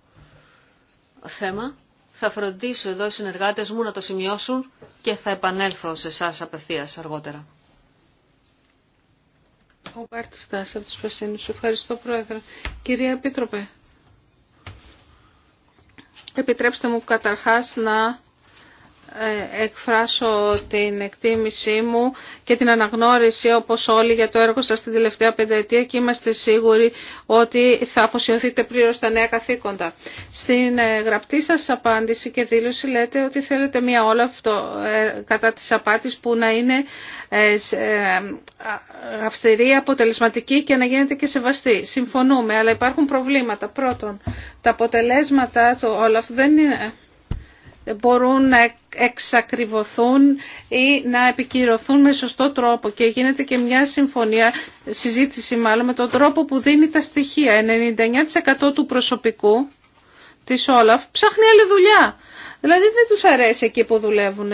θέμα. Θα φροντίσω εδώ οι συνεργάτες μου να το σημειώσουν και θα επανέλθω σε εσά απευθείας αργότερα. Ο Μπάρτης Στάς από τους Πασίνους. Ευχαριστώ Πρόεδρε. Κυρία Επίτροπε, επιτρέψτε μου καταρχάς να ε, εκφράσω την εκτίμησή μου και την αναγνώριση όπως όλοι για το έργο σας την τελευταία πενταετία και είμαστε σίγουροι ότι θα αφοσιωθείτε πλήρως στα νέα καθήκοντα. Στην ε, γραπτή σας απάντηση και δήλωση λέτε ότι θέλετε μια όλα αυτό ε, κατά της απάτης που να είναι αυστηρή, αποτελεσματική και να γίνεται και σεβαστή. Συμφωνούμε, αλλά υπάρχουν προβλήματα. Πρώτον, τα αποτελέσματα του Όλαφ δεν είναι μπορούν να εξακριβωθούν ή να επικυρωθούν με σωστό τρόπο και γίνεται και μια συμφωνία, συζήτηση μάλλον με τον τρόπο που δίνει τα στοιχεία. 99% του προσωπικού της Όλαφ ψάχνει άλλη δουλειά. Δηλαδή δεν τους αρέσει εκεί που δουλεύουν.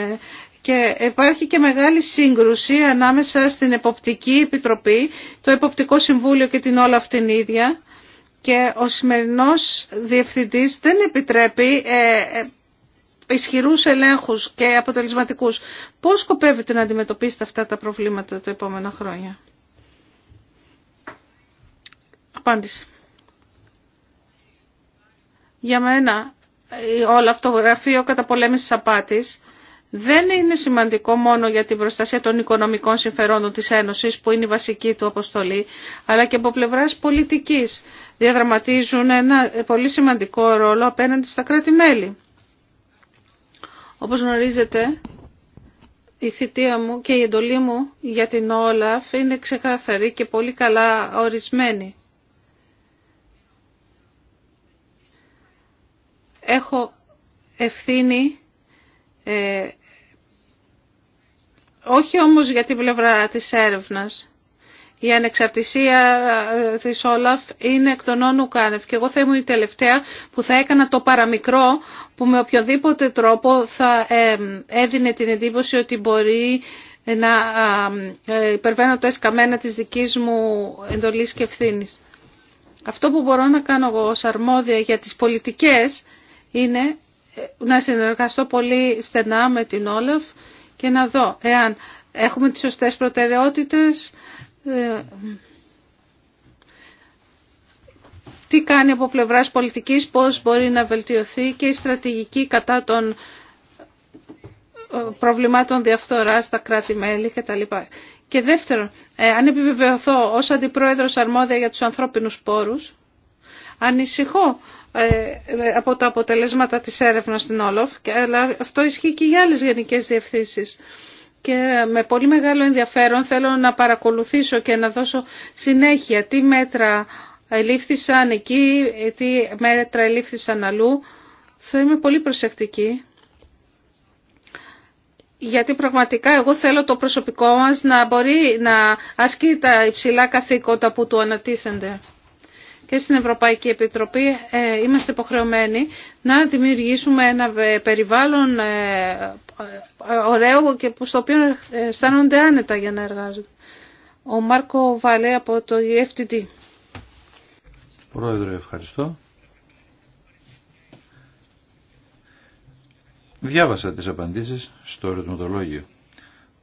Και υπάρχει και μεγάλη σύγκρουση ανάμεσα στην Εποπτική Επιτροπή, το Εποπτικό Συμβούλιο και την Όλαφ την ίδια. Και ο σημερινός διευθυντής δεν επιτρέπει ε, ε, ισχυρούς ελέγχους και αποτελεσματικούς. Πώς σκοπεύετε να αντιμετωπίσετε αυτά τα προβλήματα τα επόμενα χρόνια. Απάντηση. Για μένα ε, όλο αυτό το γραφείο κατά πολέμησης απάτης δεν είναι σημαντικό μόνο για την προστασία των οικονομικών συμφερόντων της Ένωσης που είναι η βασική του αποστολή αλλά και από πλευρά πολιτικής διαδραματίζουν ένα πολύ σημαντικό ρόλο απέναντι στα κράτη-μέλη. Όπως γνωρίζετε, η θητεία μου και η εντολή μου για την Όλαφ είναι ξεκάθαρη και πολύ καλά ορισμένη. Έχω ευθύνη ε, όχι όμως για την πλευρά της έρευνας η ανεξαρτησία ε, τη Όλαφ είναι εκ των όνων κάνευ. Και εγώ θα ήμουν η τελευταία που θα έκανα το παραμικρό που με οποιοδήποτε τρόπο θα ε, έδινε την εντύπωση ότι μπορεί να ε, υπερβαίνω τα εσκαμμένα της δικής μου εντολής και ευθύνη. Αυτό που μπορώ να κάνω εγώ ως αρμόδια για τις πολιτικές είναι να συνεργαστώ πολύ στενά με την Όλαφ και να δω εάν έχουμε τις σωστές προτεραιότητες, τι κάνει από πλευράς πολιτικής, πώς μπορεί να βελτιωθεί και η στρατηγική κατά των ε, προβλημάτων διαφθοράς στα κράτη-μέλη κτλ. Και δεύτερον, ε, αν επιβεβαιωθώ ως αντιπρόεδρος αρμόδια για τους ανθρώπινους πόρους, ανησυχώ ε, από τα αποτελέσματα της έρευνας στην Όλοφ, αλλά αυτό ισχύει και για άλλες γενικές διευθύνσεις και με πολύ μεγάλο ενδιαφέρον θέλω να παρακολουθήσω και να δώσω συνέχεια τι μέτρα ελήφθησαν εκεί, τι μέτρα ελήφθησαν αλλού. Θα είμαι πολύ προσεκτική. Γιατί πραγματικά εγώ θέλω το προσωπικό μας να μπορεί να ασκεί τα υψηλά καθήκοντα που του ανατίθενται και στην Ευρωπαϊκή Επιτροπή ε, είμαστε υποχρεωμένοι να δημιουργήσουμε ένα ε, περιβάλλον ε, ωραίο και στο οποίο αισθάνονται άνετα για να εργάζονται. Ο Μάρκο Βαλέ από το EFTD. Πρόεδρε, ευχαριστώ. Διάβασα τις απαντήσεις στο ερωτηματολόγιο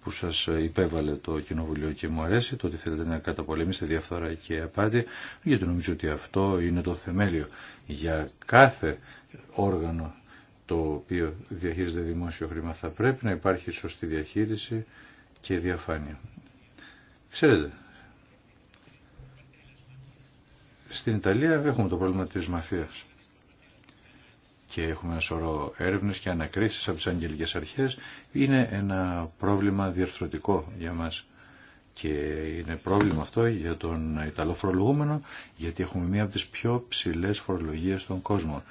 που σας υπέβαλε το Κοινοβουλίο και μου αρέσει το ότι θέλετε να καταπολεμήσετε διαφθορά και απάτη γιατί νομίζω ότι αυτό είναι το θεμέλιο για κάθε όργανο το οποίο διαχείριζεται δημόσιο χρήμα θα πρέπει να υπάρχει σωστή διαχείριση και διαφάνεια. Ξέρετε, στην Ιταλία έχουμε το πρόβλημα της Μαφία και έχουμε ένα σωρό έρευνες και ανακρίσεις από τις αγγελικές αρχές είναι ένα πρόβλημα διαρθρωτικό για μας και είναι πρόβλημα αυτό για τον Ιταλό φορολογούμενο γιατί έχουμε μία από τις πιο ψηλές φορολογίες στον κόσμο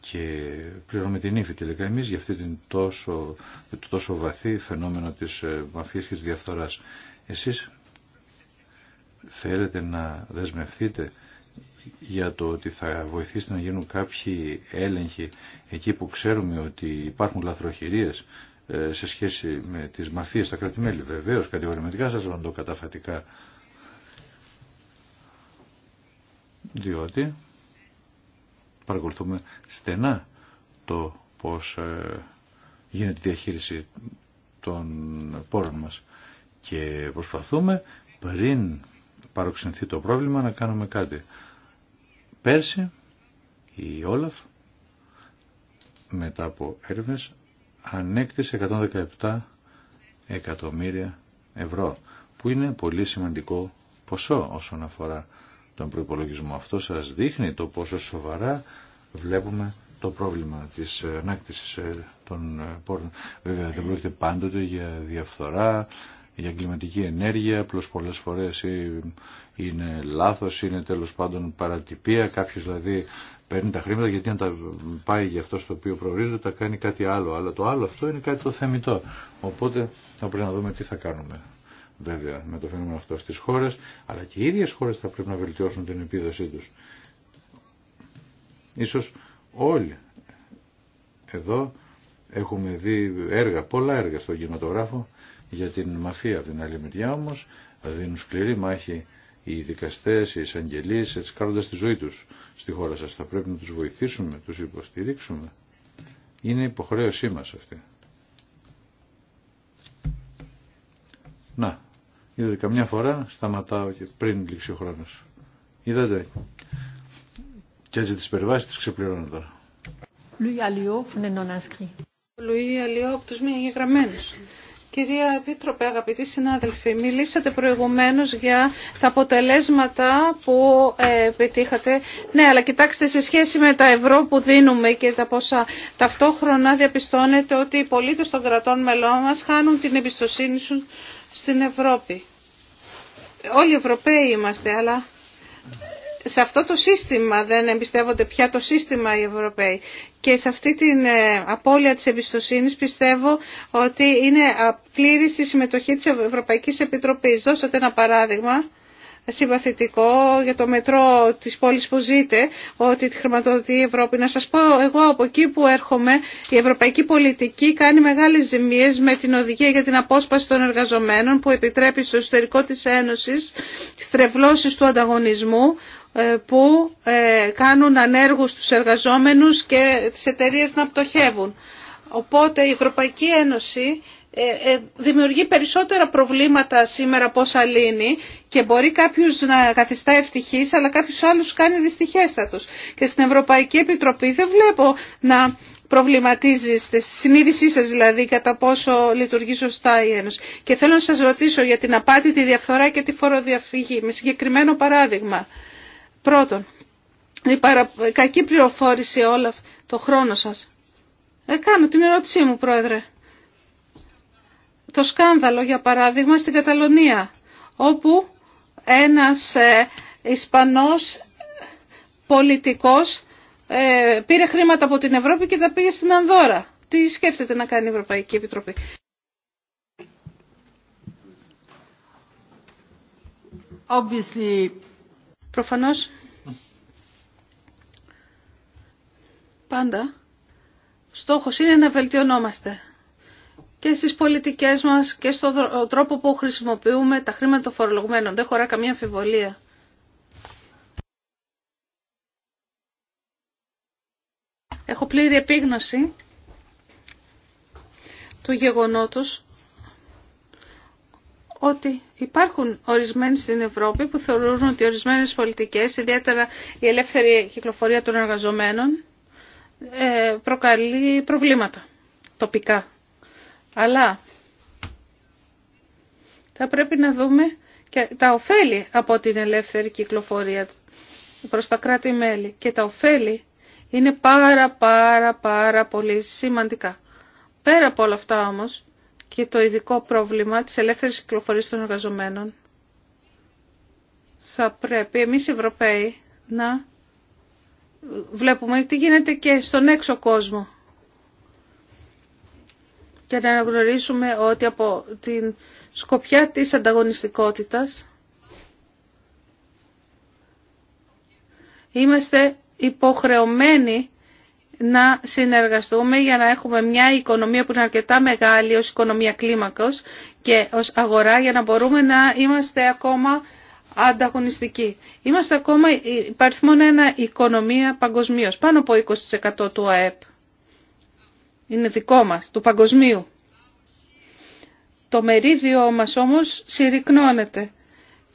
και πληρώνουμε την ύφη τελικά εμείς για αυτό τόσο, το τόσο βαθύ φαινόμενο της ε, μαφίας και της διαφθοράς. Εσείς θέλετε να δεσμευτείτε για το ότι θα βοηθήσει να γίνουν κάποιοι έλεγχοι εκεί που ξέρουμε ότι υπάρχουν λαθροχειρίες ε, σε σχέση με τις μαφίες στα κρατημέλη. Βεβαίως, κατηγορηματικά σας το καταφατικά. Διότι παρακολουθούμε στενά το πώς ε, γίνεται η διαχείριση των πόρων μας και προσπαθούμε πριν παροξενθεί το πρόβλημα να κάνουμε κάτι. Πέρσι η Όλαφ μετά από έρευνε ανέκτησε 117 εκατομμύρια ευρώ που είναι πολύ σημαντικό ποσό όσον αφορά τον προϋπολογισμό. Αυτό σας δείχνει το πόσο σοβαρά βλέπουμε το πρόβλημα της ανάκτησης ε, των ε, πόρων. Βέβαια δεν πρόκειται πάντοτε για διαφθορά, για κλιματική ενέργεια, απλώ πολλές φορές είναι λάθος, είναι τέλος πάντων παρατυπία, κάποιος δηλαδή παίρνει τα χρήματα γιατί αν τα πάει για αυτό στο οποίο προορίζεται, τα κάνει κάτι άλλο, αλλά το άλλο αυτό είναι κάτι το θεμητό. Οπότε θα πρέπει να δούμε τι θα κάνουμε. Βέβαια με το φαινόμενο αυτό στις χώρες, αλλά και οι ίδιες χώρες θα πρέπει να βελτιώσουν την επίδοσή τους. Ίσως όλοι εδώ έχουμε δει έργα, πολλά έργα στον κινηματογράφο για την μαφία. Από την άλλη μεριά όμως δίνουν σκληρή μάχη οι δικαστές, οι εισαγγελίες, έτσι κάνοντας τη ζωή τους στη χώρα σας. Θα πρέπει να τους βοηθήσουμε, τους υποστηρίξουμε. Είναι υποχρέωσή μας αυτή. Να, είδατε καμιά φορά σταματάω και πριν λήξει ο χρόνος. Είδατε. Και έτσι τις περιβάσεις τις ξεπληρώνω τώρα. Λουί Αλιό, Λουί μη Κυρία Επίτροπε, αγαπητοί συνάδελφοι, μιλήσατε προηγουμένως για τα αποτελέσματα που ε, πετύχατε. Ναι, αλλά κοιτάξτε σε σχέση με τα ευρώ που δίνουμε και τα πόσα ταυτόχρονα διαπιστώνεται ότι οι πολίτες των κρατών μελών μας χάνουν την εμπιστοσύνη σου στην Ευρώπη. Όλοι Ευρωπαίοι είμαστε, αλλά σε αυτό το σύστημα δεν εμπιστεύονται πια το σύστημα οι Ευρωπαίοι. Και σε αυτή την ε, απώλεια της εμπιστοσύνης πιστεύω ότι είναι πλήρης η συμμετοχή της Ευρωπαϊκής Επιτροπής. Δώσατε ένα παράδειγμα συμπαθητικό για το μετρό της πόλης που ζείτε, ότι τη χρηματοδοτεί η Ευρώπη. Να σας πω, εγώ από εκεί που έρχομαι, η ευρωπαϊκή πολιτική κάνει μεγάλες ζημίες με την οδηγία για την απόσπαση των εργαζομένων που επιτρέπει στο εσωτερικό της Ένωσης στρεβλώσεις του ανταγωνισμού, ε, που ε, κάνουν ανέργους τους εργαζόμενους και τις εταιρείες να πτωχεύουν. Οπότε η Ευρωπαϊκή Ένωση ε, δημιουργεί περισσότερα προβλήματα σήμερα από όσα λύνει και μπορεί κάποιους να καθιστά ευτυχής αλλά κάποιους άλλους κάνει δυστυχέστατος. Και στην Ευρωπαϊκή Επιτροπή δεν βλέπω να προβληματίζεστε, στη συνείδησή σας δηλαδή κατά πόσο λειτουργεί σωστά η Ένωση. Και θέλω να σας ρωτήσω για την απάτη, τη διαφθορά και τη φοροδιαφυγή με συγκεκριμένο παράδειγμα. Πρώτον, η κακή πληροφόρηση όλα το χρόνο σας. Δεν κάνω την ερώτησή μου, Πρόεδρε. Το σκάνδαλο, για παράδειγμα, στην Καταλωνία, όπου ένας ε, Ισπανός πολιτικός ε, πήρε χρήματα από την Ευρώπη και τα πήγε στην Ανδόρα. Τι σκέφτεται να κάνει η Ευρωπαϊκή Επιτροπή. Obviously, Προφανώς πάντα στόχος είναι να βελτιωνόμαστε και στις πολιτικές μας και στον τρόπο που χρησιμοποιούμε τα χρήματα των φορολογμένων. Δεν χωρά καμία αμφιβολία. Έχω πλήρη επίγνωση του γεγονότος ότι υπάρχουν ορισμένοι στην Ευρώπη που θεωρούν ότι ορισμένες πολιτικές, ιδιαίτερα η ελεύθερη κυκλοφορία των εργαζομένων, ε, προκαλεί προβλήματα τοπικά. Αλλά θα πρέπει να δούμε και τα ωφέλη από την ελεύθερη κυκλοφορία προς τα κράτη-μέλη. Και τα ωφέλη είναι πάρα πάρα πάρα πολύ σημαντικά. Πέρα από όλα αυτά όμως, και το ειδικό πρόβλημα της ελεύθερης κυκλοφορίας των εργαζομένων. Θα πρέπει εμείς οι Ευρωπαίοι να βλέπουμε τι γίνεται και στον έξω κόσμο και να αναγνωρίσουμε ότι από την σκοπιά της ανταγωνιστικότητας είμαστε υποχρεωμένοι να συνεργαστούμε για να έχουμε μια οικονομία που είναι αρκετά μεγάλη ως οικονομία κλίμακος και ως αγορά για να μπορούμε να είμαστε ακόμα ανταγωνιστικοί. Είμαστε ακόμα υπαριθμόν ένα οικονομία παγκοσμίω, πάνω από 20% του ΑΕΠ. Είναι δικό μας, του παγκοσμίου. Το μερίδιο μας όμως συρρυκνώνεται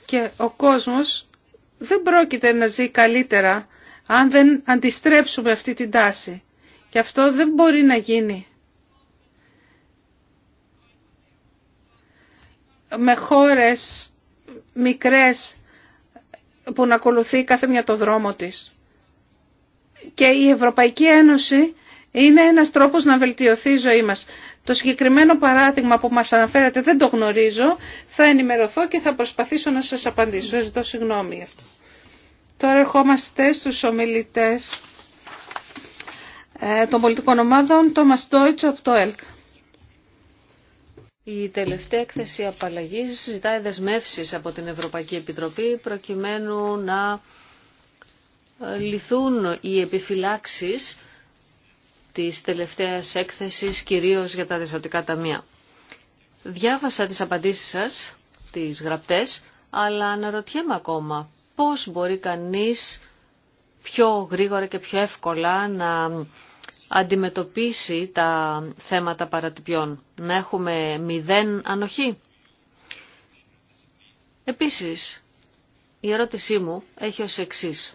και ο κόσμος δεν πρόκειται να ζει καλύτερα αν δεν αντιστρέψουμε αυτή την τάση. Και αυτό δεν μπορεί να γίνει. Με χώρες μικρές που να ακολουθεί κάθε μια το δρόμο της. Και η Ευρωπαϊκή Ένωση είναι ένας τρόπος να βελτιωθεί η ζωή μας. Το συγκεκριμένο παράδειγμα που μας αναφέρατε δεν το γνωρίζω. Θα ενημερωθώ και θα προσπαθήσω να σας απαντήσω. Ζητώ συγγνώμη γι' αυτό. Τώρα ερχόμαστε στους ομιλητές ε, των πολιτικών ομάδων, το Μαστόιτσο από το ΕΛΚ. Η τελευταία έκθεση απαλλαγή ζητάει δεσμεύσεις από την Ευρωπαϊκή Επιτροπή προκειμένου να ε, λυθούν οι επιφυλάξεις της τελευταίας έκθεσης κυρίως για τα διευθυντικά ταμεία. Διάβασα τις απαντήσεις σας, τις γραπτές, αλλά αναρωτιέμαι ακόμα πώς μπορεί κανείς πιο γρήγορα και πιο εύκολα να αντιμετωπίσει τα θέματα παρατυπιών. Να έχουμε μηδέν ανοχή. Επίσης, η ερώτησή μου έχει ως εξής.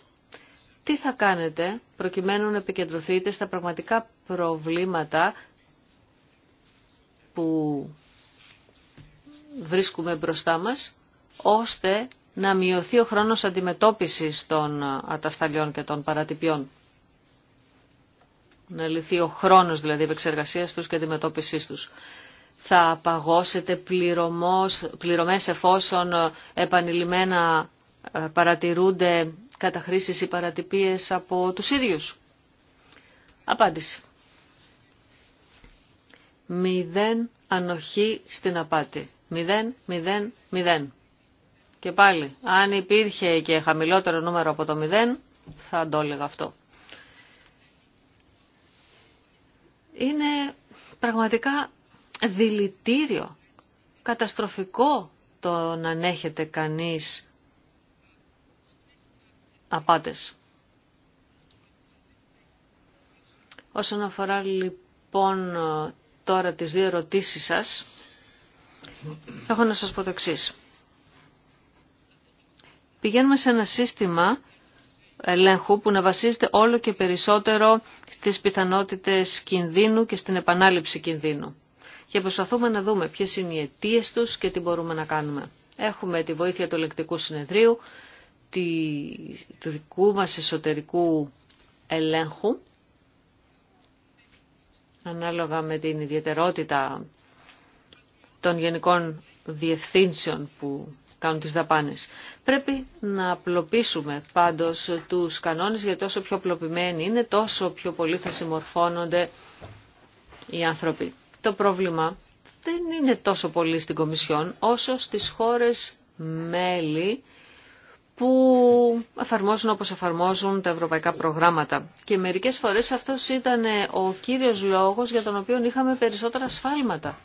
Τι θα κάνετε προκειμένου να επικεντρωθείτε στα πραγματικά προβλήματα που βρίσκουμε μπροστά μας, ώστε να μειωθεί ο χρόνος αντιμετώπισης των ατασταλιών και των παρατυπιών. Να λυθεί ο χρόνος δηλαδή επεξεργασία τους και αντιμετώπισης τους. Θα παγώσετε πληρωμός, πληρωμές εφόσον επανειλημμένα ε, παρατηρούνται καταχρήσεις ή παρατυπίες από τους ίδιους. Απάντηση. Μηδέν ανοχή στην απάτη. Μηδέν, μηδέν, μηδέν. Και πάλι, αν υπήρχε και χαμηλότερο νούμερο από το 0, θα το αυτό. Είναι πραγματικά δηλητήριο, καταστροφικό το να ανέχεται κανείς απάτες. Όσον αφορά λοιπόν τώρα τις δύο ερωτήσεις σας, έχω να σας πω το εξής πηγαίνουμε σε ένα σύστημα ελέγχου που να βασίζεται όλο και περισσότερο στις πιθανότητες κινδύνου και στην επανάληψη κινδύνου. Και προσπαθούμε να δούμε ποιες είναι οι αιτίε τους και τι μπορούμε να κάνουμε. Έχουμε τη βοήθεια του ελεκτικού συνεδρίου, του δικού μας εσωτερικού ελέγχου, ανάλογα με την ιδιαιτερότητα των γενικών διευθύνσεων που κάνουν τις δαπάνες. Πρέπει να απλοποιήσουμε πάντως τους κανόνες γιατί όσο πιο απλοποιημένοι είναι τόσο πιο πολύ θα συμμορφώνονται οι άνθρωποι. Το πρόβλημα δεν είναι τόσο πολύ στην Κομισιόν όσο στις χώρες μέλη που εφαρμόζουν όπως εφαρμόζουν τα ευρωπαϊκά προγράμματα. Και μερικές φορές αυτός ήταν ο κύριος λόγος για τον οποίο είχαμε περισσότερα σφάλματα.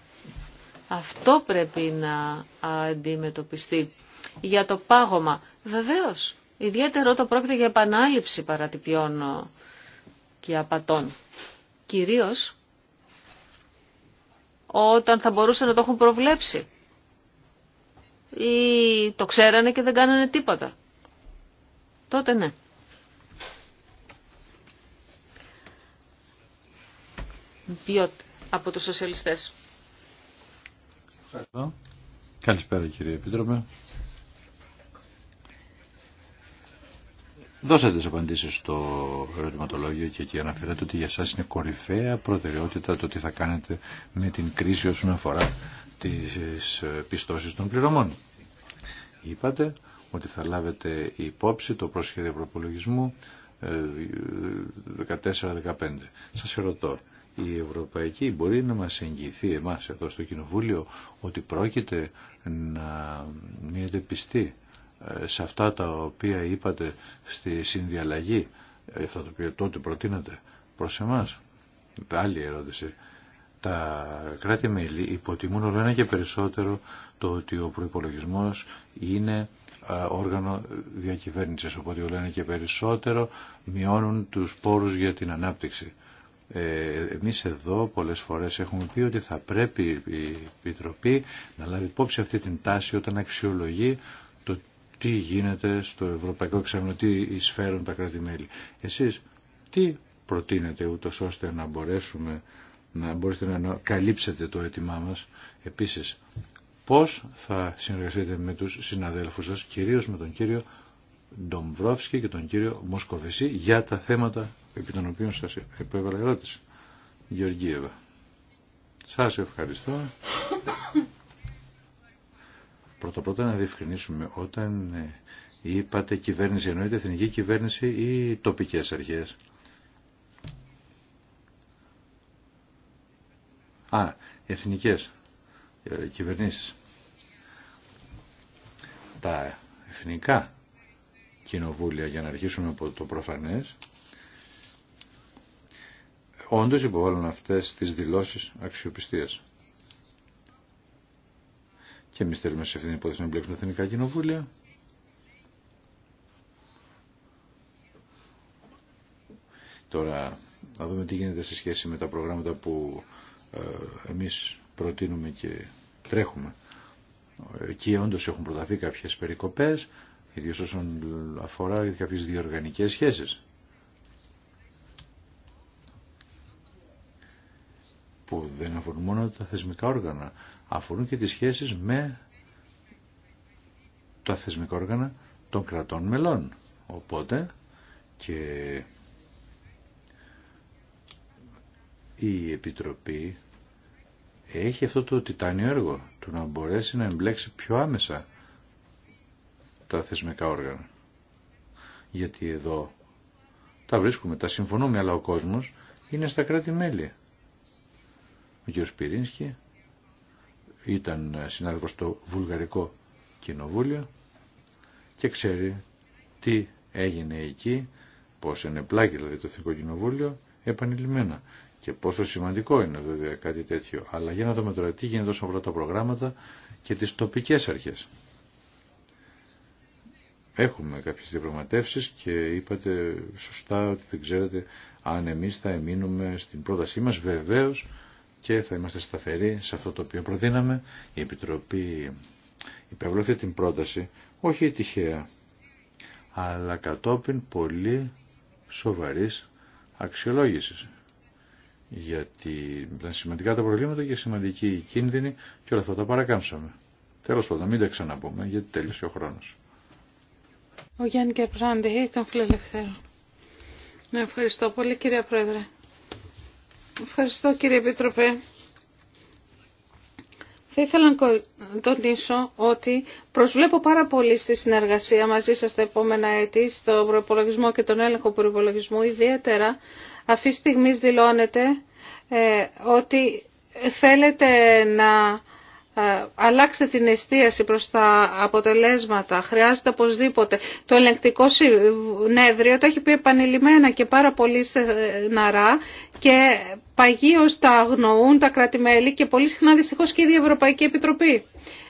Αυτό πρέπει να αντιμετωπιστεί. Για το πάγωμα, βεβαίως, ιδιαίτερο όταν πρόκειται για επανάληψη παρατυπιών ε, και απατών. Κυρίως όταν θα μπορούσαν να το έχουν προβλέψει ή το ξέρανε και δεν κάνανε τίποτα. Τότε ναι. Διότι από τους σοσιαλιστές. Ευχαριστώ. Καλησπέρα κύριε Επίτροπε. Δώσατε τι απαντήσει στο ερωτηματολόγιο και εκεί αναφέρατε ότι για σας είναι κορυφαία προτεραιότητα το τι θα κάνετε με την κρίση όσον αφορά τι πιστώσει των πληρωμών. Είπατε ότι θα λάβετε υπόψη το προσχέδιο προπολογισμού 14-15. Ε, ε, σας ερωτώ, η Ευρωπαϊκή μπορεί να μας εγγυηθεί εμάς εδώ στο Κοινοβούλιο ότι πρόκειται να μείνετε πιστοί ε, σε αυτά τα οποία είπατε στη συνδιαλλαγή, ε, αυτά τα οποία τότε προτείνατε προς εμάς. Άλλη ερώτηση. Τα κράτη-μέλη υποτιμούν όλο ένα και περισσότερο το ότι ο προϋπολογισμός είναι ε, όργανο διακυβέρνησης, οπότε όλο ένα και περισσότερο μειώνουν τους πόρους για την ανάπτυξη. Ε, εμείς εδώ πολλές φορές έχουμε πει ότι θα πρέπει η Επιτροπή να λάβει υπόψη αυτή την τάση όταν αξιολογεί το τι γίνεται στο Ευρωπαϊκό Εξάμεινο, τι εισφέρουν τα κράτη-μέλη. Εσείς τι προτείνετε ούτως ώστε να μπορέσουμε να μπορέσετε να καλύψετε το αίτημά μας. Επίσης, πώς θα συνεργαστείτε με τους συναδέλφους σας, κυρίως με τον κύριο Ντομβρόφσκι και τον κύριο Μοσκοβεσί για τα θέματα επί των οποίων σας επέβαλα ερώτηση. Γεωργίευα. Σας ευχαριστώ. Πρώτα πρώτα να διευκρινίσουμε όταν ε, είπατε κυβέρνηση εννοείται εθνική κυβέρνηση ή τοπικές αρχές. Α, εθνικές ε, κυβερνήσεις. Τα εθνικά κοινοβούλια για να αρχίσουμε από το προφανές όντως υποβάλλουν αυτές τις δηλώσεις αξιοπιστίας. Και εμεί θέλουμε σε αυτήν την υπόθεση να εμπλέξουμε εθνικά κοινοβούλια. Τώρα, να δούμε τι γίνεται σε σχέση με τα προγράμματα που ε, εμείς προτείνουμε και τρέχουμε. Εκεί όντω έχουν προταθεί κάποιες περικοπές, ιδίως όσον αφορά κάποιες διοργανικές σχέσει που δεν αφορούν μόνο τα θεσμικά όργανα, αφορούν και τις σχέσεις με τα θεσμικά όργανα των κρατών μελών. Οπότε και η Επιτροπή έχει αυτό το τιτάνιο έργο του να μπορέσει να εμπλέξει πιο άμεσα τα θεσμικά όργανα. Γιατί εδώ τα βρίσκουμε, τα συμφωνούμε, αλλά ο κόσμος είναι στα κράτη-μέλη. Ο κ. Σπυρίνσκι ήταν συνάδελφος στο Βουλγαρικό Κοινοβούλιο και ξέρει τι έγινε εκεί, πώς ενεπλάκει δηλαδή το Εθνικό Κοινοβούλιο επανειλημμένα και πόσο σημαντικό είναι βέβαια κάτι τέτοιο. Αλλά για να δούμε τώρα τι γίνεται όσον αφορά τα προγράμματα και τις τοπικές αρχές. Έχουμε κάποιες διαπραγματεύσεις και είπατε σωστά ότι δεν ξέρετε αν εμείς θα εμείνουμε στην πρότασή μας. Βεβαίως και θα είμαστε σταθεροί σε αυτό το οποίο προτείναμε. Η Επιτροπή υπευλώθηκε την πρόταση, όχι τυχαία, αλλά κατόπιν πολύ σοβαρής αξιολόγησης. Γιατί ήταν σημαντικά τα προβλήματα και σημαντική η κίνδυνη και όλα αυτά τα παρακάμψαμε. Τέλος πάντων, μην τα ξαναπούμε, γιατί τέλειωσε ο χρόνος. Ο Γιάννη Κερπράντη, ναι, ευχαριστώ πολύ κυρία Πρόεδρε. Ευχαριστώ κύριε Επίτροπε. Θα ήθελα να τονίσω ότι προσβλέπω πάρα πολύ στη συνεργασία μαζί σας τα επόμενα έτη στο προπολογισμό και τον έλεγχο προπολογισμού. Ιδιαίτερα αυτή τη στιγμή δηλώνεται ε, ότι θέλετε να ε, αλλάξτε την εστίαση προς τα αποτελέσματα. Χρειάζεται οπωσδήποτε. Το ελεγκτικό συνέδριο το έχει πει επανειλημμένα και πάρα πολύ στεναρά και παγίως τα αγνοούν τα κρατη και πολύ συχνά δυστυχώς και η Ευρωπαϊκή Επιτροπή.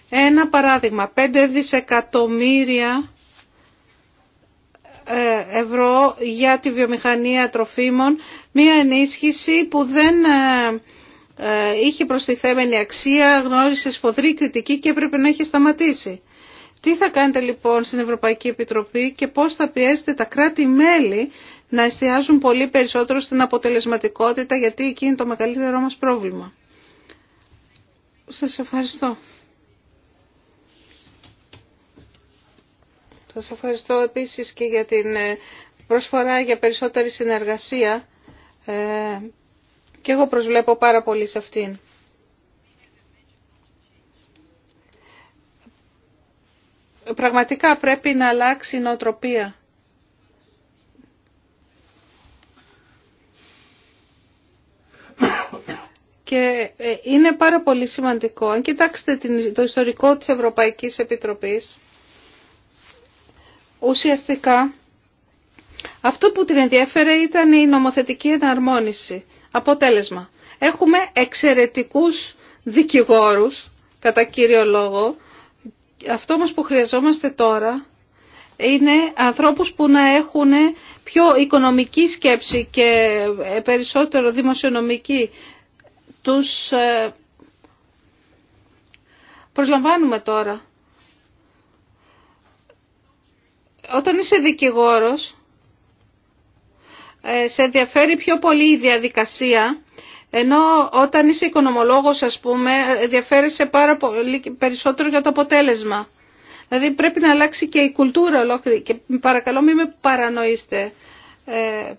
Ένα παράδειγμα, 5 δισεκατομμύρια ε, ευρώ για τη βιομηχανία τροφίμων, μία ενίσχυση που δεν ε, ε, είχε προστιθέμενη αξία, γνώρισε σφοδρή κριτική και έπρεπε να είχε σταματήσει. Τι θα κάνετε λοιπόν στην Ευρωπαϊκή Επιτροπή και πώς θα πιέσετε τα κράτη-μέλη να εστιάζουν πολύ περισσότερο στην αποτελεσματικότητα γιατί εκεί είναι το μεγαλύτερό μας πρόβλημα. Σας ευχαριστώ. Σας ευχαριστώ επίσης και για την ε, προσφορά για περισσότερη συνεργασία ε, και εγώ προσβλέπω πάρα πολύ σε αυτήν. Πραγματικά πρέπει να αλλάξει η νοοτροπία. Και ε, είναι πάρα πολύ σημαντικό. Αν κοιτάξετε το ιστορικό της Ευρωπαϊκής Επιτροπής, ουσιαστικά αυτό που την ενδιέφερε ήταν η νομοθετική εναρμόνιση. Αποτέλεσμα. Έχουμε εξαιρετικούς δικηγόρους, κατά κύριο λόγο. Αυτό μας που χρειαζόμαστε τώρα είναι ανθρώπους που να έχουν πιο οικονομική σκέψη και ε, περισσότερο δημοσιονομική. Τους ε, προσλαμβάνουμε τώρα. Όταν είσαι δικηγόρος, ε, σε ενδιαφέρει πιο πολύ η διαδικασία, ενώ όταν είσαι οικονομολόγος, ας πούμε, σε πάρα πολύ περισσότερο για το αποτέλεσμα. Δηλαδή πρέπει να αλλάξει και η κουλτούρα ολόκληρη και παρακαλώ μην με παρανοείστε. Ε,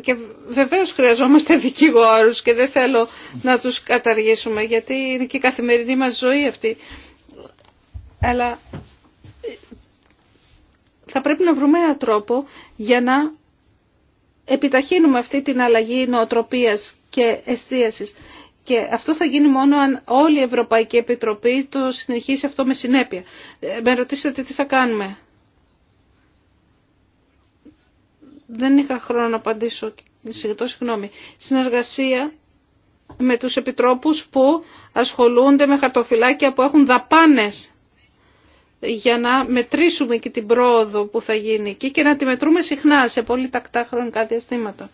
και βεβαίως χρειαζόμαστε δικηγόρους και δεν θέλω να τους καταργήσουμε γιατί είναι και η καθημερινή μας ζωή αυτή. Αλλά θα πρέπει να βρούμε έναν τρόπο για να επιταχύνουμε αυτή την αλλαγή νοοτροπίας και εστίασης. Και αυτό θα γίνει μόνο αν όλη η Ευρωπαϊκή Επιτροπή το συνεχίσει αυτό με συνέπεια. Ε, με ρωτήσατε τι θα κάνουμε. Δεν είχα χρόνο να απαντήσω. συγγνώμη. Συνεργασία με τους επιτρόπους που ασχολούνται με χαρτοφυλάκια που έχουν δαπάνες για να μετρήσουμε και την πρόοδο που θα γίνει εκεί και να τη μετρούμε συχνά σε πολύ τακτά χρονικά διαστήματα.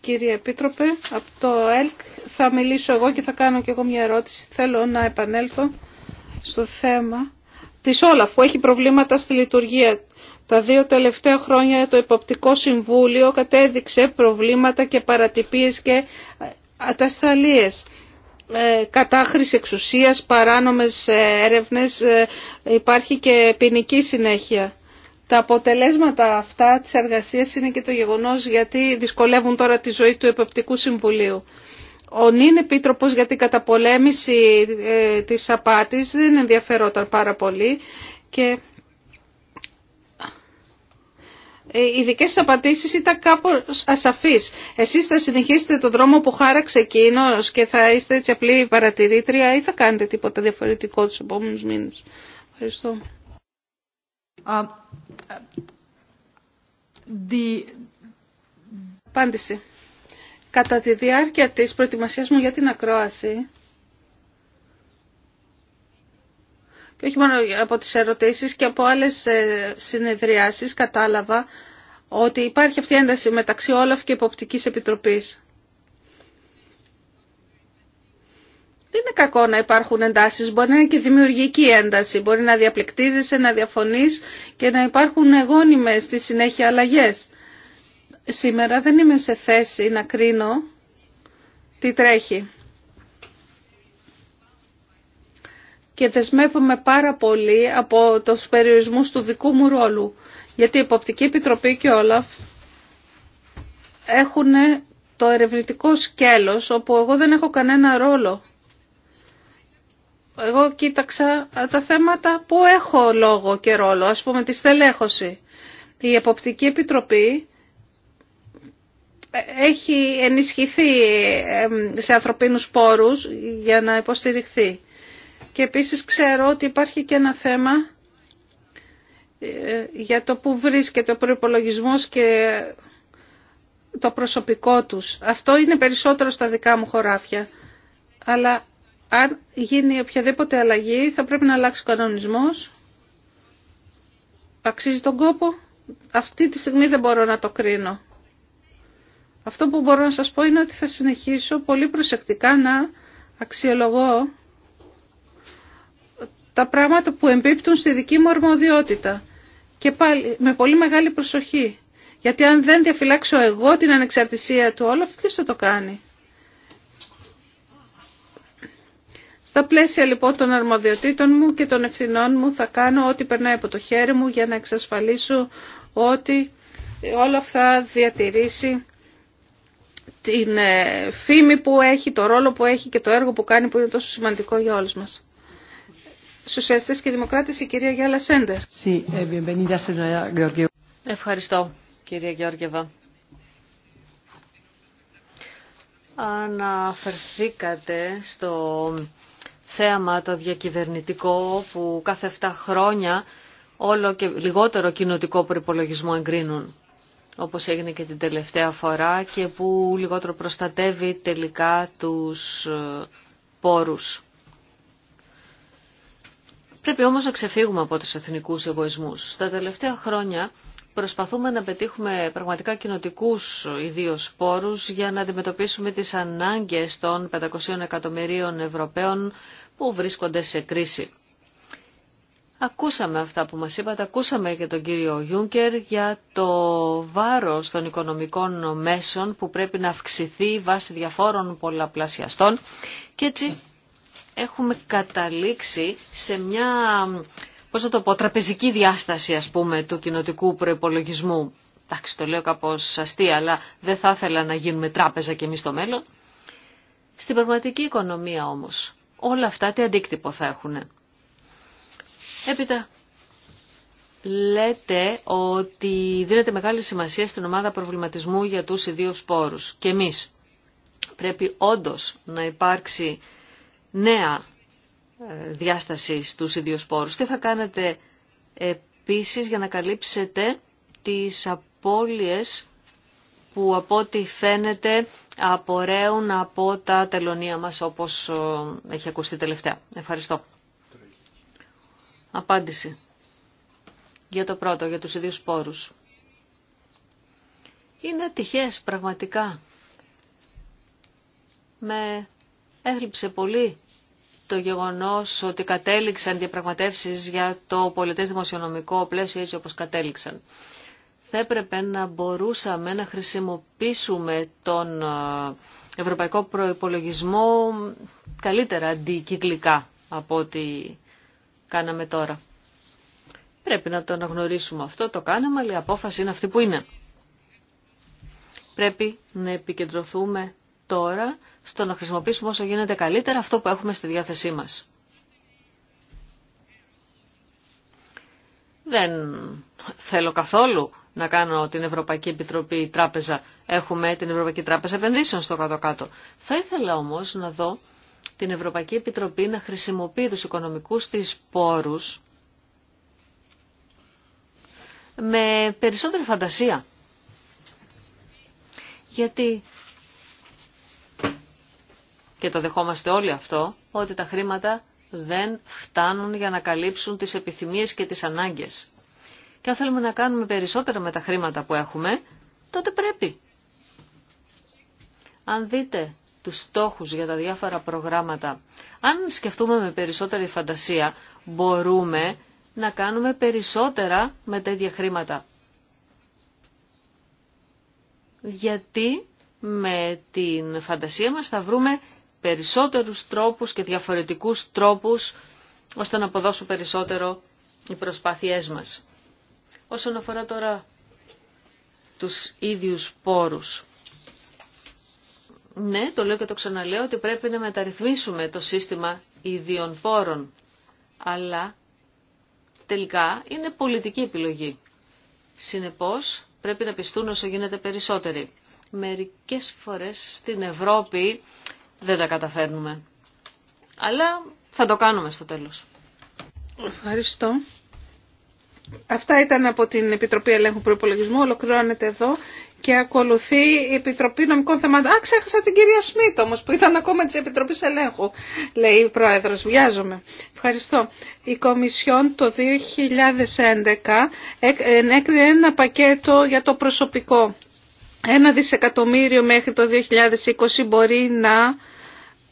Κύριε Επίτροπε, από το ΕΛΚ θα μιλήσω εγώ και θα κάνω και εγώ μια ερώτηση. Θέλω να επανέλθω στο θέμα της Όλαφ που έχει προβλήματα στη λειτουργία. Τα δύο τελευταία χρόνια το Εποπτικό Συμβούλιο κατέδειξε προβλήματα και παρατυπίες και ατασταλίες ε, κατάχρηση εξουσίας, παράνομες ε, έρευνες, ε, υπάρχει και ποινική συνέχεια. Τα αποτελέσματα αυτά της εργασίας είναι και το γεγονός γιατί δυσκολεύουν τώρα τη ζωή του Επιπτικού Συμβουλίου. Ο νυν επίτροπος για την καταπολέμηση της απάτης δεν ενδιαφερόταν πάρα πολύ και ε, οι δικές απαντήσεις ήταν κάπως ασαφείς. Εσείς θα συνεχίσετε τον δρόμο που χάραξε εκείνο και θα είστε έτσι απλή παρατηρήτρια ή θα κάνετε τίποτα διαφορετικό τους επόμενους μήνες. Ευχαριστώ. Uh, the... Απάντηση. Κατά τη διάρκεια της προετοιμασίας μου για την ακρόαση, όχι μόνο από τις ερωτήσεις και από άλλες ε, συνεδριάσεις κατάλαβα ότι υπάρχει αυτή η ένταση μεταξύ Όλαφ και Εποπτικής Επιτροπής. Δεν είναι κακό να υπάρχουν εντάσεις, μπορεί να είναι και δημιουργική ένταση, μπορεί να διαπληκτίζεσαι, να διαφωνείς και να υπάρχουν εγώνιμες στη συνέχεια αλλαγές. Σήμερα δεν είμαι σε θέση να κρίνω τι τρέχει. και δεσμεύομαι πάρα πολύ από τους περιορισμούς του δικού μου ρόλου. Γιατί η Εποπτική Επιτροπή και Όλαφ έχουν το ερευνητικό σκέλος όπου εγώ δεν έχω κανένα ρόλο. Εγώ κοίταξα τα θέματα που έχω λόγο και ρόλο, ας πούμε τη στελέχωση. Η Εποπτική Επιτροπή έχει ενισχυθεί σε ανθρωπίνους πόρους για να υποστηριχθεί. Και επίσης ξέρω ότι υπάρχει και ένα θέμα ε, για το που βρίσκεται ο προϋπολογισμός και το προσωπικό τους. Αυτό είναι περισσότερο στα δικά μου χωράφια. Αλλά αν γίνει οποιαδήποτε αλλαγή θα πρέπει να αλλάξει ο κανονισμός. Αξίζει τον κόπο. Αυτή τη στιγμή δεν μπορώ να το κρίνω. Αυτό που μπορώ να σας πω είναι ότι θα συνεχίσω πολύ προσεκτικά να αξιολογώ τα πράγματα που εμπίπτουν στη δική μου αρμοδιότητα. Και πάλι με πολύ μεγάλη προσοχή. Γιατί αν δεν διαφυλάξω εγώ την ανεξαρτησία του όλα, ποιος θα το κάνει. Στα πλαίσια λοιπόν των αρμοδιοτήτων μου και των ευθυνών μου θα κάνω ό,τι περνάει από το χέρι μου για να εξασφαλίσω ότι όλα αυτά διατηρήσει την ε, φήμη που έχει, το ρόλο που έχει και το έργο που κάνει που είναι τόσο σημαντικό για όλους μας. Σοσιαλιστές και Δημοκράτες, η κυρία Γιάλα Σέντερ. Eh, Ευχαριστώ, κυρία Γιώργεβα. Αναφερθήκατε στο θέαμα το διακυβερνητικό που κάθε 7 χρόνια όλο και λιγότερο κοινοτικό προπολογισμό εγκρίνουν όπως έγινε και την τελευταία φορά και που λιγότερο προστατεύει τελικά τους ε, πόρους. Πρέπει όμως να ξεφύγουμε από τους εθνικούς εγωισμούς. Τα τελευταία χρόνια προσπαθούμε να πετύχουμε πραγματικά κοινοτικού ιδίω πόρους για να αντιμετωπίσουμε τις ανάγκες των 500 εκατομμυρίων Ευρωπαίων που βρίσκονται σε κρίση. Ακούσαμε αυτά που μας είπατε, ακούσαμε και τον κύριο Γιούνκερ για το βάρος των οικονομικών μέσων που πρέπει να αυξηθεί βάσει διαφόρων πολλαπλασιαστών και έτσι έχουμε καταλήξει σε μια, πώς το τραπεζική διάσταση ας πούμε του κοινοτικού προϋπολογισμού. Εντάξει, το λέω κάπως αστεία, αλλά δεν θα ήθελα να γίνουμε τράπεζα και εμείς στο μέλλον. Στην πραγματική οικονομία όμως, όλα αυτά τι αντίκτυπο θα έχουν. Έπειτα, λέτε ότι δίνεται μεγάλη σημασία στην ομάδα προβληματισμού για τους ιδίους πόρους. Και εμείς πρέπει όντως να υπάρξει νέα ε, διάσταση στους ίδιους πόρους. Τι θα κάνετε επίσης για να καλύψετε τις απώλειες που από ό,τι φαίνεται απορρέουν από τα τελωνία μας όπως ε, έχει ακουστεί τελευταία. Ευχαριστώ. Απάντηση. Για το πρώτο, για τους ίδιους πόρους. Είναι τυχές, πραγματικά. Με έθλιψε πολύ το γεγονός ότι κατέληξαν διαπραγματεύσεις για το πολιτές δημοσιονομικό πλαίσιο έτσι όπως κατέληξαν. Θα έπρεπε να μπορούσαμε να χρησιμοποιήσουμε τον ε, ευρωπαϊκό προϋπολογισμό καλύτερα αντικυκλικά από ό,τι κάναμε τώρα. Πρέπει να το αναγνωρίσουμε αυτό, το κάναμε, αλλά η απόφαση είναι αυτή που είναι. Πρέπει να επικεντρωθούμε τώρα στο να χρησιμοποιήσουμε όσο γίνεται καλύτερα αυτό που έχουμε στη διάθεσή μας. Δεν θέλω καθόλου να κάνω την Ευρωπαϊκή Επιτροπή Τράπεζα. Έχουμε την Ευρωπαϊκή Τράπεζα Επενδύσεων στο κάτω-κάτω. Θα ήθελα όμως να δω την Ευρωπαϊκή Επιτροπή να χρησιμοποιεί τους οικονομικούς της πόρους με περισσότερη φαντασία. Γιατί και το δεχόμαστε όλοι αυτό, ότι τα χρήματα δεν φτάνουν για να καλύψουν τις επιθυμίες και τις ανάγκες. Και αν θέλουμε να κάνουμε περισσότερα με τα χρήματα που έχουμε, τότε πρέπει. Αν δείτε τους στόχους για τα διάφορα προγράμματα, αν σκεφτούμε με περισσότερη φαντασία, μπορούμε να κάνουμε περισσότερα με τέτοια χρήματα. Γιατί με την φαντασία μας θα βρούμε περισσότερους τρόπους και διαφορετικούς τρόπους ώστε να αποδώσουν περισσότερο οι προσπάθειές μας. Όσον αφορά τώρα τους ίδιους πόρους. Ναι, το λέω και το ξαναλέω ότι πρέπει να μεταρρυθμίσουμε το σύστημα ιδίων πόρων. Αλλά τελικά είναι πολιτική επιλογή. Συνεπώς πρέπει να πιστούν όσο γίνεται περισσότεροι. Μερικές φορές στην Ευρώπη δεν τα καταφέρνουμε. Αλλά θα το κάνουμε στο τέλος. Ευχαριστώ. Αυτά ήταν από την Επιτροπή Ελέγχου Προπολογισμού. Ολοκληρώνεται εδώ και ακολουθεί η Επιτροπή Νομικών Θεμάτων. Α, ξέχασα την κυρία Σμίτ όμω που ήταν ακόμα τη Επιτροπή Ελέγχου, λέει η Πρόεδρος. Βιάζομαι. Ευχαριστώ. Η Κομισιόν το 2011 ε, ε, έκρινε ένα πακέτο για το προσωπικό ένα δισεκατομμύριο μέχρι το 2020 μπορεί να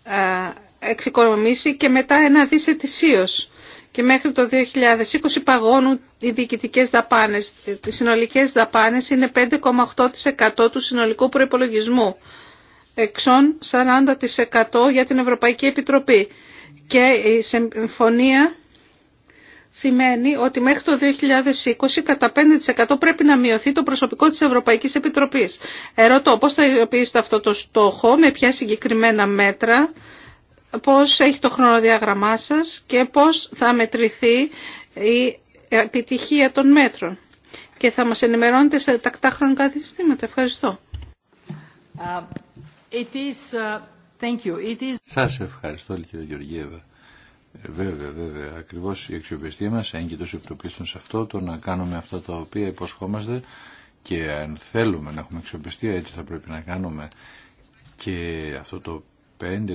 ε, εξοικονομήσει και μετά ένα δισετησίως. Και μέχρι το 2020 παγώνουν οι διοικητικές δαπάνες. Οι συνολικές δαπάνες είναι 5,8% του συνολικού προϋπολογισμού. Εξών 40% για την Ευρωπαϊκή Επιτροπή. Και η συμφωνία σημαίνει ότι μέχρι το 2020 κατά 5% πρέπει να μειωθεί το προσωπικό της Ευρωπαϊκής Επιτροπής. Ερωτώ πώς θα υλοποιήσετε αυτό το στόχο, με ποια συγκεκριμένα μέτρα, πώς έχει το χρονοδιάγραμμά σας και πώς θα μετρηθεί η επιτυχία των μέτρων. Και θα μας ενημερώνετε σε τακτά χρονικά διαστήματα. Ευχαριστώ. Uh, it is, uh, thank you. It is... Σας ευχαριστώ κύριε Γεωργίευα. Βέβαια, βέβαια. Ακριβώ η αξιοπιστία μα έγκυται επιτοπλίστων σε αυτό το να κάνουμε αυτά τα οποία υποσχόμαστε και αν θέλουμε να έχουμε αξιοπιστία έτσι θα πρέπει να κάνουμε και αυτό το 5% ε,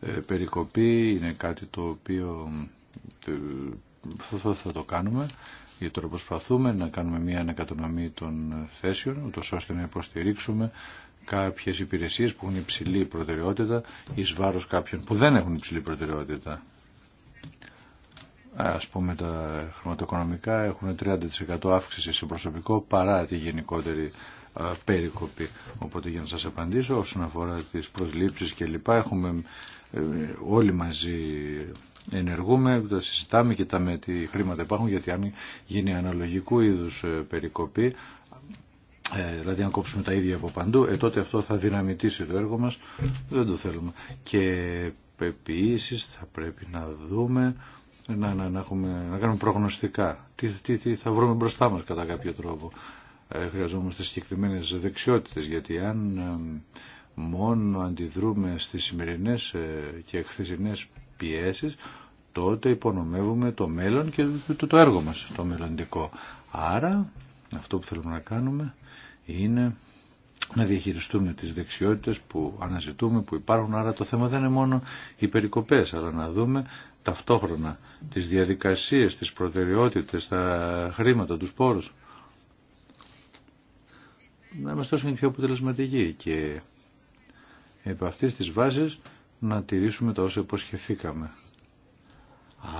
ε, περικοπή είναι κάτι το οποίο ε, θα το κάνουμε γιατί τώρα προσπαθούμε να κάνουμε μια ανακατονομή των θέσεων ούτως ώστε να υποστηρίξουμε κάποιες υπηρεσίες που έχουν υψηλή προτεραιότητα εις βάρος κάποιων που δεν έχουν υψηλή προτεραιότητα. Ας πούμε τα χρηματοοικονομικά έχουν 30% αύξηση σε προσωπικό παρά τη γενικότερη περικοπή. Οπότε για να σας απαντήσω όσον αφορά τις προσλήψεις και λοιπά έχουμε ε, όλοι μαζί ενεργούμε, τα συζητάμε, με τι χρήματα υπάρχουν γιατί αν γίνει αναλογικού είδους ε, περικοπή ε, δηλαδή αν κόψουμε τα ίδια από παντού, ε, τότε αυτό θα δυναμητήσει το έργο μας, δεν το θέλουμε. Και επίσης θα πρέπει να δούμε, να, να, να, έχουμε, να κάνουμε προγνωστικά, τι, τι, τι θα βρούμε μπροστά μας κατά κάποιο τρόπο. Ε, χρειαζόμαστε συγκεκριμένε δεξιότητες, γιατί αν μόνο αντιδρούμε στις σημερινές ε, και χθεσινές πιέσεις, τότε υπονομεύουμε το μέλλον και το, το έργο μας, το μελλοντικό. Άρα αυτό που θέλουμε να κάνουμε είναι να διαχειριστούμε τις δεξιότητες που αναζητούμε, που υπάρχουν. Άρα το θέμα δεν είναι μόνο οι περικοπές, αλλά να δούμε ταυτόχρονα τις διαδικασίες, τις προτεραιότητες, τα χρήματα, τους πόρους. Να είμαστε όσο πιο αποτελεσματικοί και επ' αυτής της βάσης να τηρήσουμε τα όσα υποσχεθήκαμε.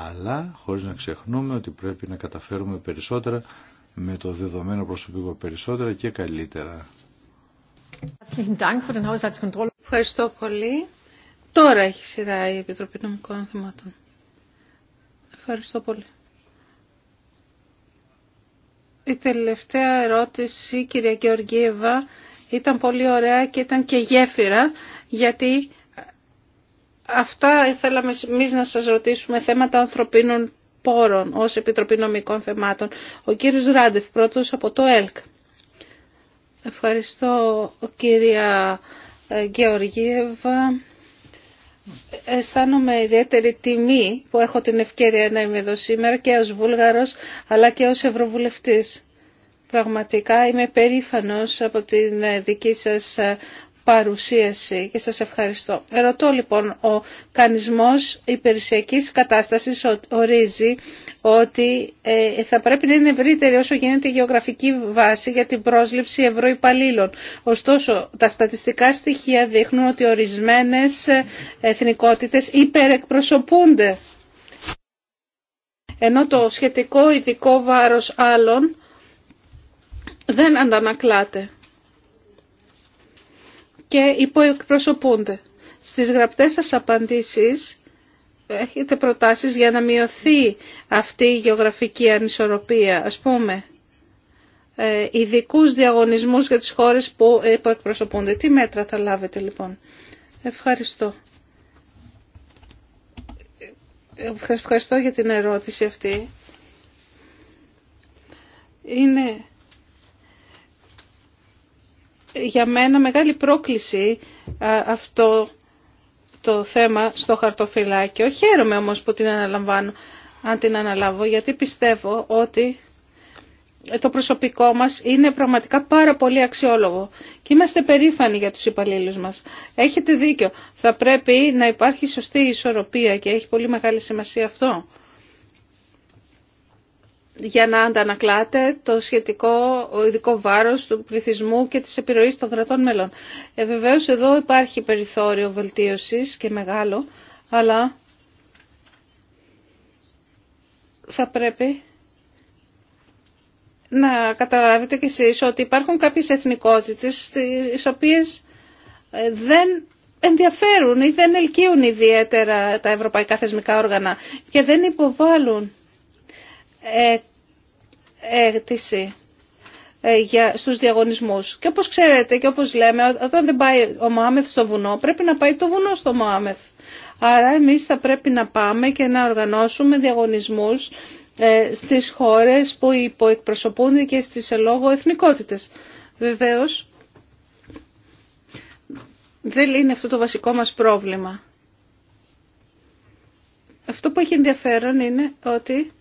Αλλά χωρίς να ξεχνούμε ότι πρέπει να καταφέρουμε περισσότερα με το δεδομένο προσωπικό περισσότερα και καλύτερα. Ευχαριστώ πολύ. Τώρα έχει σειρά η Επιτροπή Νομικών Θεμάτων. Ευχαριστώ πολύ. Η τελευταία ερώτηση, κυρία Γεωργίευα, ήταν πολύ ωραία και ήταν και γέφυρα, γιατί αυτά θέλαμε εμεί να σας ρωτήσουμε θέματα ανθρωπίνων πόρων ως Επιτροπή Νομικών Θεμάτων. Ο κύριος Ράντεφ, πρώτος από το ΕΛΚ. Ευχαριστώ κυρία ε, Γεωργίευα. Αισθάνομαι ιδιαίτερη τιμή που έχω την ευκαιρία να είμαι εδώ σήμερα και ως Βούλγαρος αλλά και ως Ευρωβουλευτής. Πραγματικά είμαι περήφανος από την ε, δική σας ε, παρουσίαση και σας ευχαριστώ. Ερωτώ λοιπόν, ο κανισμός υπηρεσιακής κατάστασης ορίζει ότι ε, θα πρέπει να είναι ευρύτερη όσο γίνεται η γεωγραφική βάση για την πρόσληψη ευρωϊπαλλήλων. Ωστόσο, τα στατιστικά στοιχεία δείχνουν ότι ορισμένες ε, εθνικότητες υπερεκπροσωπούνται. Ενώ το σχετικό ειδικό βάρος άλλων δεν αντανακλάται και υποεκπροσωπούνται. Στις γραπτές σας απαντήσεις έχετε προτάσεις για να μειωθεί αυτή η γεωγραφική ανισορροπία, ας πούμε, ε, ειδικού διαγωνισμούς για τις χώρες που υποεκπροσωπούνται. Τι μέτρα θα λάβετε λοιπόν. Ευχαριστώ. Ευχαριστώ για την ερώτηση αυτή. Είναι για μένα μεγάλη πρόκληση αυτό το θέμα στο χαρτοφυλάκιο. Χαίρομαι όμως που την αναλαμβάνω, αν την αναλάβω, γιατί πιστεύω ότι το προσωπικό μας είναι πραγματικά πάρα πολύ αξιόλογο και είμαστε περήφανοι για τους υπαλλήλους μας. Έχετε δίκιο. Θα πρέπει να υπάρχει σωστή ισορροπία και έχει πολύ μεγάλη σημασία αυτό για να αντανακλάτε το σχετικό ειδικό βάρος του πληθυσμού και της επιρροής των κρατών μέλων. Ε, εδώ υπάρχει περιθώριο βελτίωσης και μεγάλο, αλλά θα πρέπει να καταλάβετε κι εσείς ότι υπάρχουν κάποιες εθνικότητες τις οποίες ε, δεν ενδιαφέρουν ή δεν ελκύουν ιδιαίτερα τα ευρωπαϊκά θεσμικά όργανα και δεν υποβάλλουν αίτηση ε, για, στους διαγωνισμούς. Και όπως ξέρετε και όπως λέμε, όταν δεν πάει ο Μωάμεθ στο βουνό, πρέπει να πάει το βουνό στο Μωάμεθ. Άρα εμείς θα πρέπει να πάμε και να οργανώσουμε διαγωνισμούς ε, στις χώρες που υποεκπροσωπούνται και στις ελόγω εθνικότητες. Βεβαίως, δεν είναι αυτό το βασικό μας πρόβλημα. Αυτό που έχει ενδιαφέρον είναι ότι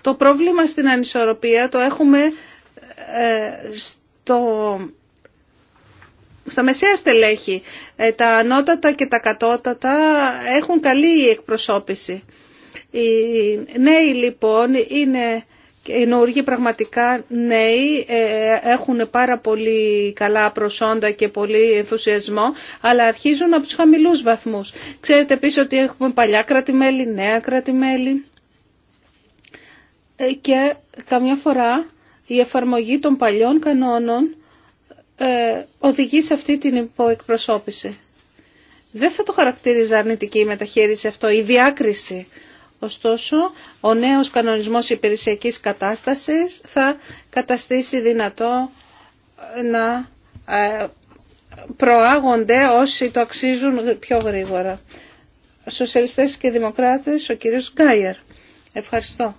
Το πρόβλημα στην ανισορροπία το έχουμε ε, στα μεσαία στελέχη. Ε, τα ανώτατα και τα κατώτατα έχουν καλή εκπροσώπηση. Οι νέοι λοιπόν είναι καινούργοι πραγματικά νέοι, ε, έχουν πάρα πολύ καλά προσόντα και πολύ ενθουσιασμό, αλλά αρχίζουν από τους χαμηλούς βαθμούς. Ξέρετε επίσης ότι έχουμε παλιά κρατημέλη, νέα κρατημέλη. Ε, και καμιά φορά η εφαρμογή των παλιών κανόνων ε, οδηγεί σε αυτή την υποεκπροσώπηση. Δεν θα το χαρακτηρίζει αρνητική μεταχείριση αυτό, η διάκριση. Ωστόσο, ο νέος κανονισμός υπηρεσιακής κατάστασης θα καταστήσει δυνατό ε, να προάγονται όσοι το αξίζουν πιο γρήγορα. Σοσιαλιστές και Δημοκράτες, ο κύριος Γκάιερ. Ευχαριστώ.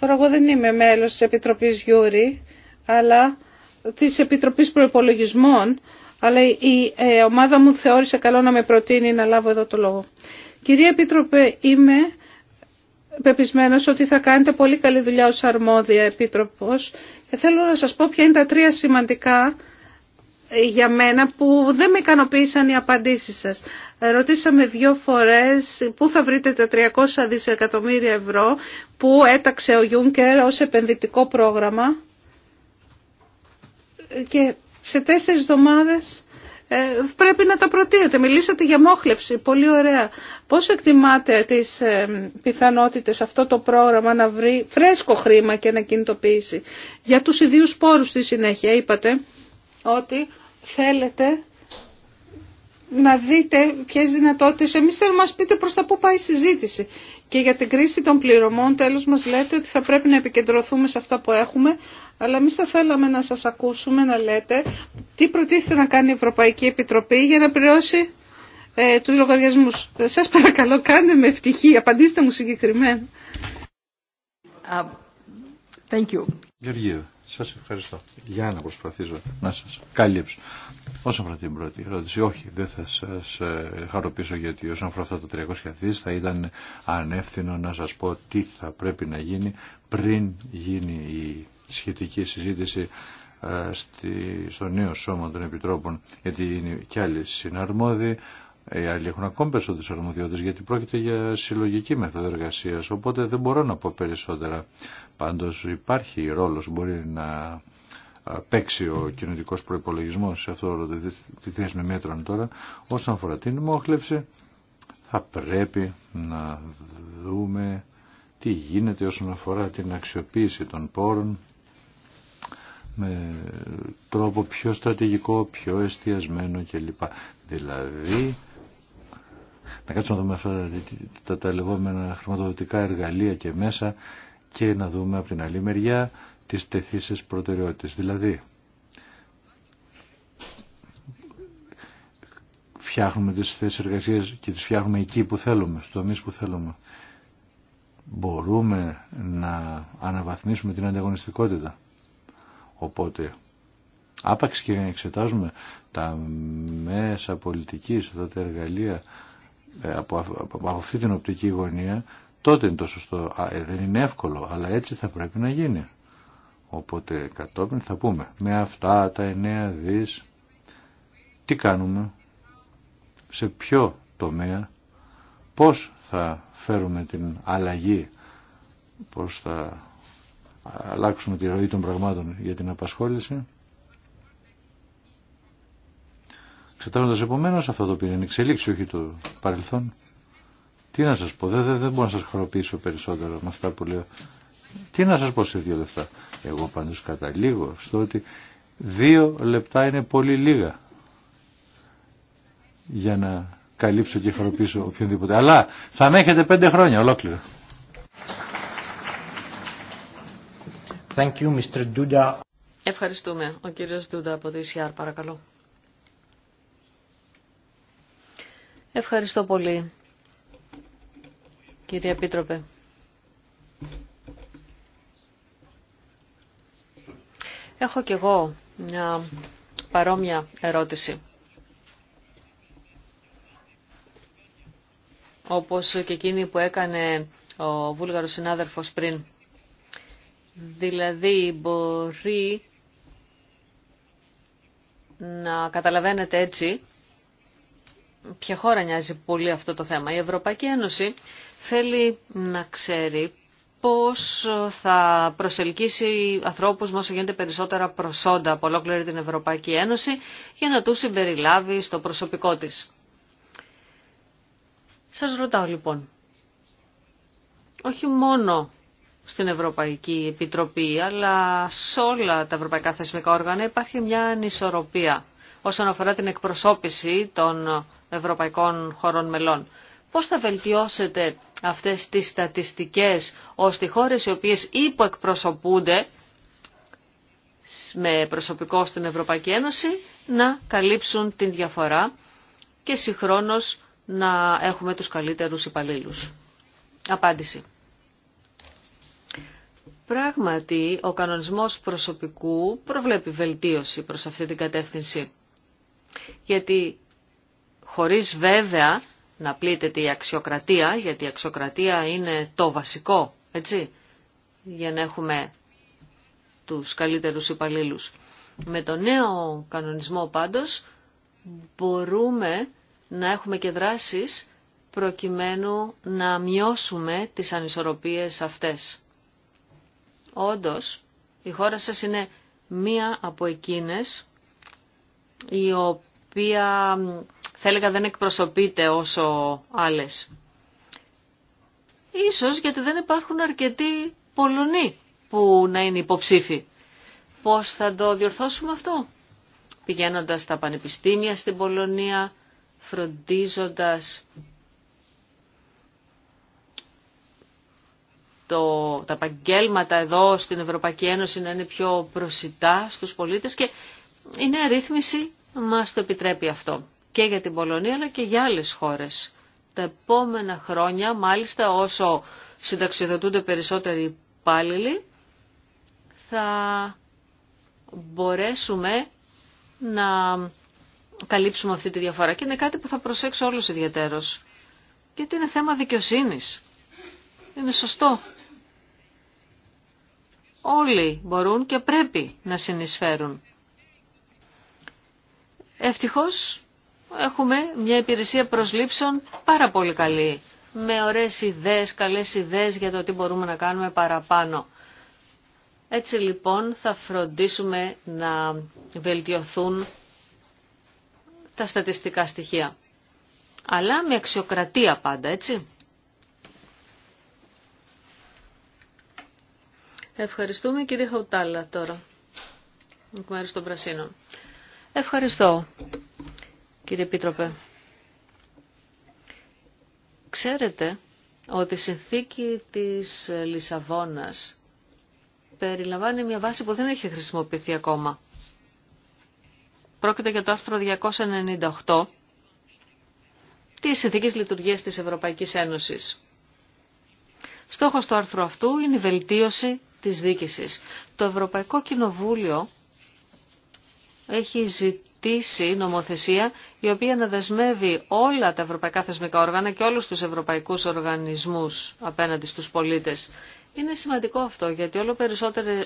Τώρα εγώ δεν είμαι μέλος της Επιτροπής Γιούρη, αλλά της Επιτροπής Προϋπολογισμών, αλλά η ε, ομάδα μου θεώρησε καλό να με προτείνει να λάβω εδώ το λόγο. Κυρία Επίτροπε, είμαι πεπισμένος ότι θα κάνετε πολύ καλή δουλειά ως αρμόδια επίτροπος και θέλω να σας πω ποια είναι τα τρία σημαντικά για μένα που δεν με ικανοποίησαν οι απαντήσεις σας. Ρωτήσαμε δύο φορές πού θα βρείτε τα 300 δισεκατομμύρια ευρώ που έταξε ο Γιούνκερ ως επενδυτικό πρόγραμμα και σε τέσσερις εβδομάδες ε, πρέπει να τα προτείνετε. Μιλήσατε για μόχλευση, πολύ ωραία. Πώς εκτιμάτε τις ε, πιθανότητες αυτό το πρόγραμμα να βρει φρέσκο χρήμα και να κινητοποιήσει για τους ιδίους πόρους στη συνέχεια, είπατε ότι θέλετε να δείτε ποιε δυνατότητε εμεί θέλουμε να μας πείτε προς τα πού πάει η συζήτηση. Και για την κρίση των πληρωμών τέλος μας λέτε ότι θα πρέπει να επικεντρωθούμε σε αυτά που έχουμε, αλλά εμεί θα θέλαμε να σας ακούσουμε να λέτε τι προτίθεται να κάνει η Ευρωπαϊκή Επιτροπή για να πληρώσει ε, τους λογαριασμούς. Σας παρακαλώ κάντε με ευτυχή, απαντήστε μου συγκεκριμένα. Uh, thank you. Σας ευχαριστώ. Για να προσπαθήσω να σας κάλυψω. Όσον αφορά την πρώτη ερώτηση, όχι, δεν θα σας ε, χαροποιήσω γιατί όσον αφορά αυτά τα 300 δις θα ήταν ανεύθυνο να σας πω τι θα πρέπει να γίνει πριν γίνει η σχετική συζήτηση ε, στο νέο σώμα των Επιτρόπων, γιατί είναι κι άλλοι συναρμόδιοι, οι ε, άλλοι έχουν ακόμη περισσότερε αρμοδιότητε γιατί πρόκειται για συλλογική μέθοδο εργασία. Οπότε δεν μπορώ να πω περισσότερα. Πάντω υπάρχει ρόλο μπορεί να παίξει ο κοινωνικό προπολογισμό σε αυτό τη θέση μέτρων τώρα. Όσον αφορά την μόχλευση, θα πρέπει να δούμε τι γίνεται όσον αφορά την αξιοποίηση των πόρων με τρόπο πιο στρατηγικό, πιο εστιασμένο κλπ. Δηλαδή να κάτσουμε να δούμε αυτά τα, τα λεγόμενα χρηματοδοτικά εργαλεία και μέσα και να δούμε από την άλλη μεριά τις τεθήσεις προτεραιότητες. Δηλαδή, φτιάχνουμε τις θέσεις εργασίας και τις φτιάχνουμε εκεί που θέλουμε, στο τομείς που θέλουμε. Μπορούμε να αναβαθμίσουμε την ανταγωνιστικότητα. Οπότε, άπαξ και εξετάζουμε τα μέσα πολιτικής, αυτά τα εργαλεία ε, από, αυτή την οπτική γωνία, τότε είναι το σωστό. Ε, δεν είναι εύκολο, αλλά έτσι θα πρέπει να γίνει. Οπότε κατόπιν θα πούμε, με αυτά τα εννέα δις, τι κάνουμε, σε ποιο τομέα, πώς θα φέρουμε την αλλαγή, πώς θα αλλάξουμε τη ροή των πραγμάτων για την απασχόληση. Εξετάζοντα επομένω αυτό το οποίο είναι εξελίξη, όχι το παρελθόν. Τι να σα πω, δεν, δεν, δεν μπορώ να σα χαροποιήσω περισσότερο με αυτά που λέω. Τι να σα πω σε δύο λεπτά. Εγώ πάντω καταλήγω στο ότι δύο λεπτά είναι πολύ λίγα για να καλύψω και χαροποιήσω οποιονδήποτε. Αλλά θα με έχετε πέντε χρόνια ολόκληρα. Thank you, Mr. Duda. Ευχαριστούμε. Ο κύριος Ντούντα από το ΣΥΑΡ, παρακαλώ. Ευχαριστώ πολύ, κύριε Επίτροπε. Έχω κι εγώ μια παρόμοια ερώτηση. Όπως και εκείνη που έκανε ο βούλγαρος συνάδελφος πριν. Δηλαδή μπορεί να καταλαβαίνετε έτσι ποια χώρα νοιάζει πολύ αυτό το θέμα. Η Ευρωπαϊκή Ένωση θέλει να ξέρει πώς θα προσελκύσει ανθρώπους με όσο γίνεται περισσότερα προσόντα από ολόκληρη την Ευρωπαϊκή Ένωση για να τους συμπεριλάβει στο προσωπικό της. Σας ρωτάω λοιπόν, όχι μόνο στην Ευρωπαϊκή Επιτροπή αλλά σε όλα τα ευρωπαϊκά θεσμικά όργανα υπάρχει μια ανισορροπία όσον αφορά την εκπροσώπηση των ευρωπαϊκών χωρών μελών. Πώς θα βελτιώσετε αυτές τις στατιστικές ώστε οι χώρες οι οποίες υποεκπροσωπούνται με προσωπικό στην Ευρωπαϊκή Ένωση να καλύψουν την διαφορά και συγχρόνως να έχουμε τους καλύτερους υπαλλήλους. Απάντηση. Πράγματι, ο κανονισμός προσωπικού προβλέπει βελτίωση προς αυτή την κατεύθυνση. Γιατί χωρίς βέβαια να πλήττεται η αξιοκρατία, γιατί η αξιοκρατία είναι το βασικό, έτσι, για να έχουμε τους καλύτερους υπαλλήλους. Με το νέο κανονισμό πάντως μπορούμε να έχουμε και δράσεις προκειμένου να μειώσουμε τις ανισορροπίες αυτές. Όντως, η χώρα σας είναι μία από εκείνες η οποία θα έλεγα δεν εκπροσωπείται όσο άλλες. Ίσως γιατί δεν υπάρχουν αρκετοί Πολωνοί που να είναι υποψήφοι. Πώς θα το διορθώσουμε αυτό. Πηγαίνοντας στα πανεπιστήμια στην Πολωνία, φροντίζοντας το, τα επαγγέλματα εδώ στην Ευρωπαϊκή Ένωση να είναι πιο προσιτά στους πολίτες και η νέα ρύθμιση μας το επιτρέπει αυτό και για την Πολωνία αλλά και για άλλες χώρες. Τα επόμενα χρόνια, μάλιστα όσο συνταξιοδοτούνται περισσότεροι υπάλληλοι, θα μπορέσουμε να καλύψουμε αυτή τη διαφορά. Και είναι κάτι που θα προσέξω όλους ιδιαίτερος. Γιατί είναι θέμα δικαιοσύνης. Είναι σωστό. Όλοι μπορούν και πρέπει να συνεισφέρουν. Ευτυχώς έχουμε μια υπηρεσία προσλήψεων πάρα πολύ καλή, με ωραίες ιδέες, καλές ιδέες για το τι μπορούμε να κάνουμε παραπάνω. Έτσι λοιπόν θα φροντίσουμε να βελτιωθούν τα στατιστικά στοιχεία. Αλλά με αξιοκρατία πάντα, έτσι. Ευχαριστούμε κύριε Χαουτάλα τώρα. Εκ μέρους των Πρασίνων. Ευχαριστώ, κύριε Επίτροπε. Ξέρετε ότι η συνθήκη της Λισαβόνας περιλαμβάνει μια βάση που δεν έχει χρησιμοποιηθεί ακόμα. Πρόκειται για το άρθρο 298 της Συνθήκης Λειτουργίας της Ευρωπαϊκής Ένωσης. Στόχος του άρθρου αυτού είναι η βελτίωση της δίκησης. Το Ευρωπαϊκό Κοινοβούλιο έχει ζητήσει νομοθεσία η οποία να δεσμεύει όλα τα ευρωπαϊκά θεσμικά όργανα και όλους τους ευρωπαϊκούς οργανισμούς απέναντι στους πολίτες. Είναι σημαντικό αυτό γιατί όλο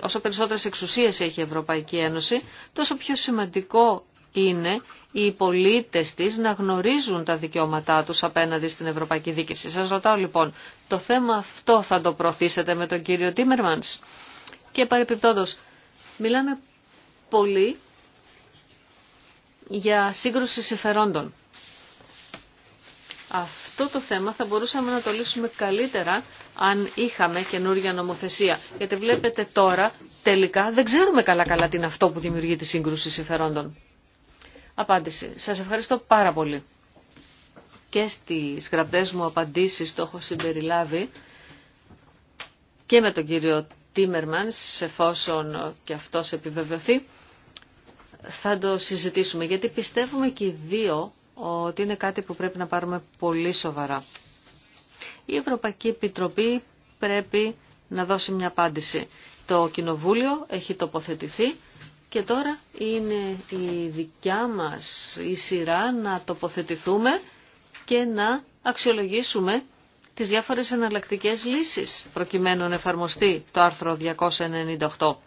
όσο περισσότερες εξουσίες έχει η Ευρωπαϊκή Ένωση τόσο πιο σημαντικό είναι οι πολίτες της να γνωρίζουν τα δικαιώματά τους απέναντι στην Ευρωπαϊκή Δίκηση. Σας ρωτάω λοιπόν, το θέμα αυτό θα το προωθήσετε με τον κύριο Τίμερμαντς. Και παρεπιπτόντως, μιλάμε πολύ για σύγκρουση συμφερόντων. Αυτό το θέμα θα μπορούσαμε να το λύσουμε καλύτερα αν είχαμε καινούργια νομοθεσία. Γιατί βλέπετε τώρα τελικά δεν ξέρουμε καλά καλά τι είναι αυτό που δημιουργεί τη σύγκρουση συμφερόντων. Απάντηση. Σας ευχαριστώ πάρα πολύ. Και στις γραπτές μου απαντήσεις το έχω συμπεριλάβει και με τον κύριο Τίμερμανς εφόσον και αυτός επιβεβαιωθεί θα το συζητήσουμε, γιατί πιστεύουμε και οι δύο ότι είναι κάτι που πρέπει να πάρουμε πολύ σοβαρά. Η Ευρωπαϊκή Επιτροπή πρέπει να δώσει μια απάντηση. Το Κοινοβούλιο έχει τοποθετηθεί και τώρα είναι η δικιά μας η σειρά να τοποθετηθούμε και να αξιολογήσουμε τις διάφορες εναλλακτικές λύσεις προκειμένου να εφαρμοστεί το άρθρο 298.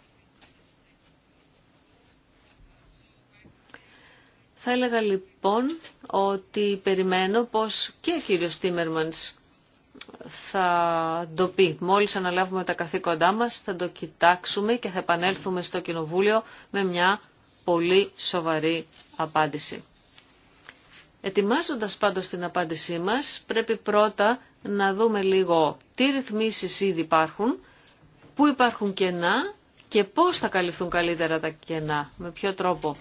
Θα έλεγα λοιπόν ότι περιμένω πως και ο κύριος θα το πει. Μόλις αναλάβουμε τα καθήκοντά μας θα το κοιτάξουμε και θα επανέλθουμε στο Κοινοβούλιο με μια πολύ σοβαρή απάντηση. Ετοιμάζοντας πάντως την απάντησή μας πρέπει πρώτα να δούμε λίγο τι ρυθμίσεις ήδη υπάρχουν, πού υπάρχουν κενά και πώς θα καλυφθούν καλύτερα τα κενά, με ποιο τρόπο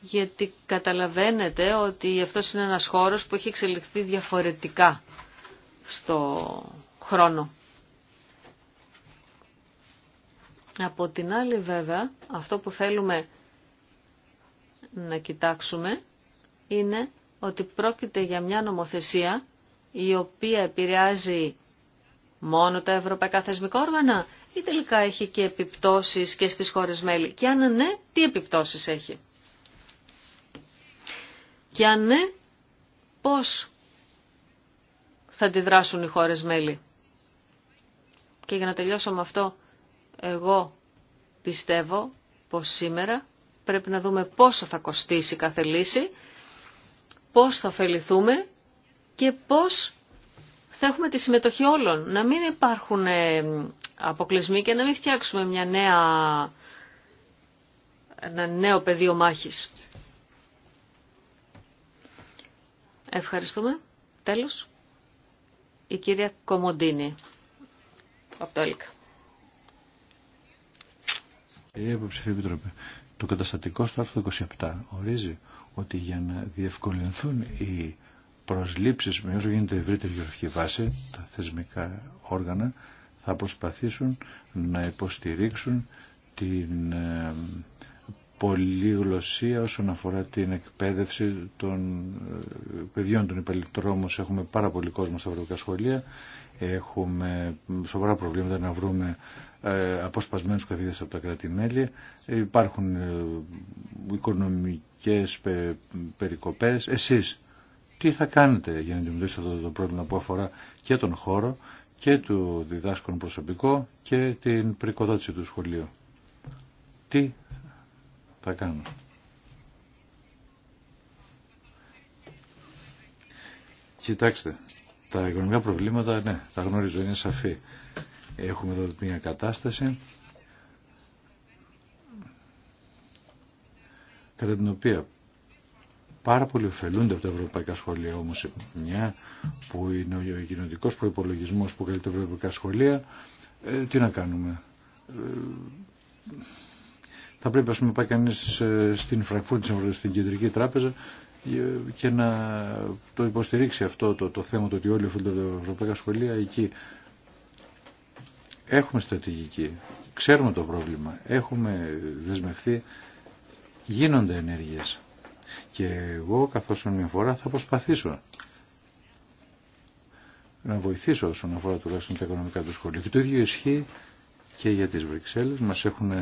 γιατί καταλαβαίνετε ότι αυτός είναι ένας χώρος που έχει εξελιχθεί διαφορετικά στο χρόνο. Από την άλλη βέβαια, αυτό που θέλουμε να κοιτάξουμε είναι ότι πρόκειται για μια νομοθεσία η οποία επηρεάζει μόνο τα ευρωπαϊκά θεσμικά όργανα ή τελικά έχει και επιπτώσεις και στις χώρες μέλη. Και αν ναι, τι επιπτώσεις έχει. Και αν ναι, πώς θα αντιδράσουν οι χώρες μέλη. Και για να τελειώσω με αυτό, εγώ πιστεύω πως σήμερα πρέπει να δούμε πόσο θα κοστίσει κάθε λύση, πώς θα ωφεληθούμε και πώς θα έχουμε τη συμμετοχή όλων. Να μην υπάρχουν ε, αποκλεισμοί και να μην φτιάξουμε μια νέα, ένα νέο πεδίο μάχης. Ευχαριστούμε. Τέλος, η κυρία Κομοντίνη από το ΕΛΚ. Κυρία Υποψηφή Επιτροπή, το καταστατικό στο άρθρο 27 ορίζει ότι για να διευκολυνθούν οι προσλήψεις με όσο γίνεται ευρύτερη γεωργική βάση, τα θεσμικά όργανα θα προσπαθήσουν να υποστηρίξουν την ε, γλωσσία όσον αφορά την εκπαίδευση των ε, παιδιών των υπαλληλικών Έχουμε πάρα πολύ κόσμο στα ευρωπαϊκά σχολεία. Έχουμε σοβαρά προβλήματα να βρούμε ε, αποσπασμένους καθηγητές από τα κράτη-μέλη. Υπάρχουν ε, οικονομικές περικοπές. Εσείς τι θα κάνετε για να αντιμετωπίσετε αυτό το πρόβλημα που αφορά και τον χώρο και του διδάσκον προσωπικό και την πρικοδότηση του σχολείου. Τι θα κάνω. Κοιτάξτε, τα οικονομικά προβλήματα, ναι, τα γνωρίζω, είναι σαφή. Έχουμε εδώ μια κατάσταση κατά την οποία πάρα πολύ ωφελούνται από τα ευρωπαϊκά σχολεία όμως μια που είναι ο κοινωνικός προϋπολογισμός που καλεί τα ευρωπαϊκά σχολεία ε, τι να κάνουμε ε, θα πρέπει να πάει κανεί ε, στην Φραγκφούρτη, στην Κεντρική Τράπεζα ε, και να το υποστηρίξει αυτό το, το θέμα το ότι όλοι οφείλονται τα ευρωπαϊκά σχολεία εκεί. Έχουμε στρατηγική, ξέρουμε το πρόβλημα, έχουμε δεσμευθεί, γίνονται ενέργειες. Και εγώ καθώς μια φορά θα προσπαθήσω να βοηθήσω όσον αφορά τουλάχιστον τα οικονομικά του σχολείου. Και το ίδιο ισχύει και για τις Βρυξέλλες. Μας έχουν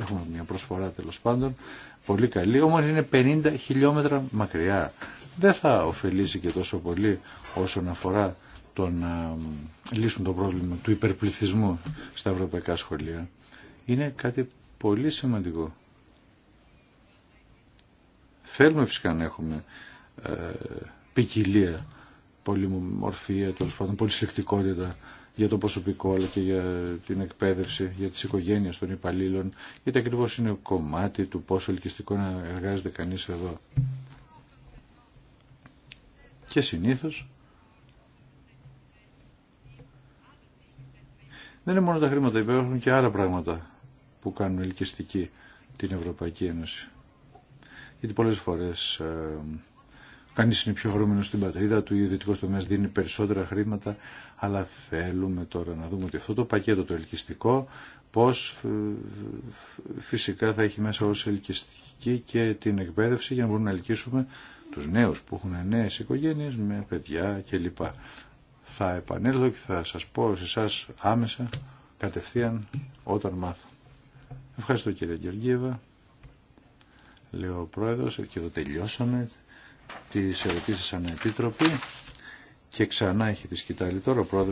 έχουμε μια προσφορά τέλο πάντων, πολύ καλή, Όμω είναι 50 χιλιόμετρα μακριά. Δεν θα ωφελήσει και τόσο πολύ όσον αφορά το να λύσουν το πρόβλημα του υπερπληθυσμού στα ευρωπαϊκά σχολεία. Είναι κάτι πολύ σημαντικό. Θέλουμε φυσικά να έχουμε ε, ποικιλία, πολυμορφία, τέλο πάντων, για το προσωπικό αλλά και για την εκπαίδευση, για τις οικογένειες των υπαλλήλων, γιατί ακριβώς είναι κομμάτι του πόσο ελκυστικό να εργάζεται κανείς εδώ. Και συνήθως δεν είναι μόνο τα χρήματα, υπάρχουν και άλλα πράγματα που κάνουν ελκυστική την Ευρωπαϊκή Ένωση. Γιατί πολλές φορές ε, Κάνει είναι πιο χαρούμενος στην πατρίδα του, ο ιδιωτικός τομέας δίνει περισσότερα χρήματα, αλλά θέλουμε τώρα να δούμε ότι αυτό το πακέτο το ελκυστικό, πώς ε, φυσικά θα έχει μέσα ως ελκυστική και την εκπαίδευση για να μπορούμε να ελκύσουμε τους νέους που έχουν νέες οικογένειες με παιδιά κλπ. Θα επανέλθω και θα σας πω σε εσά άμεσα, κατευθείαν, όταν μάθω. Ευχαριστώ κύριε Γεωργίευα. Λέω ο πρόεδρος ε, και εδώ τελειώσαμε τις ερωτήσεις ανεπίτροπη και ξανά έχει τη σκητάλη τώρα ο